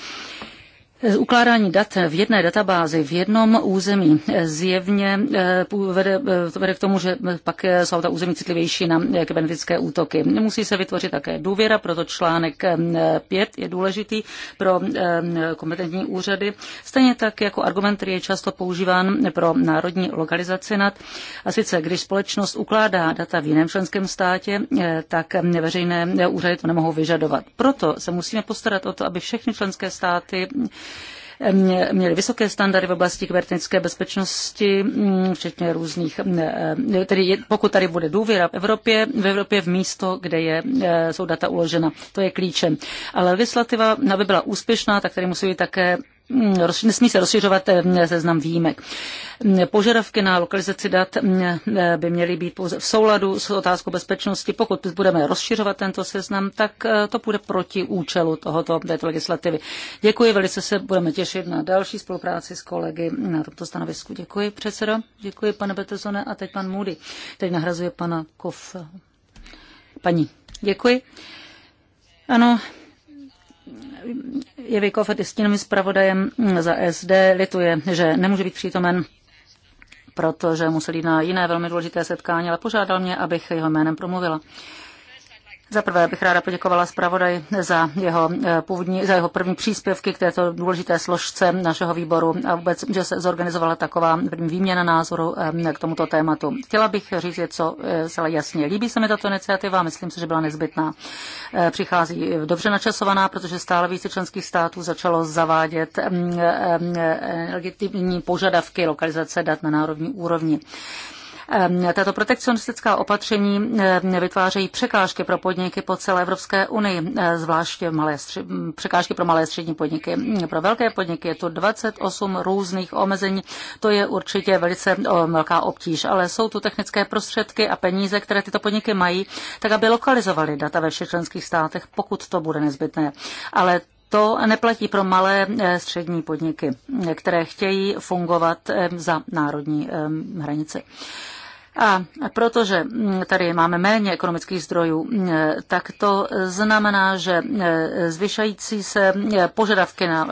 C: Ukládání dat v jedné databázi v jednom území zjevně eh, vede, eh, vede k tomu, že pak eh, jsou ta území citlivější na kybernetické útoky. Musí se vytvořit také důvěra, proto článek 5 je důležitý pro kompetentní úřady. Stejně tak jako argument, který je často používán pro národní lokalizaci nad. A sice, když společnost ukládá data v jiném členském státě, tak veřejné úřady to nemohou vyžadovat. Proto se musíme postarat o to, aby všechny členské státy měli vysoké standardy v oblasti kybernetické bezpečnosti, mm, včetně různých, mm, e, tedy pokud tady bude důvěra v Evropě, v Evropě v místo, kde je, e, jsou data uložena. To je klíčem. Ale legislativa, aby byla úspěšná, tak tady musí být také Mm, nesmí se rozšiřovat eh, seznam výjimek. Mm, požadavky na lokalizaci dat mm, eh, by měly být pouze v souladu s otázkou bezpečnosti. Pokud budeme rozšiřovat tento seznam, tak eh, to bude proti účelu tohoto, této legislativy. Děkuji, velice se budeme těšit na další spolupráci s kolegy na tomto stanovisku. Děkuji, předsedo. Děkuji, pane Betezone. A teď pan Moody, který nahrazuje pana Kof. Paní, děkuji. Ano, Jevikov je stínovým zpravodajem za SD, lituje, že nemůže být přítomen protože musel jít na jiné velmi důležité setkání, ale požádal mě, abych jeho jménem promluvila. Za prvé bych ráda poděkovala zpravodaj za jeho, eh, původní, za jeho první příspěvky k této důležité složce našeho výboru a vůbec, že se zorganizovala taková výměna názoru eh, k tomuto tématu. Chtěla bych říct něco eh, zcela jasně. Líbí se mi tato iniciativa, myslím si, že byla nezbytná. Přichází dobře načasovaná, protože stále více členských států začalo zavádět mm, legitimní požadavky lokalizace dat na národní úrovni. Ehm, tato protekcionistická opatření ehm, vytvářejí překážky pro podniky po celé Evropské unii, eh, zvláště malé, překážky pro malé střední podniky. Mm, pro velké podniky je tu 28 různých omezení. To je určitě velice velká obtíž, ale jsou tu technické prostředky a peníze, které tyto podniky mají, tak aby lokalizovali data ve všech členských státech, pokud to bude nezbytné. Ale to neplatí pro malé eh, střední podniky, které chtějí fungovat eh, za národní ehm, hranici. A protože mm, tady máme méně ekonomických zdrojů, mm, tak to znamená, že mm, zvyšající se požadavky na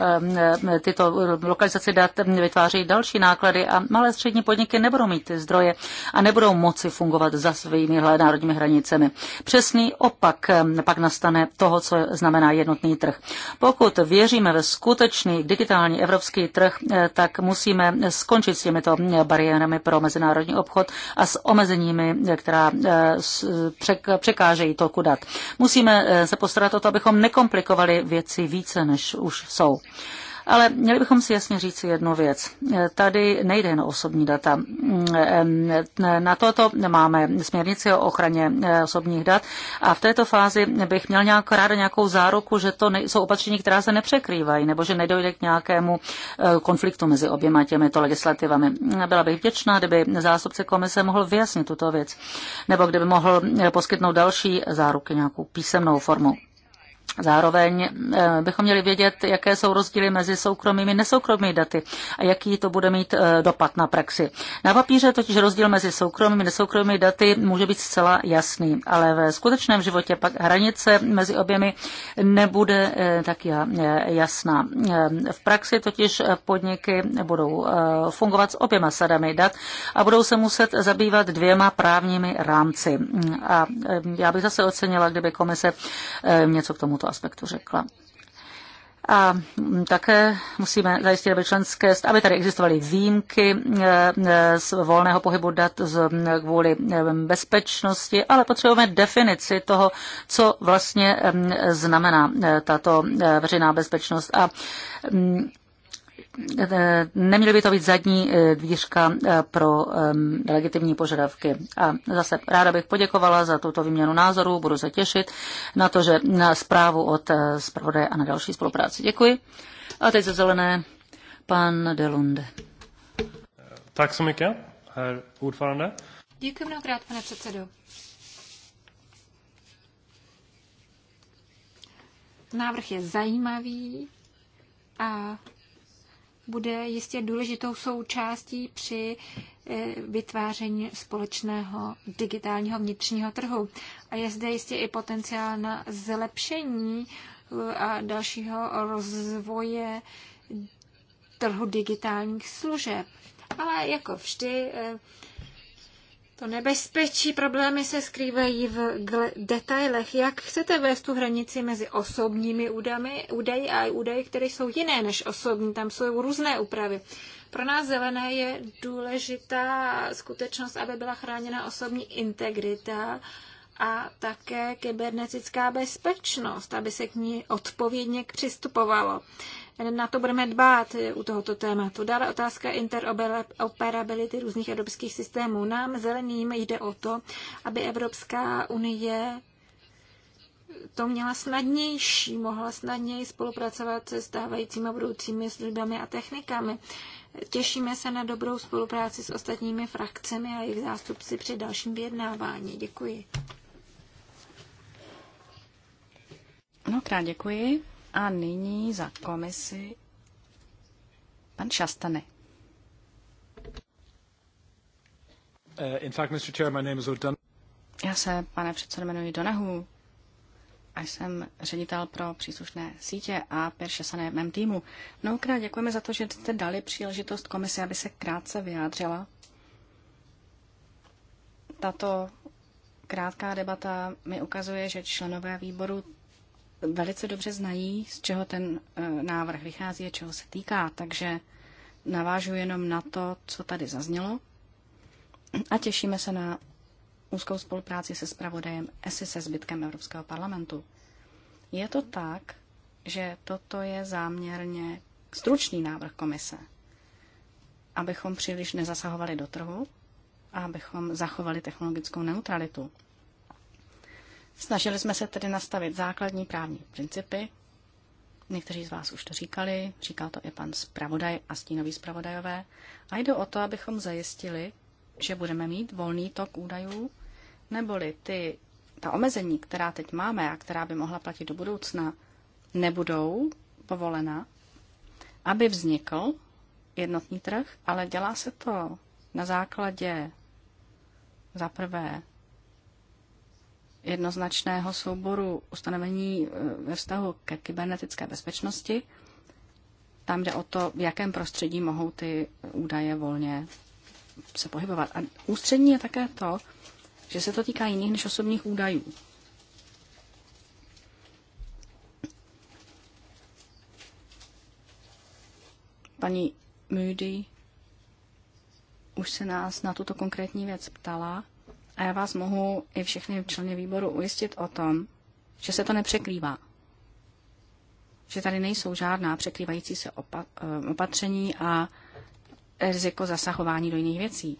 C: tyto lokalizace dat vytváří další náklady a malé střední podniky nebudou mít ty zdroje a nebudou moci fungovat za svými národními hranicemi. Přesný opak pak nastane toho, co znamená jednotný trh. Pokud věříme ve skutečný digitální evropský trh, tak musíme skončit s těmito bariérami pro mezinárodní obchod a s omezeními, která eh, překážejí toku dat. Musíme eh, se postarat o to, abychom nekomplikovali věci více, než už jsou. Ale měli bychom si jasně říct jednu věc. Tady nejde jen o osobní data. Na toto máme směrnici o ochraně eh, osobních dat a v této fázi bych měl nějak ráda nějakou záruku, že to jsou opatření, která se nepřekrývají nebo že nedojde k nějakému eh, konfliktu mezi oběma těmito legislativami. Byla bych vděčná, kdyby zástupce komise mohl vyjasnit tuto věc nebo kdyby mohl eh, poskytnout další záruky nějakou písemnou formou. Zároveň eh, bychom měli vědět, jaké jsou rozdíly mezi soukromými a nesoukromými daty a jaký to bude mít eh, dopad na praxi. Na papíře totiž rozdíl mezi soukromými a nesoukromými daty může být zcela jasný, ale ve skutečném životě pak hranice mezi oběmi nebude eh, tak jasná. V praxi totiž podniky budou fungovat s oběma sadami dat a budou se muset zabývat dvěma právními rámci. A já bych zase ocenila, kdyby komise něco k tomuto aspektu řekla. A mm, také musíme zajistit, aby členské, aby tady existovaly výjimky e, e, z volného pohybu dat z, e, kvůli bezpečnosti, ale potřebujeme definici toho, co vlastně mm, znamená tato veřejná bezpečnost. A mm, Eh, neměly by to být zadní eh, dvířka eh, pro ehm, legitimní požadavky. A zase ráda bych poděkovala za tuto výměnu názorů, budu se těšit na to, že na zprávu od zpravodaje a na další spolupráci. Děkuji. A teď za zelené pan Delunde.
F: Tak se mycket, herr ordförande.
D: Děkuji mnohokrát, pane předsedo. Návrh je zajímavý a bude jistě důležitou součástí při eh, vytváření společného digitálního vnitřního trhu. A je zde jistě i potenciál na zlepšení eh, a dalšího rozvoje trhu digitálních služeb. Ale jako vždy eh, to nebezpečí, problémy se skrývají v detailech. Jak chcete vést tu hranici mezi osobními údami, údaji a údaji, které jsou jiné než osobní? Tam jsou různé úpravy. Pro nás zelené je důležitá skutečnost, aby byla chráněna osobní integrita a také kybernetická bezpečnost, aby se k ní odpovědně přistupovalo na to budeme dbát eh, u tohoto tématu. Dále otázka interoperability různých evropských systémů. Nám zeleným jde o to, aby Evropská unie to měla snadnější, mohla snadněji spolupracovat se stávajícími budoucími službami a technikami. Těšíme se na dobrou spolupráci s ostatními frakcemi a jejich zástupci při dalším vyjednávání. Děkuji.
B: Mnohokrát děkuji. A nyní za komisi pan Šastany.
F: Eh, in fact, Mr. Chair, my name is
B: Já se, pane předsedo, jmenuji Donahu a jsem ředitel pro příslušné sítě a Pěr Šasané v mém týmu. Mnohokrát děkujeme za to, že jste dali příležitost komisi, aby se krátce vyjádřila. Tato krátká debata mi ukazuje, že členové výboru velice dobře znají, z čeho ten e, návrh vychází a čeho se týká. Takže navážu jenom na to, co tady zaznělo a těšíme se na úzkou spolupráci se spravodajem ESI se zbytkem Evropského parlamentu. Je to tak, že toto je záměrně stručný návrh komise, abychom příliš nezasahovali do trhu a abychom zachovali technologickou neutralitu. Snažili jsme se tedy nastavit základní právní principy. Někteří z vás už to říkali, říkal to i pan zpravodaj a stínový zpravodajové. A jde o to, abychom zajistili, že budeme mít volný tok údajů, neboli ty, ta omezení, která teď máme a která by mohla platit do budoucna, nebudou povolena, aby vznikl jednotný trh, ale dělá se to na základě za prvé jednoznačného souboru ustanovení eh, ve vztahu ke kybernetické bezpečnosti. Tam jde o to, v jakém prostředí mohou ty údaje volně se pohybovat. A ústřední je také to, že se to týká jiných než osobních údajů. Paní Moody už se nás na tuto konkrétní věc ptala. A já vás mohu i všechny členy výboru ujistit o tom, že se to nepřekrývá. Že tady nejsou žádná překrývající se eh, opatření a riziko zasahování do jiných věcí.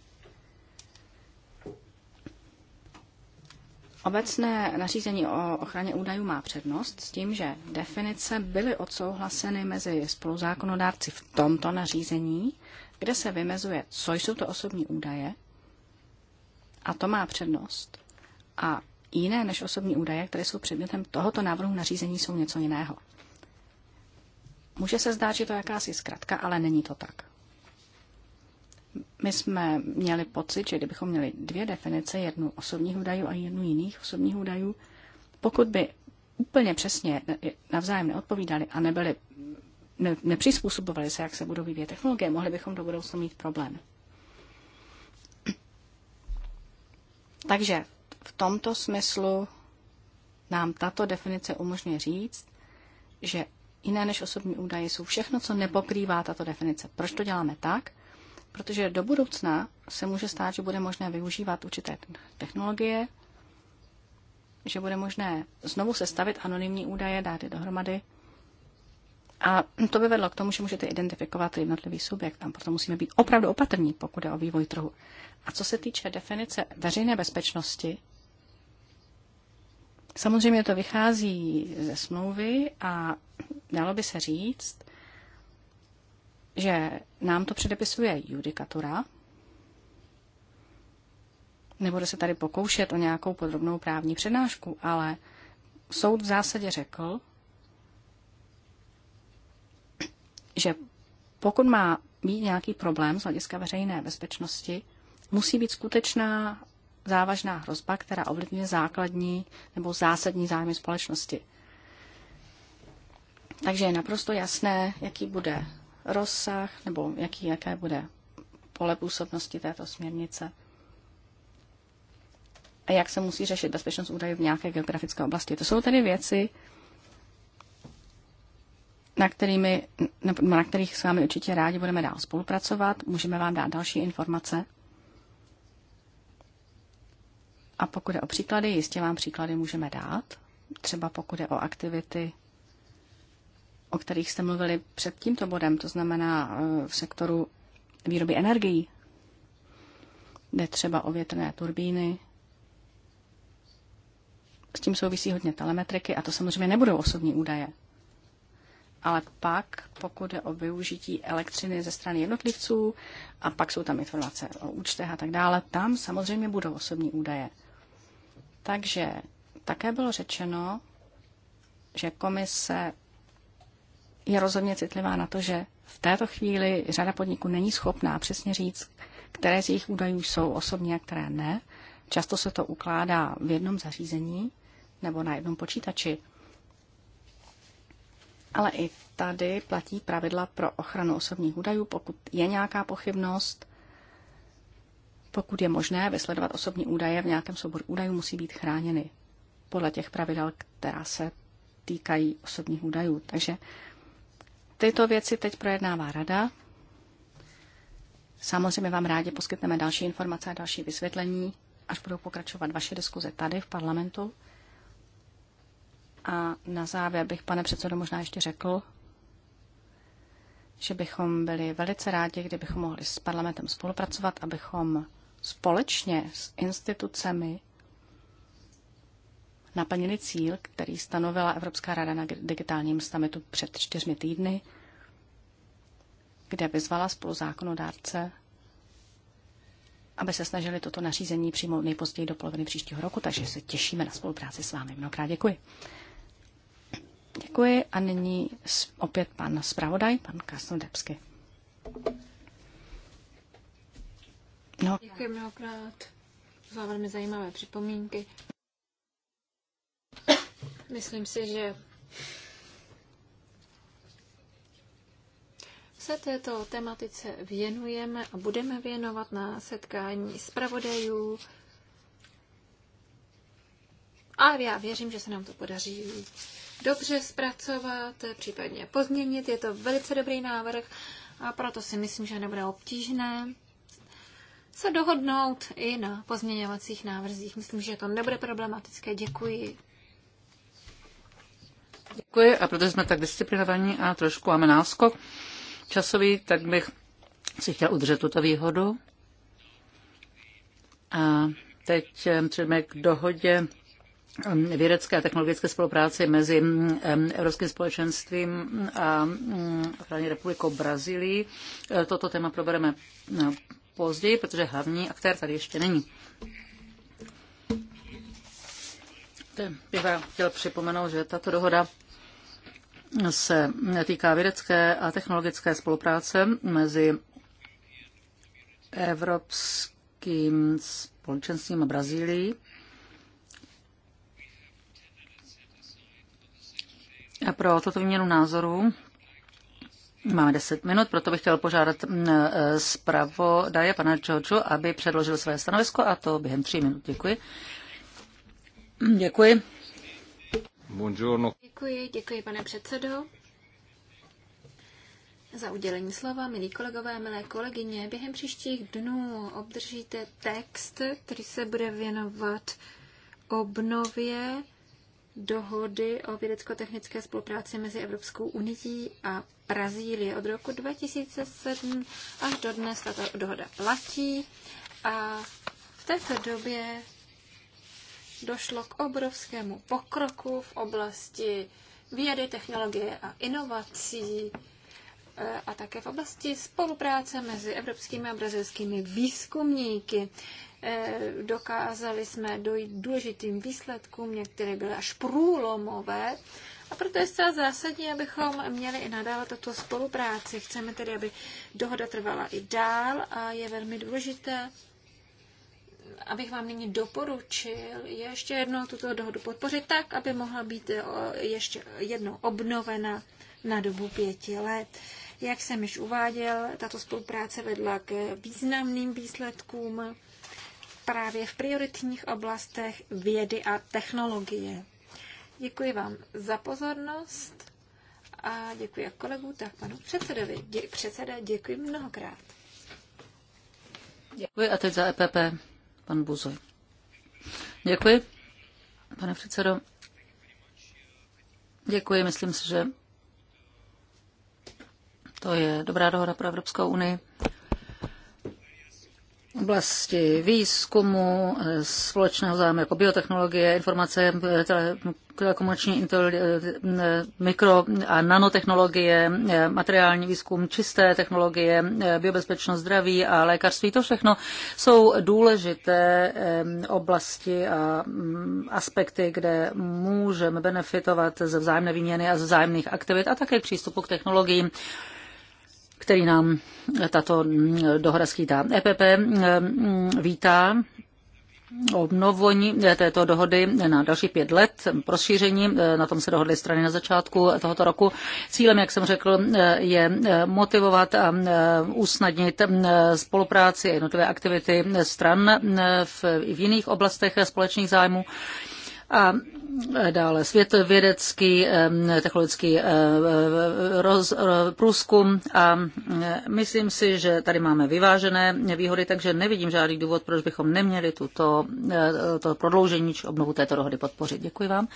B: Obecné nařízení o ochraně údajů má přednost s tím, že definice byly odsouhlaseny mezi spoluzákonodárci v tomto nařízení, kde se vymezuje, co jsou to osobní údaje a to má přednost. A jiné než osobní údaje, které jsou předmětem tohoto návrhu nařízení, jsou něco jiného. Může se zdát, že to je jakási zkratka, ale není to tak. My jsme měli pocit, že kdybychom měli dvě definice, jednu osobních údajů a jednu jiných osobních údajů, pokud by úplně přesně navzájem neodpovídali a nebyli, ne, nepřizpůsobovali se, jak se budou vyvíjet technologie, mohli bychom do budoucna mít problém. Takže v tomto smyslu nám tato definice umožňuje říct, že jiné než osobní údaje jsou všechno, co nepokrývá tato definice. Proč to děláme tak? Protože do budoucna se může stát, že bude možné využívat určité technologie, že bude možné znovu sestavit anonymní údaje, dát je dohromady a to by vedlo k tomu, že můžete identifikovat jednotlivý subjekt. Tam proto musíme být opravdu opatrní, pokud je o vývoj trhu. A co se týče definice veřejné bezpečnosti, samozřejmě to vychází ze smlouvy a dalo by se říct, že nám to předepisuje judikatura. nebude se tady pokoušet o nějakou podrobnou právní přednášku, ale soud v zásadě řekl, že pokud má být nějaký problém z hlediska veřejné bezpečnosti, musí být skutečná závažná hrozba, která ovlivňuje základní nebo zásadní zájmy společnosti. Takže je naprosto jasné, jaký bude rozsah nebo jaký, jaké bude pole působnosti této směrnice a jak se musí řešit bezpečnost údajů v nějaké geografické oblasti. To jsou tedy věci, na, kterými, na kterých s vámi určitě rádi budeme dál spolupracovat. Můžeme vám dát další informace. A pokud je o příklady, jistě vám příklady můžeme dát. Třeba pokud je o aktivity, o kterých jste mluvili před tímto bodem, to znamená e, v sektoru výroby energií. Jde třeba o větrné turbíny, s tím souvisí hodně telemetriky a to samozřejmě nebudou osobní údaje ale pak, pokud je o využití elektřiny ze strany jednotlivců, a pak jsou tam informace o účtech a tak dále, tam samozřejmě budou osobní údaje. Takže také bylo řečeno, že komise je rozhodně citlivá na to, že v této chvíli řada podniků není schopná přesně říct, které z jejich údajů jsou osobní a které ne. Často se to ukládá v jednom zařízení nebo na jednom počítači. Ale i tady platí pravidla pro ochranu osobních údajů, pokud je nějaká pochybnost, pokud je možné vysledovat osobní údaje v nějakém souboru údajů, musí být chráněny podle těch pravidel, která se týkají osobních údajů. Takže tyto věci teď projednává rada. Samozřejmě vám rádi poskytneme další informace a další vysvětlení, až budou pokračovat vaše diskuze tady v parlamentu. A na závěr bych, pane předsedo, možná ještě řekl, že bychom byli velice rádi, kdybychom mohli s parlamentem spolupracovat, abychom společně s institucemi naplnili cíl, který stanovila Evropská rada na digitálním summitu před čtyřmi týdny, kde vyzvala zákonodárce, aby se snažili toto nařízení přijmout nejpozději do poloviny příštího roku, takže se těšíme na spolupráci s vámi. Mnohokrát děkuji. Děkuji a nyní opět pan zpravodaj, pan Krasnodebsky. No. Děkuji
D: mnohokrát za velmi zajímavé připomínky. Myslím si, že se této tematice věnujeme a budeme věnovat na setkání zpravodajů. A já věřím, že se nám to podaří dobře zpracovat, případně pozměnit. Je to velice dobrý návrh a proto si myslím, že nebude obtížné se dohodnout i na pozměňovacích návrzích. Myslím, že to nebude problematické. Děkuji.
C: Děkuji a protože jsme tak disciplinovaní a trošku máme náskok časový, tak bych si chtěl udržet tuto výhodu. A teď přejdeme k dohodě Um, vědecké a technologické spolupráci mezi um, Evropským společenstvím a Federální um, republikou Brazílii. E, toto téma probereme no, později, protože hlavní aktér tady ještě není. Bych vám chtěl připomenout, že tato dohoda se týká vědecké a technologické spolupráce mezi Evropským společenstvím a Brazílií. pro toto výměnu názorů. Máme 10 minut, proto bych chtěl požádat mm, e, zpravodaje pana Georgeu, aby předložil své stanovisko a to během tří minut. Děkuji. Děkuji.
E: Buongiorno.
D: Děkuji, děkuji pane předsedo za udělení slova. Milí kolegové, milé kolegyně, během příštích dnů obdržíte text, který se bude věnovat obnově dohody o vědecko-technické spolupráci mezi Evropskou unii a Brazílie Od roku 2007 až do dnes tato dohoda platí a v této době došlo k obrovskému pokroku v oblasti vědy, technologie a inovací e, a také v oblasti spolupráce mezi evropskými a brazilskými výzkumníky. Eh, dokázali jsme dojít důležitým výsledkům, některé byly až průlomové. A proto je zcela zásadní, abychom měli i nadále tuto spolupráci. Chceme tedy, aby dohoda trvala i dál a je velmi důležité, abych vám nyní doporučil ještě jednou tuto dohodu podpořit tak, aby mohla být eh, ještě jednou obnovena na dobu pěti let. Jak jsem již uváděl, tato spolupráce vedla k významným výsledkům právě v prioritních oblastech vědy a technologie. Děkuji vám za pozornost a děkuji jak kolegu, tak panu předsedovi. Dě- předseda, děkuji mnohokrát.
C: Děkuji a teď za EPP pan Buzoj. Děkuji, pane předsedo. Děkuji, myslím si, že to je dobrá dohoda pro Evropskou unii oblasti výzkumu, eh, společného zájmu jako biotechnologie, informace, eh, telekomunikační eh, mikro a nanotechnologie, materiální výzkum, čisté technologie, biobezpečnost zdraví a lékařství. To všechno jsou důležité oblasti a mm, aspekty, kde můžeme benefitovat ze vzájemné výměny a ze vzájemných aktivit a také přístupu k technologiím který nám tato dohoda skýtá. EPP eh, mm, vítá obnovení této dohody na další pět let, rozšíření, eh, na tom se dohodly strany na začátku tohoto roku. Cílem, jak jsem řekl, eh, je motivovat a usnadnit spolupráci a jednotlivé aktivity stran v, v jiných oblastech společných zájmů. A dále svět vědecký, technologický roz, průzkum a myslím si, že tady máme vyvážené výhody, takže nevidím žádný důvod, proč bychom neměli tuto, eh, to prodloužení či obnovu této dohody podpořit. Děkuji vám.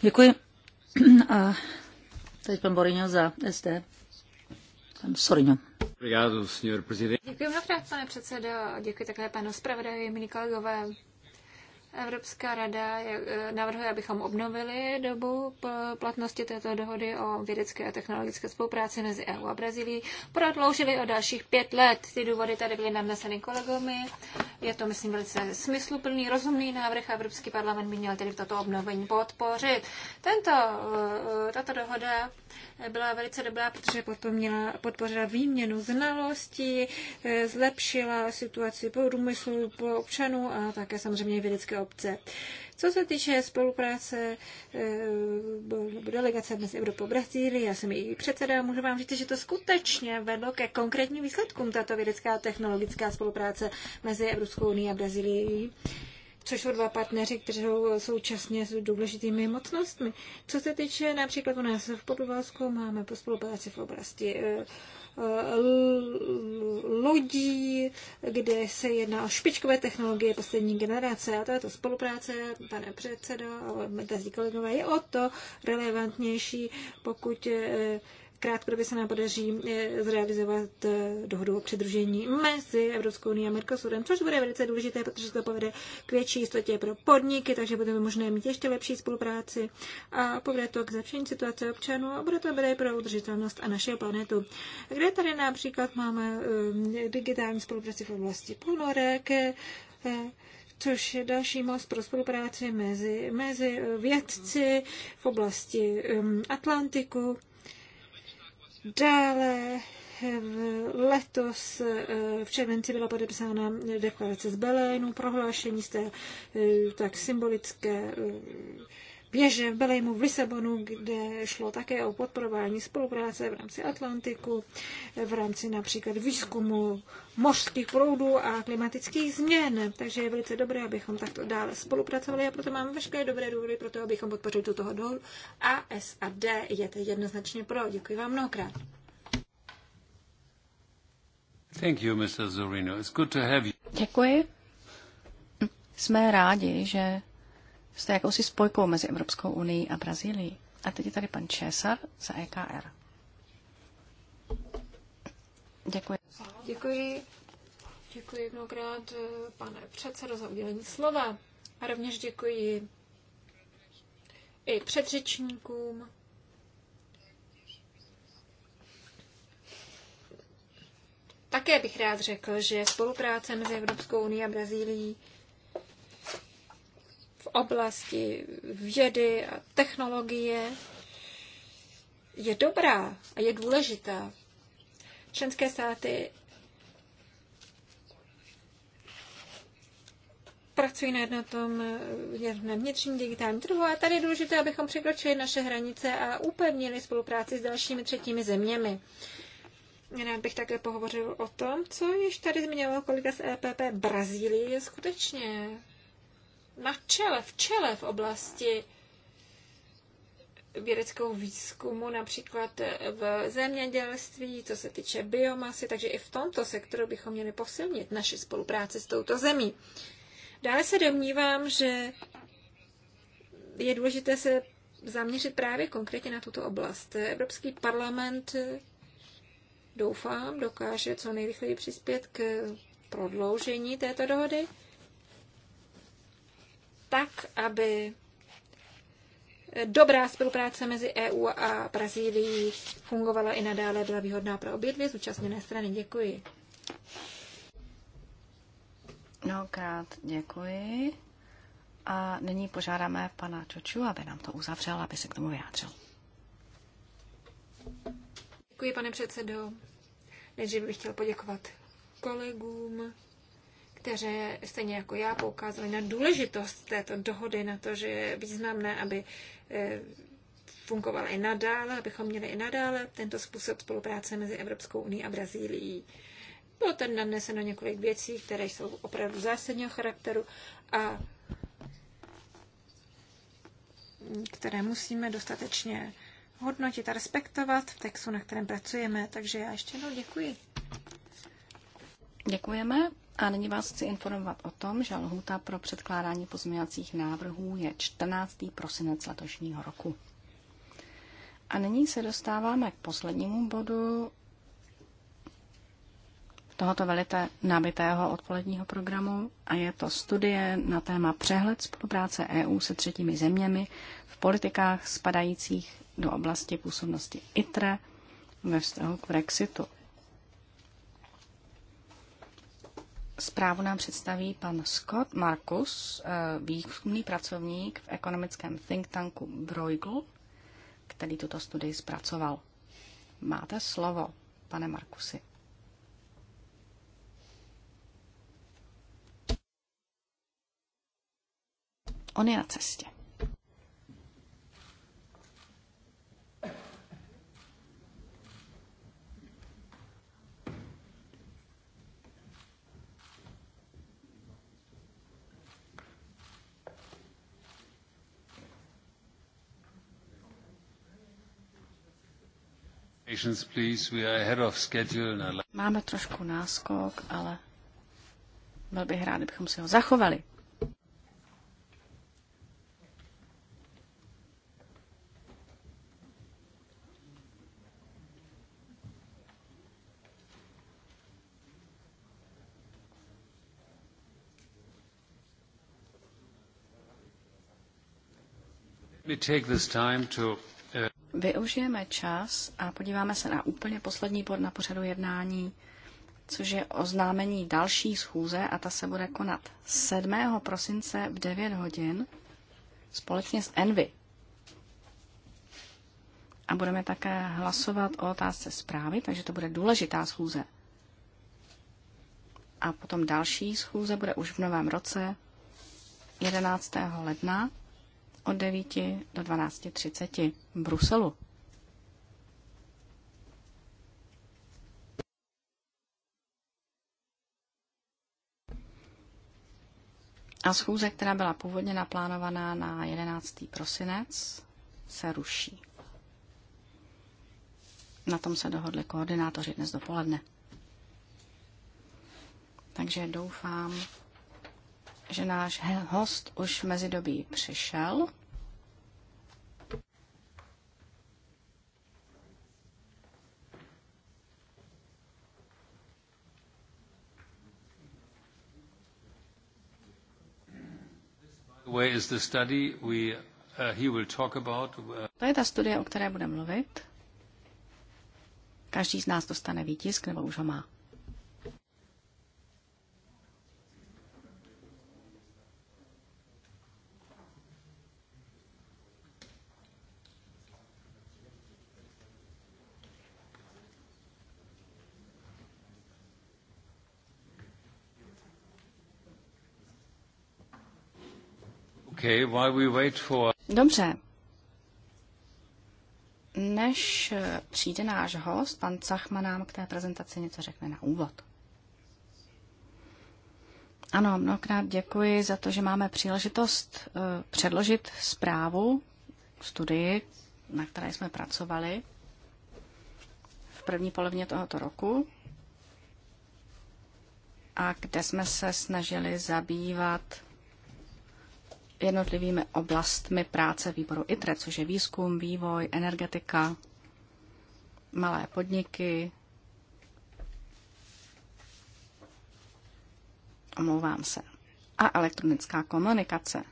C: Děkuji. A teď pan Borino za SD. Pan Sorino.
D: Děkuji mnohokrát, pane předsedo. Děkuji také panu zpravodaji, milí kolegové. Evropská rada eh, navrhuje, abychom obnovili dobu platnosti této dohody o vědecké a technologické spolupráci mezi EU a Brazílií. Prodloužili o dalších pět let. Ty důvody tady byly nadneseny kolegomi. Je to, myslím, velice smysluplný, rozumný návrh a Evropský parlament by měl tedy toto obnovení podpořit. Tento, eh, eh, tato dohoda byla velice dobrá, protože měla podpořila výměnu znalostí, eh, zlepšila situaci po průmyslu, po občanů a také samozřejmě vědecké obce. Co se týče spolupráce eh, delegace mezi Evropou a Brazílií, já jsem její předseda a můžu vám říct, že to skutečně vedlo ke konkrétním výsledkům tato vědecká a technologická spolupráce mezi Evropskou unii a Brazílií což jsou dva partneři, kteří jsou současně s důležitými mocnostmi. Co se týče například u nás v Podvalsku, máme po spolupráci v oblasti eh, eh, lodí, kde se jedná o špičkové technologie poslední generace. A tato spolupráce, pane předsedo, a kolegové, no, je o to relevantnější, pokud eh, krátkodobě se nám podaří eh, zrealizovat eh, dohodu o přidružení mezi Evropskou unii a Mercosurem, což bude velice důležité, protože to povede k větší jistotě pro podniky, takže budeme možné mít ještě lepší spolupráci a povede to k zlepšení situace občanů a bude to dobré pro udržitelnost a naše planetu. Kde tady například máme eh, digitální spolupráci v oblasti ponorek, což je další most pro spolupráci mezi, mezi vědci v oblasti Atlantiku Dále eh, letos eh, v červenci byla podepsána deklarace z Belénu, prohlášení z té eh, tak symbolické věže v Belejmu v Lisabonu, kde šlo také o podporování spolupráce v rámci Atlantiku, v rámci například výzkumu mořských proudů a klimatických změn. Takže je velice dobré, abychom takto dále spolupracovali a proto máme veškeré dobré důvody pro to, abychom podpořili tuto dohodu. A S a D je to jednoznačně pro. Děkuji vám mnohokrát.
A: Thank you, Mr. Zorino. It's good to have you.
B: Děkuji. Jsme rádi, že jste jakousi spojkou mezi Evropskou unii a Brazílií. A teď je tady pan Česar za EKR. Děkuji.
D: Děkuji. Děkuji mnohokrát, eh, pane předsedo, za udělení slova. A rovněž děkuji i předřečníkům. Také bych rád řekl, že spolupráce mezi Evropskou unii a Brazílií oblasti vědy a technologie je dobrá a je důležitá. Členské státy pracují na tom, na vnitřním digitálním trhu a tady je důležité, abychom překročili naše hranice a upevnili spolupráci s dalšími třetími zeměmi. Rád bych také pohovořil o tom, co již tady zmínilo kolega z EPP. Brazílie je skutečně na čele, v čele v oblasti vědeckého výzkumu, například v zemědělství, co se týče biomasy, takže i v tomto sektoru bychom měli posilnit naši spolupráci s touto zemí. Dále se domnívám, že je důležité se zaměřit právě konkrétně na tuto oblast. Evropský parlament, doufám, dokáže co nejrychleji přispět k prodloužení této dohody tak, aby dobrá spolupráce mezi EU a Brazílií fungovala i nadále, byla výhodná pro obě dvě
B: zúčastněné strany. Děkuji. Mnohokrát děkuji. A nyní požádáme pana Čoču, aby nám to uzavřel, aby se k tomu vyjádřil.
D: Děkuji, pane předsedo. Nejdřív bych chtěl poděkovat kolegům, kteří stejně jako já poukázali na důležitost této dohody, na to, že je významné, aby e, fungovala i nadále, abychom měli i nadále tento způsob spolupráce mezi Evropskou unii a Brazílií. Bylo tady nadneseno několik věcí, které jsou opravdu zásadního charakteru a které musíme dostatečně hodnotit a respektovat v textu, na kterém pracujeme. Takže já ještě jednou děkuji.
B: Děkujeme. A nyní vás chci informovat o tom, že lhůta pro předkládání pozměňovacích návrhů je 14. prosinec letošního roku. A nyní se dostáváme k poslednímu bodu tohoto velice nabitého odpoledního programu a je to studie na téma přehled spolupráce EU se třetími zeměmi v politikách spadajících do oblasti působnosti ITRE ve vztahu k Brexitu. Zprávu nám představí pan Scott Markus, eh, výzkumný pracovník v ekonomickém think tanku Bruegel, který tuto studii zpracoval. Máte slovo, pane Markusi. On je na cestě. Máme trošku náskok, ale byl bych rád, kdybychom si ho zachovali.
A: Let me take this time to
B: využijeme čas a podíváme se na úplně poslední bod na pořadu jednání, což je oznámení další schůze a ta se bude konat 7. prosince v 9 hodin společně s Envy. A budeme také hlasovat o otázce zprávy, takže to bude důležitá schůze. A potom další schůze bude už v novém roce 11. ledna od 9 do 12.30 v Bruselu. A schůze, která byla původně naplánovaná na 11. prosinec, se ruší. Na tom se dohodli koordinátoři dnes dopoledne. Takže doufám, že náš host už mezi dobí přišel To je ta studie, o které bude mluvit. Každý z nás dostane výtisk, nebo už ho má. Dobře. Než eh, přijde náš host, pan Cachma nám k té prezentaci něco řekne na úvod. Ano, mnohokrát děkuji za to, že máme příležitost eh, předložit zprávu, studii, na které jsme pracovali v první polovině tohoto roku a kde jsme se snažili zabývat jednotlivými oblastmi práce výboru ITRE, což je výzkum, vývoj, energetika, malé podniky. Omlouvám se. A elektronická komunikace.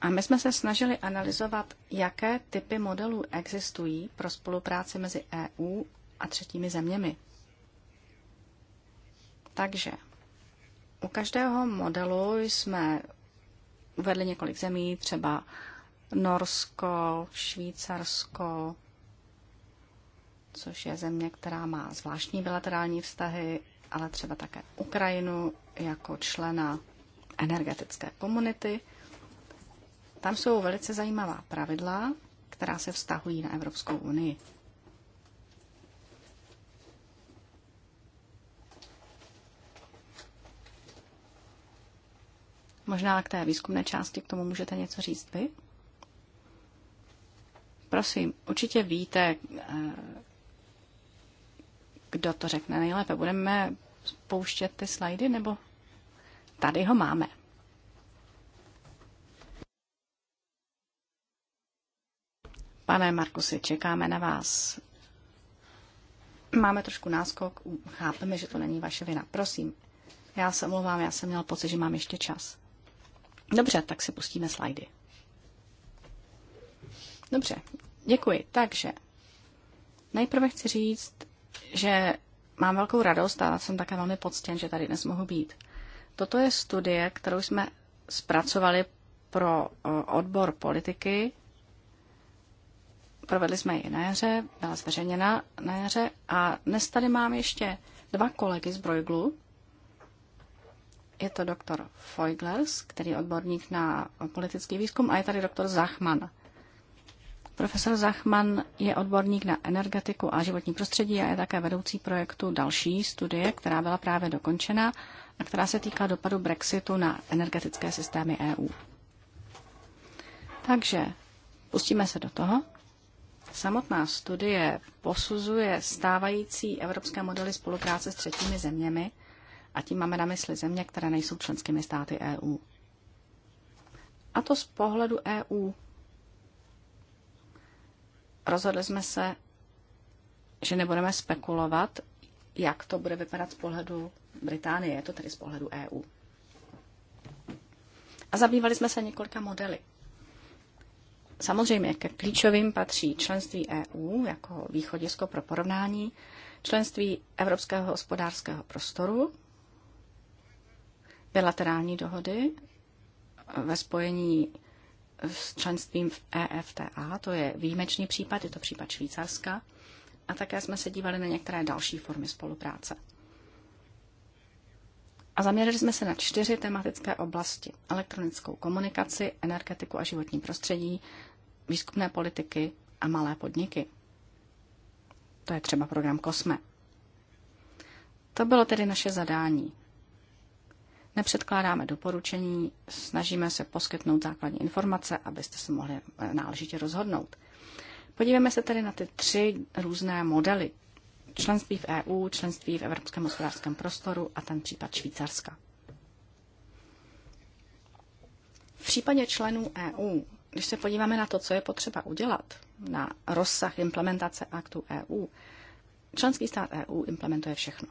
B: A my jsme se snažili analyzovat, jaké typy modelů existují pro spolupráci mezi EU a třetími zeměmi. Takže u každého modelu jsme uvedli několik zemí, třeba Norsko, Švýcarsko, což je země, která má zvláštní bilaterální vztahy, ale třeba také Ukrajinu jako člena energetické komunity. Tam jsou velice zajímavá pravidla, která se vztahují na Evropskou unii. Možná k té výzkumné části k tomu můžete něco říct vy? Prosím, určitě víte, eh, kdo to řekne nejlépe. Budeme pouštět ty slajdy, nebo tady ho máme. Pane Markusi, čekáme na vás. Máme trošku náskok, chápeme, že to není vaše vina. Prosím, já se omlouvám, já jsem měl pocit, že mám ještě čas. Dobře, tak si pustíme slajdy. Dobře, děkuji. Takže nejprve chci říct, že mám velkou radost a jsem také velmi poctěn, že tady dnes mohu být. Toto je studie, kterou jsme zpracovali pro odbor politiky. Provedli jsme ji na jaře, byla zveřejněna na jaře a dnes tady mám ještě dva kolegy z Brojglu, je to doktor Feuglers, který je odborník na politický výzkum, a je tady doktor Zachman. Profesor Zachman je odborník na energetiku a životní prostředí a je také vedoucí projektu další studie, která byla právě dokončena a která se týká dopadu Brexitu na energetické systémy EU. Takže pustíme se do toho. Samotná studie posuzuje stávající evropské modely spolupráce s třetími zeměmi a tím máme na mysli země, které nejsou členskými státy EU. A to z pohledu EU. Rozhodli jsme se, že nebudeme spekulovat, jak to bude vypadat z pohledu Británie, je to tedy z pohledu EU. A zabývali jsme se několika modely. Samozřejmě ke klíčovým patří členství EU jako východisko pro porovnání, členství Evropského hospodářského prostoru, bilaterální dohody ve spojení s členstvím v EFTA, to je výjimečný případ, je to případ Švýcarska, a také jsme se dívali na některé další formy spolupráce. A zaměřili jsme se na čtyři tematické oblasti. Elektronickou komunikaci, energetiku a životní prostředí, výzkumné politiky a malé podniky. To je třeba program COSME. To bylo tedy naše zadání. Nepředkládáme doporučení, snažíme se poskytnout základní informace, abyste se mohli náležitě rozhodnout. Podívejme se tedy na ty tři různé modely. Členství v EU, členství v Evropském hospodářském prostoru a ten případ Švýcarska. V případě členů EU, když se podíváme na to, co je potřeba udělat, na rozsah implementace aktu EU, členský stát EU implementuje všechno.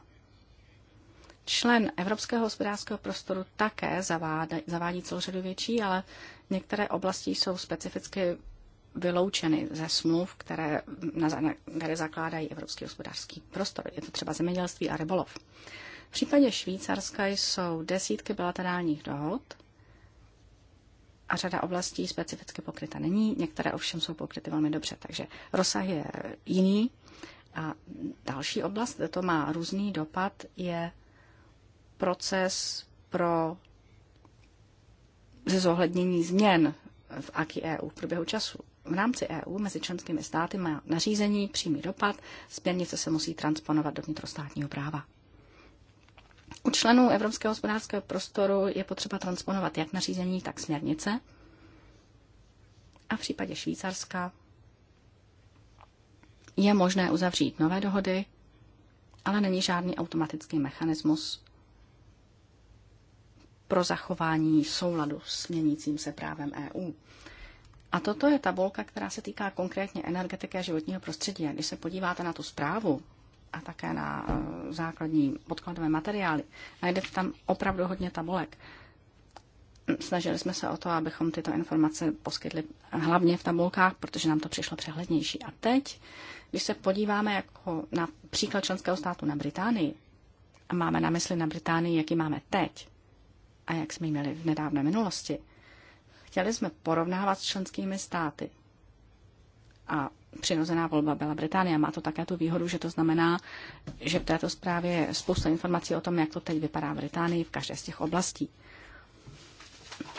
B: Člen Evropského hospodářského prostoru také zavádí, zavádí celou řadu větší, ale některé oblasti jsou specificky vyloučeny ze smluv, které, na, které zakládají Evropský hospodářský prostor. Je to třeba zemědělství a rybolov. V případě Švýcarska jsou desítky bilaterálních dohod a řada oblastí specificky pokryta není, některé ovšem jsou pokryty velmi dobře, takže rozsah je jiný. A další oblast, kde to má různý dopad, je proces pro zohlednění změn v AKI EU v průběhu času. V rámci EU mezi členskými státy má nařízení přímý dopad, směrnice se musí transponovat do vnitrostátního práva. U členů Evropského hospodářského prostoru je potřeba transponovat jak nařízení, tak směrnice. A v případě Švýcarska je možné uzavřít nové dohody, ale není žádný automatický mechanismus pro zachování souladu s měnícím se právem EU. A toto je tabulka, která se týká konkrétně energetiky a životního prostředí. A když se podíváte na tu zprávu a také na eh, základní podkladové materiály, najdete tam opravdu hodně tabulek. Snažili jsme se o to, abychom tyto informace poskytli hlavně v tabulkách, protože nám to přišlo přehlednější. A teď, když se podíváme jako na příklad členského státu na Británii, a máme na mysli na Británii, jaký máme teď, a jak jsme ji měli v nedávné minulosti, chtěli jsme porovnávat s členskými státy. A přirozená volba byla Británie. Má to také tu výhodu, že to znamená, že v této zprávě je spousta informací o tom, jak to teď vypadá v Británii v každé z těch oblastí.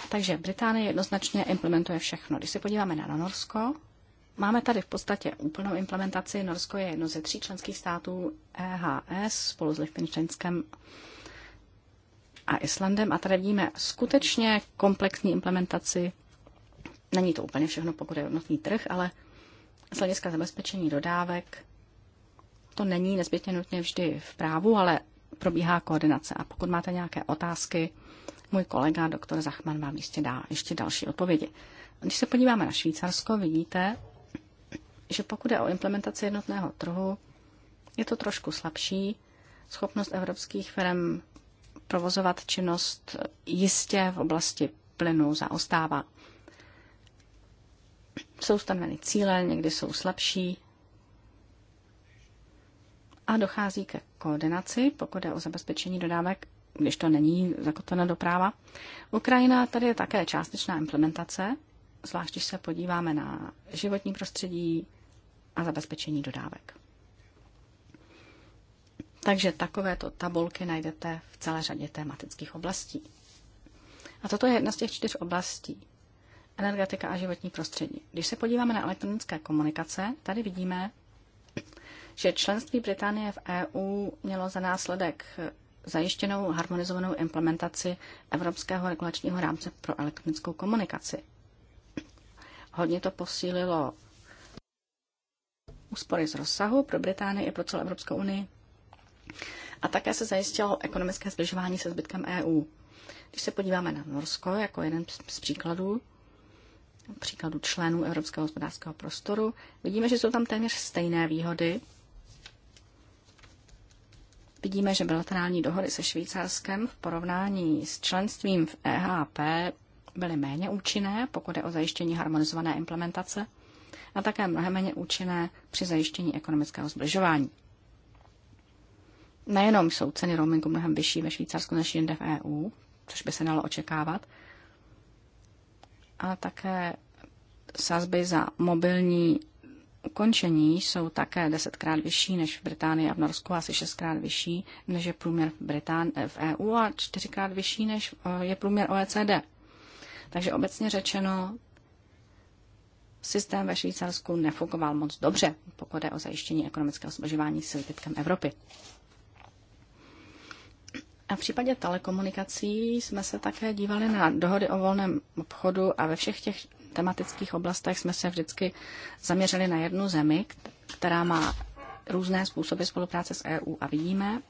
B: Takže Británie jednoznačně implementuje všechno. Když se podíváme na Norsko, máme tady v podstatě úplnou implementaci. Norsko je jedno ze tří členských států EHS spolu s Lichtensteinskem a Islandem a tady vidíme skutečně komplexní implementaci. Není to úplně všechno, pokud je jednotný trh, ale z hlediska zabezpečení dodávek to není nezbytně nutně vždy v právu, ale probíhá koordinace. A pokud máte nějaké otázky, můj kolega doktor Zachman vám jistě dá ještě další odpovědi. Když se podíváme na Švýcarsko, vidíte, že pokud je o implementaci jednotného trhu, je to trošku slabší. Schopnost evropských firm provozovat činnost jistě v oblasti plynu zaostává. Jsou stanoveny cíle, někdy jsou slabší a dochází ke koordinaci, pokud je o zabezpečení dodávek, když to není zakotvena do práva. Ukrajina tady je také částečná implementace, zvlášť když se podíváme na životní prostředí a zabezpečení dodávek. Takže takovéto tabulky najdete v celé řadě tematických oblastí. A toto je jedna z těch čtyř oblastí. Energetika a životní prostředí. Když se podíváme na elektronické komunikace, tady vidíme, že členství Británie v EU mělo za následek zajištěnou harmonizovanou implementaci Evropského regulačního rámce pro elektronickou komunikaci. Hodně to posílilo úspory z rozsahu pro Británii i pro celou Evropskou unii a také se zajistilo ekonomické zbližování se zbytkem EU. Když se podíváme na Norsko jako jeden z příkladů, příkladu členů Evropského hospodářského prostoru, vidíme, že jsou tam téměř stejné výhody. Vidíme, že bilaterální dohody se Švýcarskem v porovnání s členstvím v EHP byly méně účinné, pokud je o zajištění harmonizované implementace, a také mnohem méně účinné při zajištění ekonomického zbližování. Nejenom jsou ceny roamingu mnohem vyšší ve Švýcarsku než jinde v EU, což by se dalo očekávat, ale také sazby za mobilní ukončení jsou také desetkrát vyšší než v Británii a v Norsku, asi šestkrát vyšší než je průměr v, Britán- eh, v EU a čtyřikrát vyšší než eh, je průměr OECD. Takže obecně řečeno, systém ve Švýcarsku nefungoval moc dobře, pokud je o zajištění ekonomického zbožování s zbytkem Evropy. A v případě telekomunikací jsme se také dívali na dohody o volném obchodu a ve všech těch tematických oblastech jsme se vždycky zaměřili na jednu zemi, která má různé způsoby spolupráce s EU a vidíme,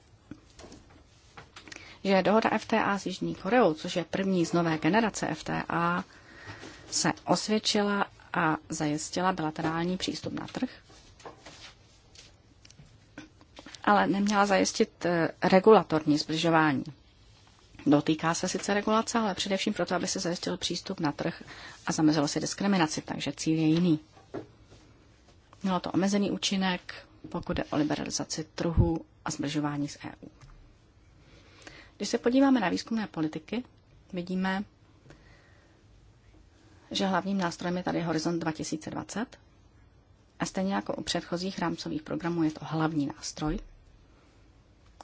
B: že dohoda FTA s Jižní Koreou, což je první z nové generace FTA, se osvědčila a zajistila bilaterální přístup na trh ale neměla zajistit eh, regulatorní zbližování. Dotýká se sice regulace, ale především proto, aby se zajistil přístup na trh a zamezilo se diskriminaci, takže cíl je jiný. Mělo to omezený účinek, pokud jde o liberalizaci trhu a zbližování s EU. Když se podíváme na výzkumné politiky, vidíme, že hlavním nástrojem je tady Horizont 2020 a stejně jako u předchozích rámcových programů je to hlavní nástroj,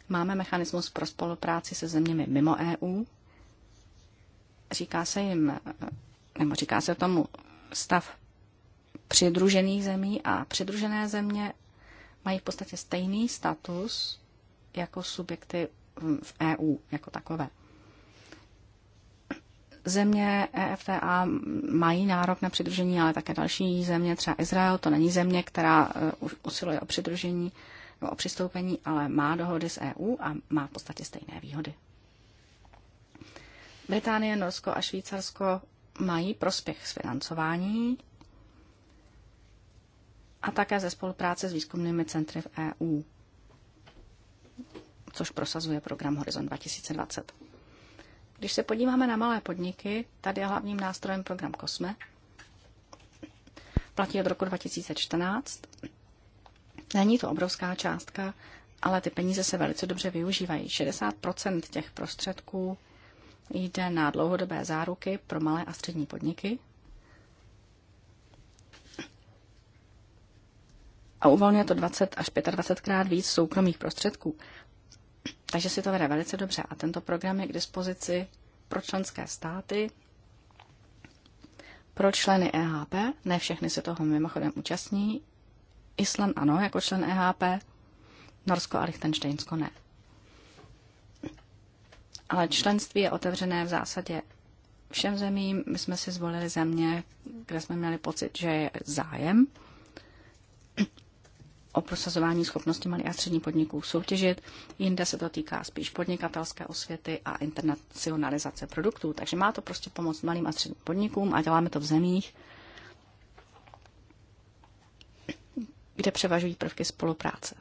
B: Máme mechanismus pro spolupráci se zeměmi mimo EU. Říká se jim, nebo říká se tomu stav přidružených zemí a přidružené země mají v podstatě stejný status jako subjekty v EU jako takové. Země EFTA mají nárok na přidružení, ale také další země, třeba Izrael, to není země, která eh, usiluje o přidružení o přistoupení, ale má dohody s EU a má v podstatě stejné výhody. Británie, Norsko a Švýcarsko mají prospěch z financování a také ze spolupráce s výzkumnými centry v EU, což prosazuje program Horizon 2020. Když se podíváme na malé podniky, tady je hlavním nástrojem program COSME. Platí od roku 2014 Není to obrovská částka, ale ty peníze se velice dobře využívají. 60 těch prostředků jde na dlouhodobé záruky pro malé a střední podniky. A uvolňuje to 20 až 25 krát víc soukromých prostředků. Takže si to vede velice dobře. A tento program je k dispozici pro členské státy, pro členy EHP. Ne všechny se toho mimochodem účastní, Island ano, jako člen EHP, Norsko a Lichtensteinsko ne. Ale členství je otevřené v zásadě všem zemím. My jsme si zvolili země, kde jsme měli pocit, že je zájem o prosazování schopnosti malých a středních podniků soutěžit. Jinde se to týká spíš podnikatelské osvěty a internacionalizace produktů. Takže má to prostě pomoct malým a středním podnikům a děláme to v zemích, kde převažují prvky spolupráce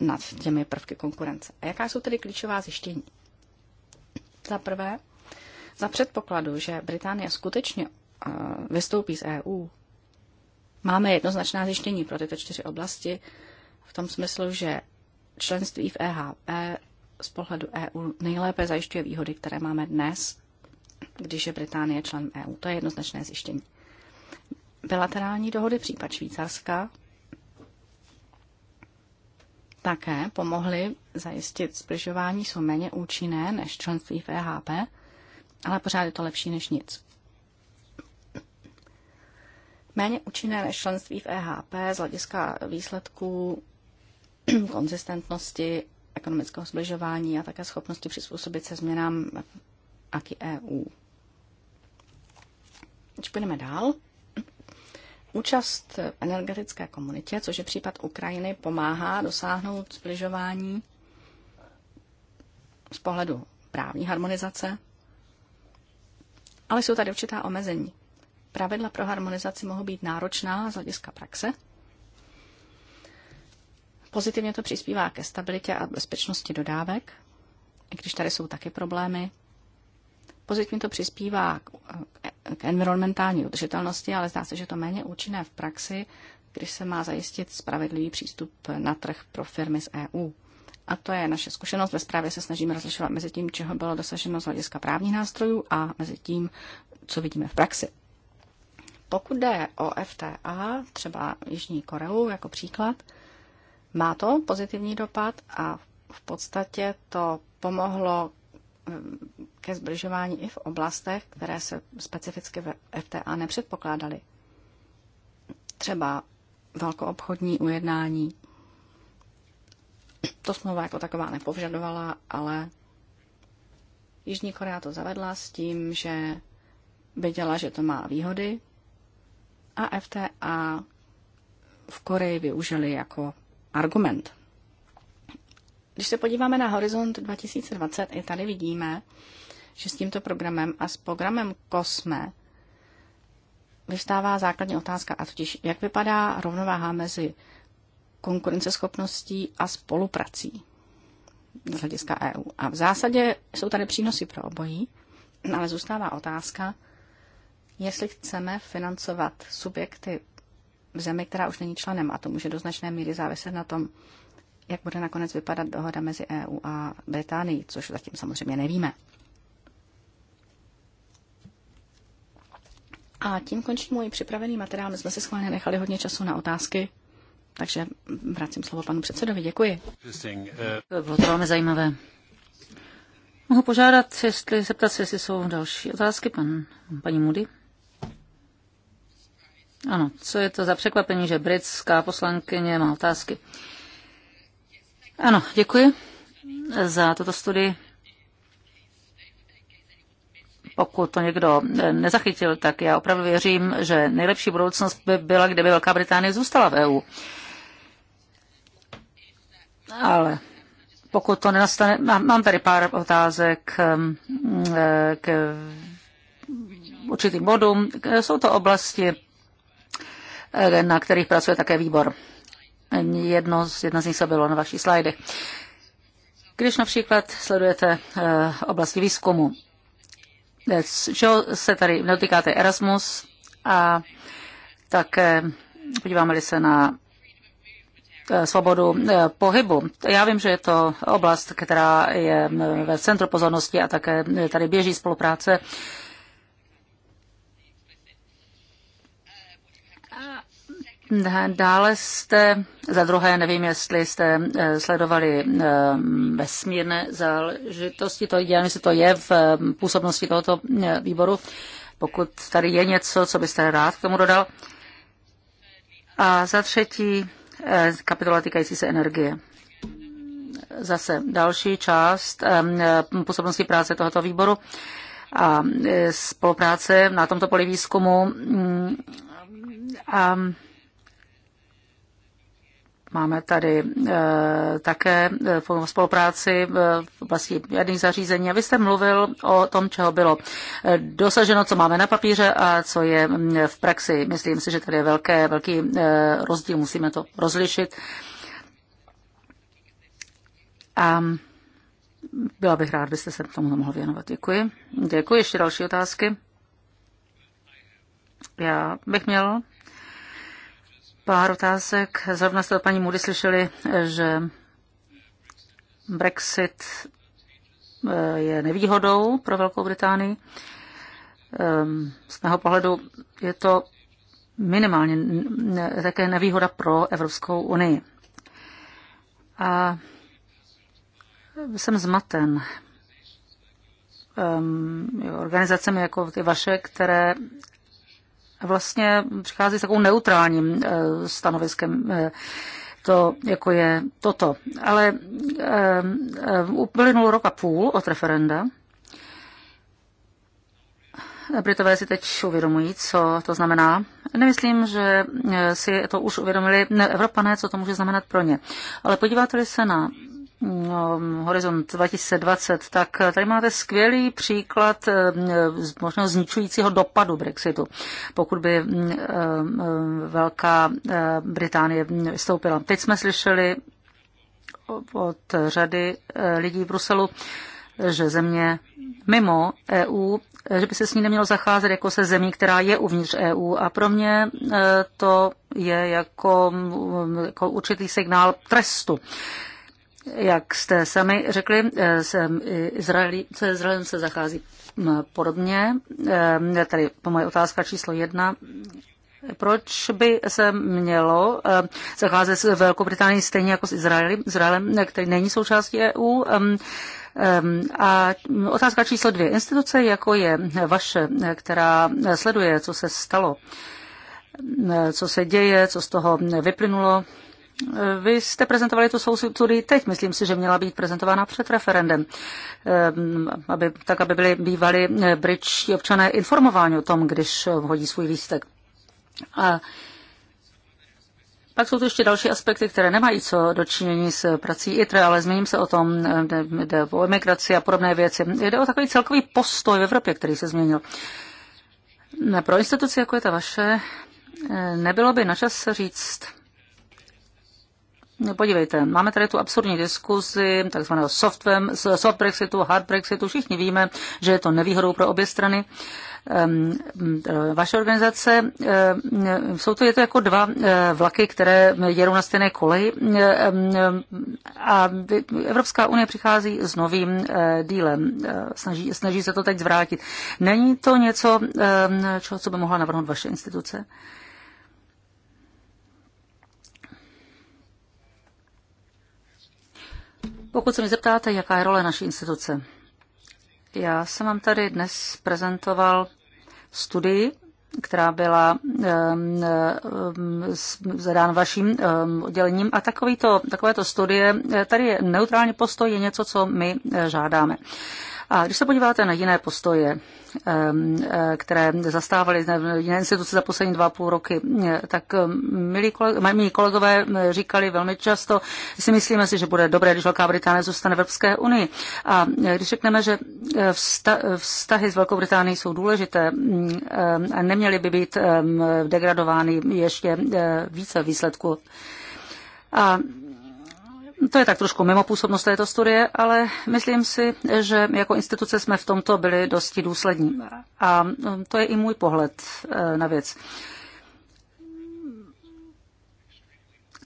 B: nad těmi prvky konkurence. A jaká jsou tedy klíčová zjištění? Za prvé, za předpokladu, že Británie skutečně eh, vystoupí z EU, máme jednoznačná zjištění pro tyto čtyři oblasti v tom smyslu, že členství v EHP z pohledu EU nejlépe zajišťuje výhody, které máme dnes, když je Británie člen EU. To je jednoznačné zjištění bilaterální dohody, případ Švýcarska, také pomohly zajistit zbližování, jsou méně účinné než členství v EHP, ale pořád je to lepší než nic. Méně účinné než členství v EHP z hlediska výsledků konzistentnosti, ekonomického zbližování a také schopnosti přizpůsobit se změnám i EU. Když půjdeme dál, Účast v energetické komunitě, což je případ Ukrajiny, pomáhá dosáhnout zbližování z pohledu právní harmonizace, ale jsou tady určitá omezení. Pravidla pro harmonizaci mohou být náročná z hlediska praxe. Pozitivně to přispívá ke stabilitě a bezpečnosti dodávek, i když tady jsou taky problémy. Pozitivně to přispívá k k environmentální udržitelnosti, ale zdá se, že to méně účinné v praxi, když se má zajistit spravedlivý přístup na trh pro firmy z EU. A to je naše zkušenost. Ve zprávě se snažíme rozlišovat mezi tím, čeho bylo dosaženo z hlediska právních nástrojů a mezi tím, co vidíme v praxi. Pokud jde o FTA, třeba Jižní Koreu jako příklad, má to pozitivní dopad a v podstatě to pomohlo ke zbližování i v oblastech, které se specificky v FTA nepředpokládaly. Třeba velkoobchodní ujednání. To smlouva jako taková nepovžadovala, ale Jižní Korea to zavedla s tím, že věděla, že to má výhody a FTA v Koreji využili jako argument. Když se podíváme na Horizont 2020, i tady vidíme, že s tímto programem a s programem COSME vystává základní otázka, a totiž jak vypadá rovnováha mezi konkurenceschopností a spoluprací z hlediska EU. A v zásadě jsou tady přínosy pro obojí, ale zůstává otázka, jestli chceme financovat subjekty v zemi, která už není členem, a to může do značné míry záviset na tom, jak bude nakonec vypadat dohoda mezi EU a Británií, což zatím samozřejmě nevíme. A tím končí můj připravený materiál. My jsme si schválně nechali hodně času na otázky, takže vracím slovo panu
C: předsedovi. Děkuji. To bylo to velmi zajímavé. Mohu požádat, jestli zeptat se, jestli jsou další otázky, pan, paní Moody? Ano, co je to za překvapení, že britská poslankyně má otázky? Ano, děkuji za tuto studii. Pokud to někdo nezachytil, tak já opravdu věřím, že nejlepší budoucnost by byla, kdyby Velká Británie zůstala v EU. Ale pokud to nenastane, mám, mám tady pár otázek um, eh, k určitým bodům. Jsou to oblasti, eh, na kterých pracuje také výbor. Jedno, jedna z nich se bylo na vaší slajdy. Když například sledujete eh, oblasti výzkumu, eh, čeho se tady dotýkáte Erasmus a také podíváme-li se na eh, svobodu pohybu. Já vím, že je to oblast, která je ve centru pozornosti a také tady běží spolupráce Dále jste, za druhé, nevím, jestli jste eh, sledovali eh, vesmírné záležitosti, to, dělám, jestli to je v eh, působnosti tohoto výboru. Pokud tady je něco, co byste rád k tomu dodal. A za třetí, kapitola týkající se energie. Zase další část působnosti práce tohoto výboru a spolupráce na tomto poli výzkumu. Mm, a Máme tady eh, také eh, spolupráci eh, v oblasti jedných zařízení. A vy jste mluvil o tom, čeho bylo dosaženo, co máme na papíře a co je mm, v praxi. Myslím si, že tady je velké, velký rozdíl, musíme to rozlišit. A byla bych rád, byste se tomu mohl věnovat. Děkuji. Děkuji. Ještě další otázky? Já bych měl Pár otázek. Zrovna jste od paní Moody slyšeli, že Brexit eh, je nevýhodou pro Velkou Británii. Ehm, z mého pohledu je to minimálně také nevýhoda pro Evropskou unii. A jsem zmaten um, organizacemi jako ty vaše, které vlastně přichází s takovou neutrálním eh, stanoviskem eh, to, jako je toto. Ale um, uplynul rok a půl od referenda. Britové si teď uvědomují, co to znamená. Nemyslím, že si to už uvědomili. Ne, Evropané, co to může znamenat pro ně. Ale podíváte-li se na No, Horizont 2020, tak tady máte skvělý příklad eh, možná zničujícího dopadu Brexitu, pokud by eh, eh, Velká Británie vystoupila. Teď jsme slyšeli od řady lidí v Bruselu, že země mimo EU, že by se s ní nemělo zacházet jako se zemí, která je uvnitř EU. A pro mě to je jako, mm, jako určitý signál trestu jak jste sami řekli, eh, se, eh, Izraeli, se Izraelem se zachází hm, podobně. Eh, tady po moje otázka číslo jedna. Proč by se mělo zacházet s Velkou Británií stejně jako s Izraeli, Izraelem, který není součástí EU? Hm, hm, a otázka číslo dvě. Instituce, jako je vaše, která sleduje, co se stalo, co se děje, co z toho vyplynulo, vy jste prezentovali tu svou studii teď, myslím si, že měla být prezentována před referendem, ehm, aby, tak aby byli bývali eh, britští občané informováni o tom, když eh, hodí svůj výstek. A pak jsou tu ještě další aspekty, které nemají co dočinění s prací ITRE, ale zmíním se o tom, eh, jde o emigraci a podobné věci. Jde o takový celkový postoj v Evropě, který se změnil. Pro instituci, jako je ta vaše, nebylo by na čas říct, podívejte, máme tady tu absurdní diskuzi takzvaného software, soft Brexitu, hard Brexitu. Všichni víme, že je to nevýhodou pro obě strany ehm, ehm, vaše organizace, ehm, jsou to, je to jako dva vlaky, které jedou na stejné koleji a Evropská unie přichází s novým eh, dílem. Eh, snaží, snaží se to teď zvrátit. Není to něco, čo, co by mohla navrhnout vaše instituce? Pokud se mi zeptáte, jaká je role naší instituce, já jsem vám tady dnes prezentoval studii, která byla zadána vaším oddělením. A takovýto, takovéto studie, eh, tady je neutrální postoj, je něco, co my eh, žádáme. A když se podíváte na jiné postoje, které zastávaly jiné instituce za poslední dva půl roky, eh, tak eh, milí kolegové, milí eh, kolegové říkali velmi často, si myslíme si, že bude dobré, když Velká Británie zůstane v Evropské unii. A když řekneme, že vztahy s Velkou Británií jsou důležité mm, a neměly by být degradovány ještě více výsledků. A to je tak trošku mimo působnost této studie, ale myslím si, že jako instituce jsme v tomto byli dosti důslední. A um, to je i můj pohled eh, na věc.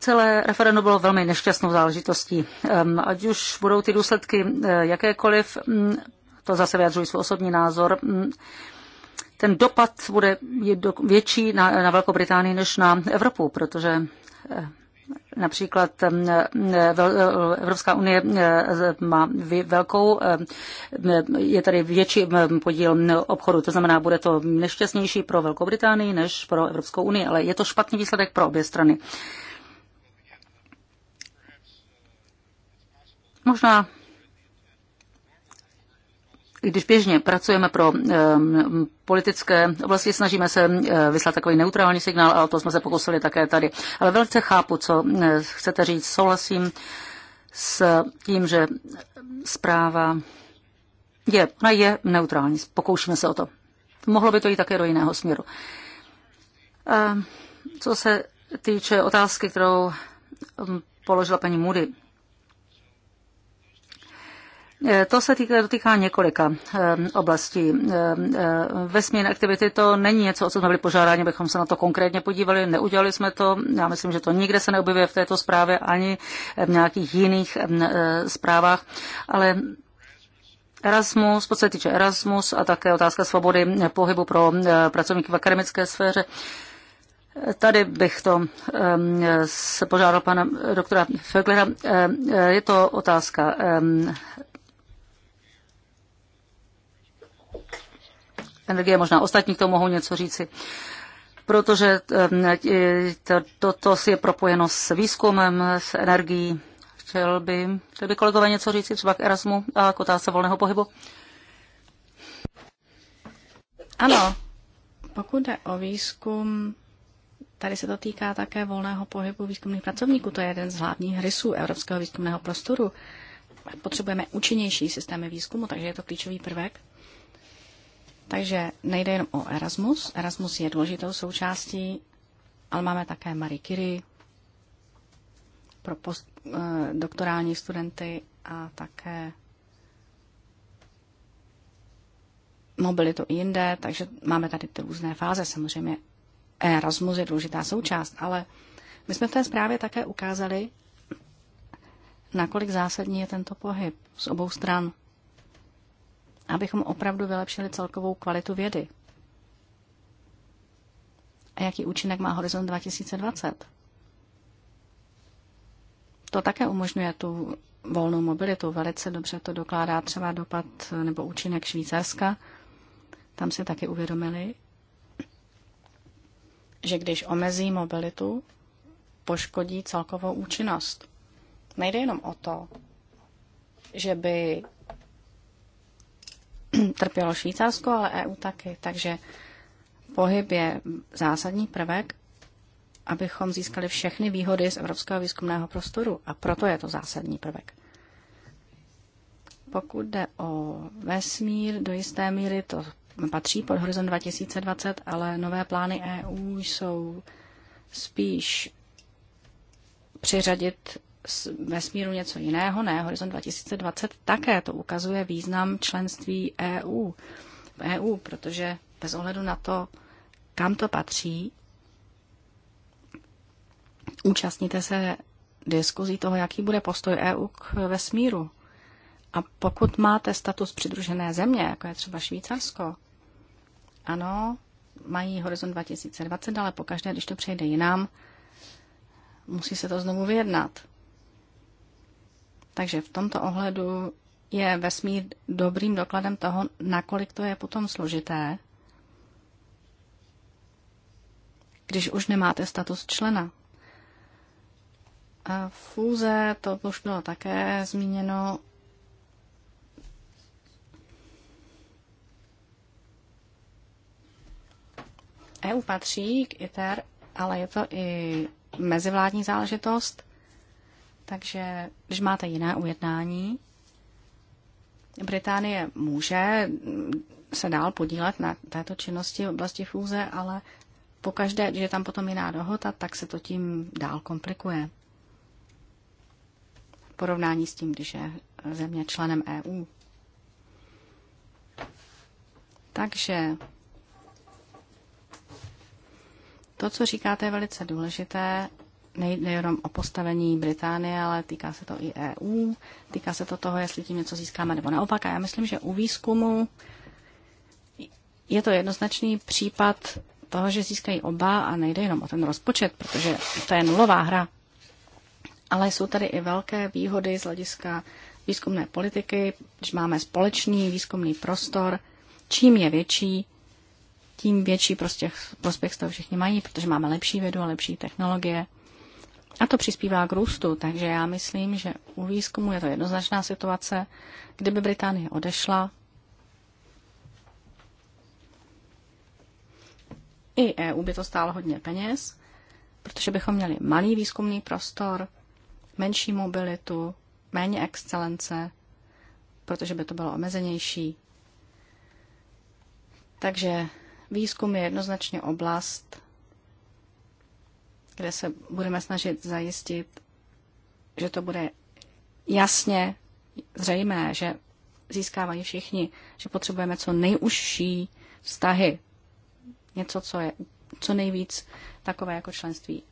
C: celé referendum bylo velmi nešťastnou záležitostí. Ať už budou ty důsledky eh, jakékoliv, mm, to zase vyjadřují svůj osobní názor, mm, ten dopad bude větší na, na Velkou Británii než na Evropu, protože eh, Například mm, mm, eh, Evropská unie eh, má velkou, eh, je tady větší mm, podíl obchodu, to znamená, bude to nešťastnější pro Velkou Británii než pro Evropskou unii, ale je to špatný výsledek pro obě strany. Možná když běžně pracujeme pro um, politické oblasti, snažíme se vyslat takový neutrální signál ale to jsme se pokusili také tady. Ale velice chápu, co chcete říct. Souhlasím s tím, že zpráva je, ona je neutrální. Pokoušíme se o to. Mohlo by to jít také do jiného směru. A co se týče otázky, kterou položila paní Moody, Eh, to se týká, dotýká několika eh, oblastí. Eh, vesmírné aktivity to není něco, o co jsme byli požádáni, abychom se na to konkrétně podívali. Neudělali jsme to. Já myslím, že to nikde se neobjevuje v této zprávě ani v nějakých jiných zprávách. Ale Erasmus, v podstatě týče Erasmus a také otázka svobody pohybu pro pracovníky v akademické sféře. Tady bych to ehm, se požádal pana doktora Föglera. Je to otázka ehm, energie, možná ostatní k tomu mohou něco říci protože ehm, toto to je propojeno s výzkumem, s energií. Chtěl by, chtěl by kolegové něco říci? třeba k Erasmu a k otázce volného pohybu?
B: Ano, pokud jde o výzkum, tady se to týká také volného pohybu výzkumných pracovníků. To je jeden z hlavních rysů evropského výzkumného prostoru. Potřebujeme účinnější systémy výzkumu, takže je to klíčový prvek. Takže nejde jen o Erasmus. Erasmus je důležitou součástí, ale máme také Marie Curie pro post, eh, doktorální studenty a také mobilitu i jinde, takže máme tady ty různé fáze. Samozřejmě Erasmus je důležitá součást, ale my jsme v té zprávě také ukázali, nakolik zásadní je tento pohyb z obou stran abychom opravdu vylepšili celkovou kvalitu vědy. A jaký účinek má Horizont 2020? To také umožňuje tu volnou mobilitu. Velice dobře to dokládá třeba dopad nebo účinek Švýcarska. Tam si taky uvědomili, že když omezí mobilitu, poškodí celkovou účinnost. Nejde jenom o to, že by trpělo Švýcarsko, ale EU taky. Takže pohyb je zásadní prvek, abychom získali všechny výhody z Evropského výzkumného prostoru. A proto je to zásadní prvek. Pokud jde o vesmír, do jisté míry to patří pod horizont 2020, ale nové plány EU jsou spíš přiřadit vesmíru něco jiného, ne Horizon 2020, také to ukazuje význam členství EU v EU, protože bez ohledu na to, kam to patří, účastníte se diskuzí toho, jaký bude postoj EU k vesmíru. A pokud máte status přidružené země, jako je třeba Švýcarsko, ano, mají horizont 2020, ale pokaždé, když to přejde jinam, musí se to znovu vyjednat. Takže v tomto ohledu je vesmír dobrým dokladem toho, nakolik to je potom složité, když už nemáte status člena. A fůze, to už bylo také zmíněno. EU patří k ITER, ale je to i mezivládní záležitost. Takže když máte jiné ujednání, Británie může se dál podílet na této činnosti v oblasti fůze, ale pokaždé, když je tam potom jiná dohoda, tak se to tím dál komplikuje. V porovnání s tím, když je země členem EU. Takže to, co říkáte, je velice důležité nejde jenom o postavení Británie, ale týká se to i EU, týká se to toho, jestli tím něco získáme nebo naopak. A já myslím, že u výzkumu je to jednoznačný případ toho, že získají oba a nejde jenom o ten rozpočet, protože to je nulová hra. Ale jsou tady i velké výhody z hlediska výzkumné politiky, když máme společný výzkumný prostor. Čím je větší, tím větší prostě prospěch z toho všichni mají, protože máme lepší vědu a lepší technologie. A to přispívá k růstu, takže já myslím, že u výzkumu je to jednoznačná situace. Kdyby Británie odešla, i EU by to stálo hodně peněz, protože bychom měli malý výzkumný prostor, menší mobilitu, méně excelence, protože by to bylo omezenější. Takže výzkum je jednoznačně oblast, kde se budeme snažit zajistit, že to bude jasně zřejmé, že získávají všichni, že potřebujeme co nejužší vztahy. Něco, co je co nejvíc takové jako členství.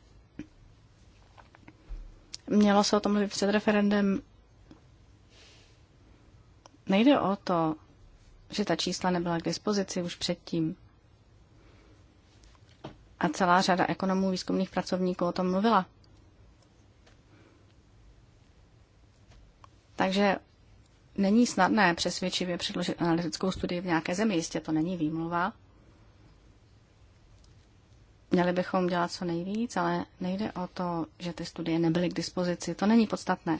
B: Mělo se o tom mluvit před referendem. Nejde o to, že ta čísla nebyla k dispozici už předtím. A celá řada ekonomů, výzkumných pracovníků o tom mluvila. Takže není snadné přesvědčivě předložit analytickou studii v nějaké zemi, jistě to není výmluva. Měli bychom dělat co nejvíc, ale nejde o to, že ty studie nebyly k dispozici. To není podstatné.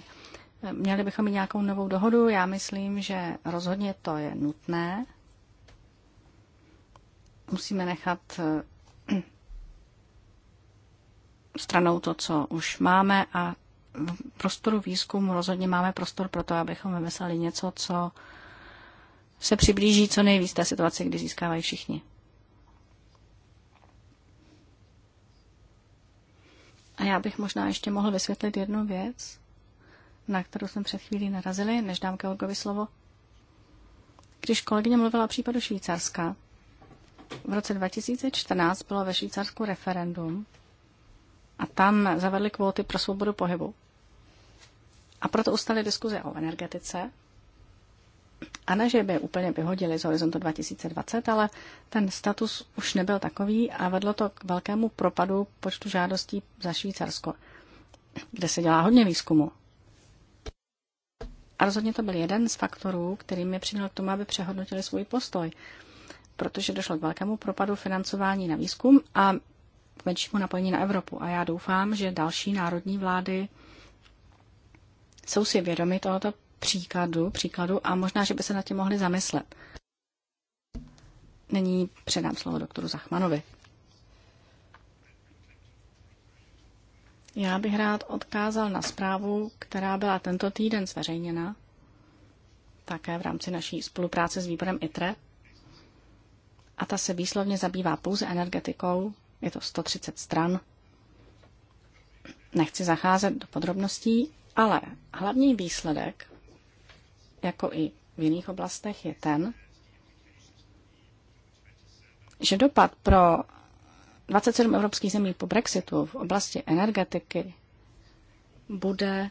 B: Měli bychom mít nějakou novou dohodu. Já myslím, že rozhodně to je nutné. Musíme nechat stranou to, co už máme a v prostoru výzkumu rozhodně máme prostor pro to, abychom vymysleli něco, co se přiblíží co nejvíc té situaci, kdy získávají všichni. A já bych možná ještě mohl vysvětlit jednu věc, na kterou jsme před chvílí narazili, než dám Georgovi slovo. Když kolegyně mluvila o případu Švýcarska, v roce 2014 bylo ve Švýcarsku referendum a tam zavedli kvóty pro svobodu pohybu. A proto ustali diskuze o energetice. A ne, že by je úplně vyhodili z horizontu 2020, ale ten status už nebyl takový a vedlo to k velkému propadu počtu žádostí za Švýcarsko, kde se dělá hodně výzkumu. A rozhodně to byl jeden z faktorů, který mě přinul k tomu, aby přehodnotili svůj postoj, protože došlo k velkému propadu financování na výzkum a menšímu naplnění na Evropu. A já doufám, že další národní vlády jsou si vědomi tohoto příkladu, příkladu a možná, že by se nad tím mohli zamyslet. Nyní předám slovo doktoru Zachmanovi. Já bych rád odkázal na zprávu, která byla tento týden zveřejněna, také v rámci naší spolupráce s výborem ITRE. A ta se výslovně zabývá pouze energetikou je to 130 stran. Nechci zacházet do podrobností, ale hlavní výsledek, jako i v jiných oblastech, je ten, že dopad pro 27 evropských zemí po Brexitu v oblasti energetiky bude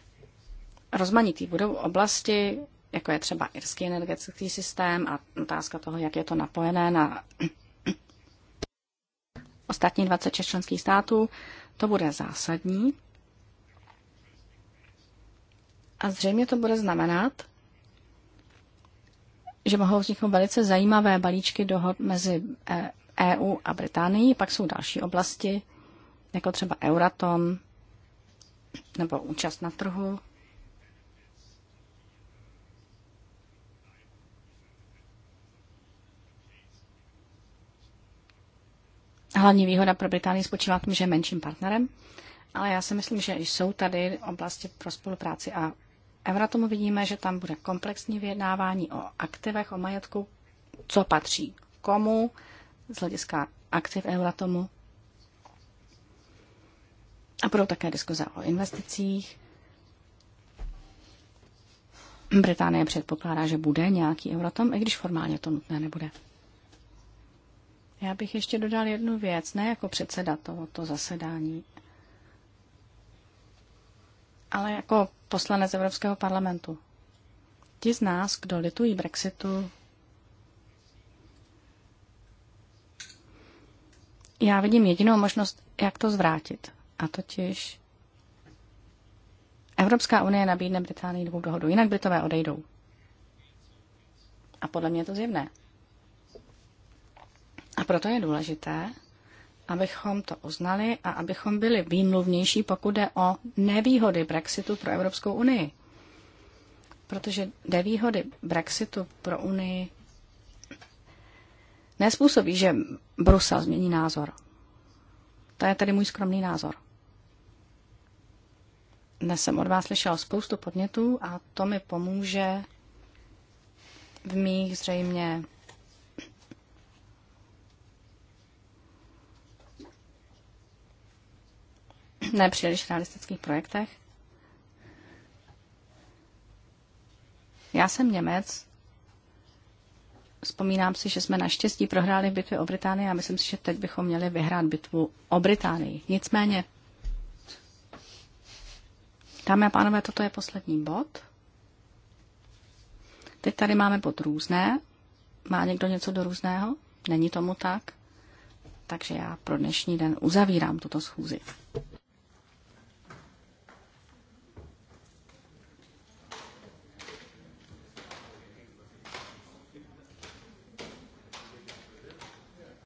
B: rozmanitý. Budou oblasti, jako je třeba irský energetický systém a otázka toho, jak je to napojené na ostatní 26 členských států, to bude zásadní. A zřejmě to bude znamenat, že mohou vzniknout velice zajímavé balíčky dohod mezi EU eh, e a Británií. Pak jsou další oblasti, jako třeba Euratom nebo účast na trhu, Hlavní výhoda pro Británii spočívá v tom, že je menším partnerem, ale já si myslím, že jsou tady oblasti pro spolupráci a Evratomu vidíme, že tam bude komplexní vyjednávání o aktivech, o majetku, co patří komu z hlediska aktiv Euratomu. A budou také diskuze o investicích. Británie předpokládá, že bude nějaký Euratom, i když formálně to nutné nebude. Já bych ještě dodal jednu věc, ne jako předseda tohoto zasedání, ale jako poslanec Evropského parlamentu. Ti z nás, kdo litují Brexitu, já vidím jedinou možnost, jak to zvrátit. A totiž Evropská unie nabídne Británii dvou dohodu, jinak Britové odejdou. A podle mě je to zjevné. A proto je důležité, abychom to uznali a abychom byli výmluvnější, pokud jde o nevýhody Brexitu pro Evropskou unii. Protože nevýhody Brexitu pro Unii nespůsobí, že Brusel změní názor. To je tedy můj skromný názor. Dnes jsem od vás slyšela spoustu podnětů a to mi pomůže v mých zřejmě nepříliš realistických projektech. Já jsem Němec. Vzpomínám si, že jsme naštěstí prohráli v bitvě o Británii a myslím si, že teď bychom měli vyhrát bitvu o Británii. Nicméně, dámy a pánové, toto je poslední bod. Teď tady máme bod různé. Má někdo něco do různého? Není tomu tak? Takže já pro dnešní den uzavírám tuto schůzi.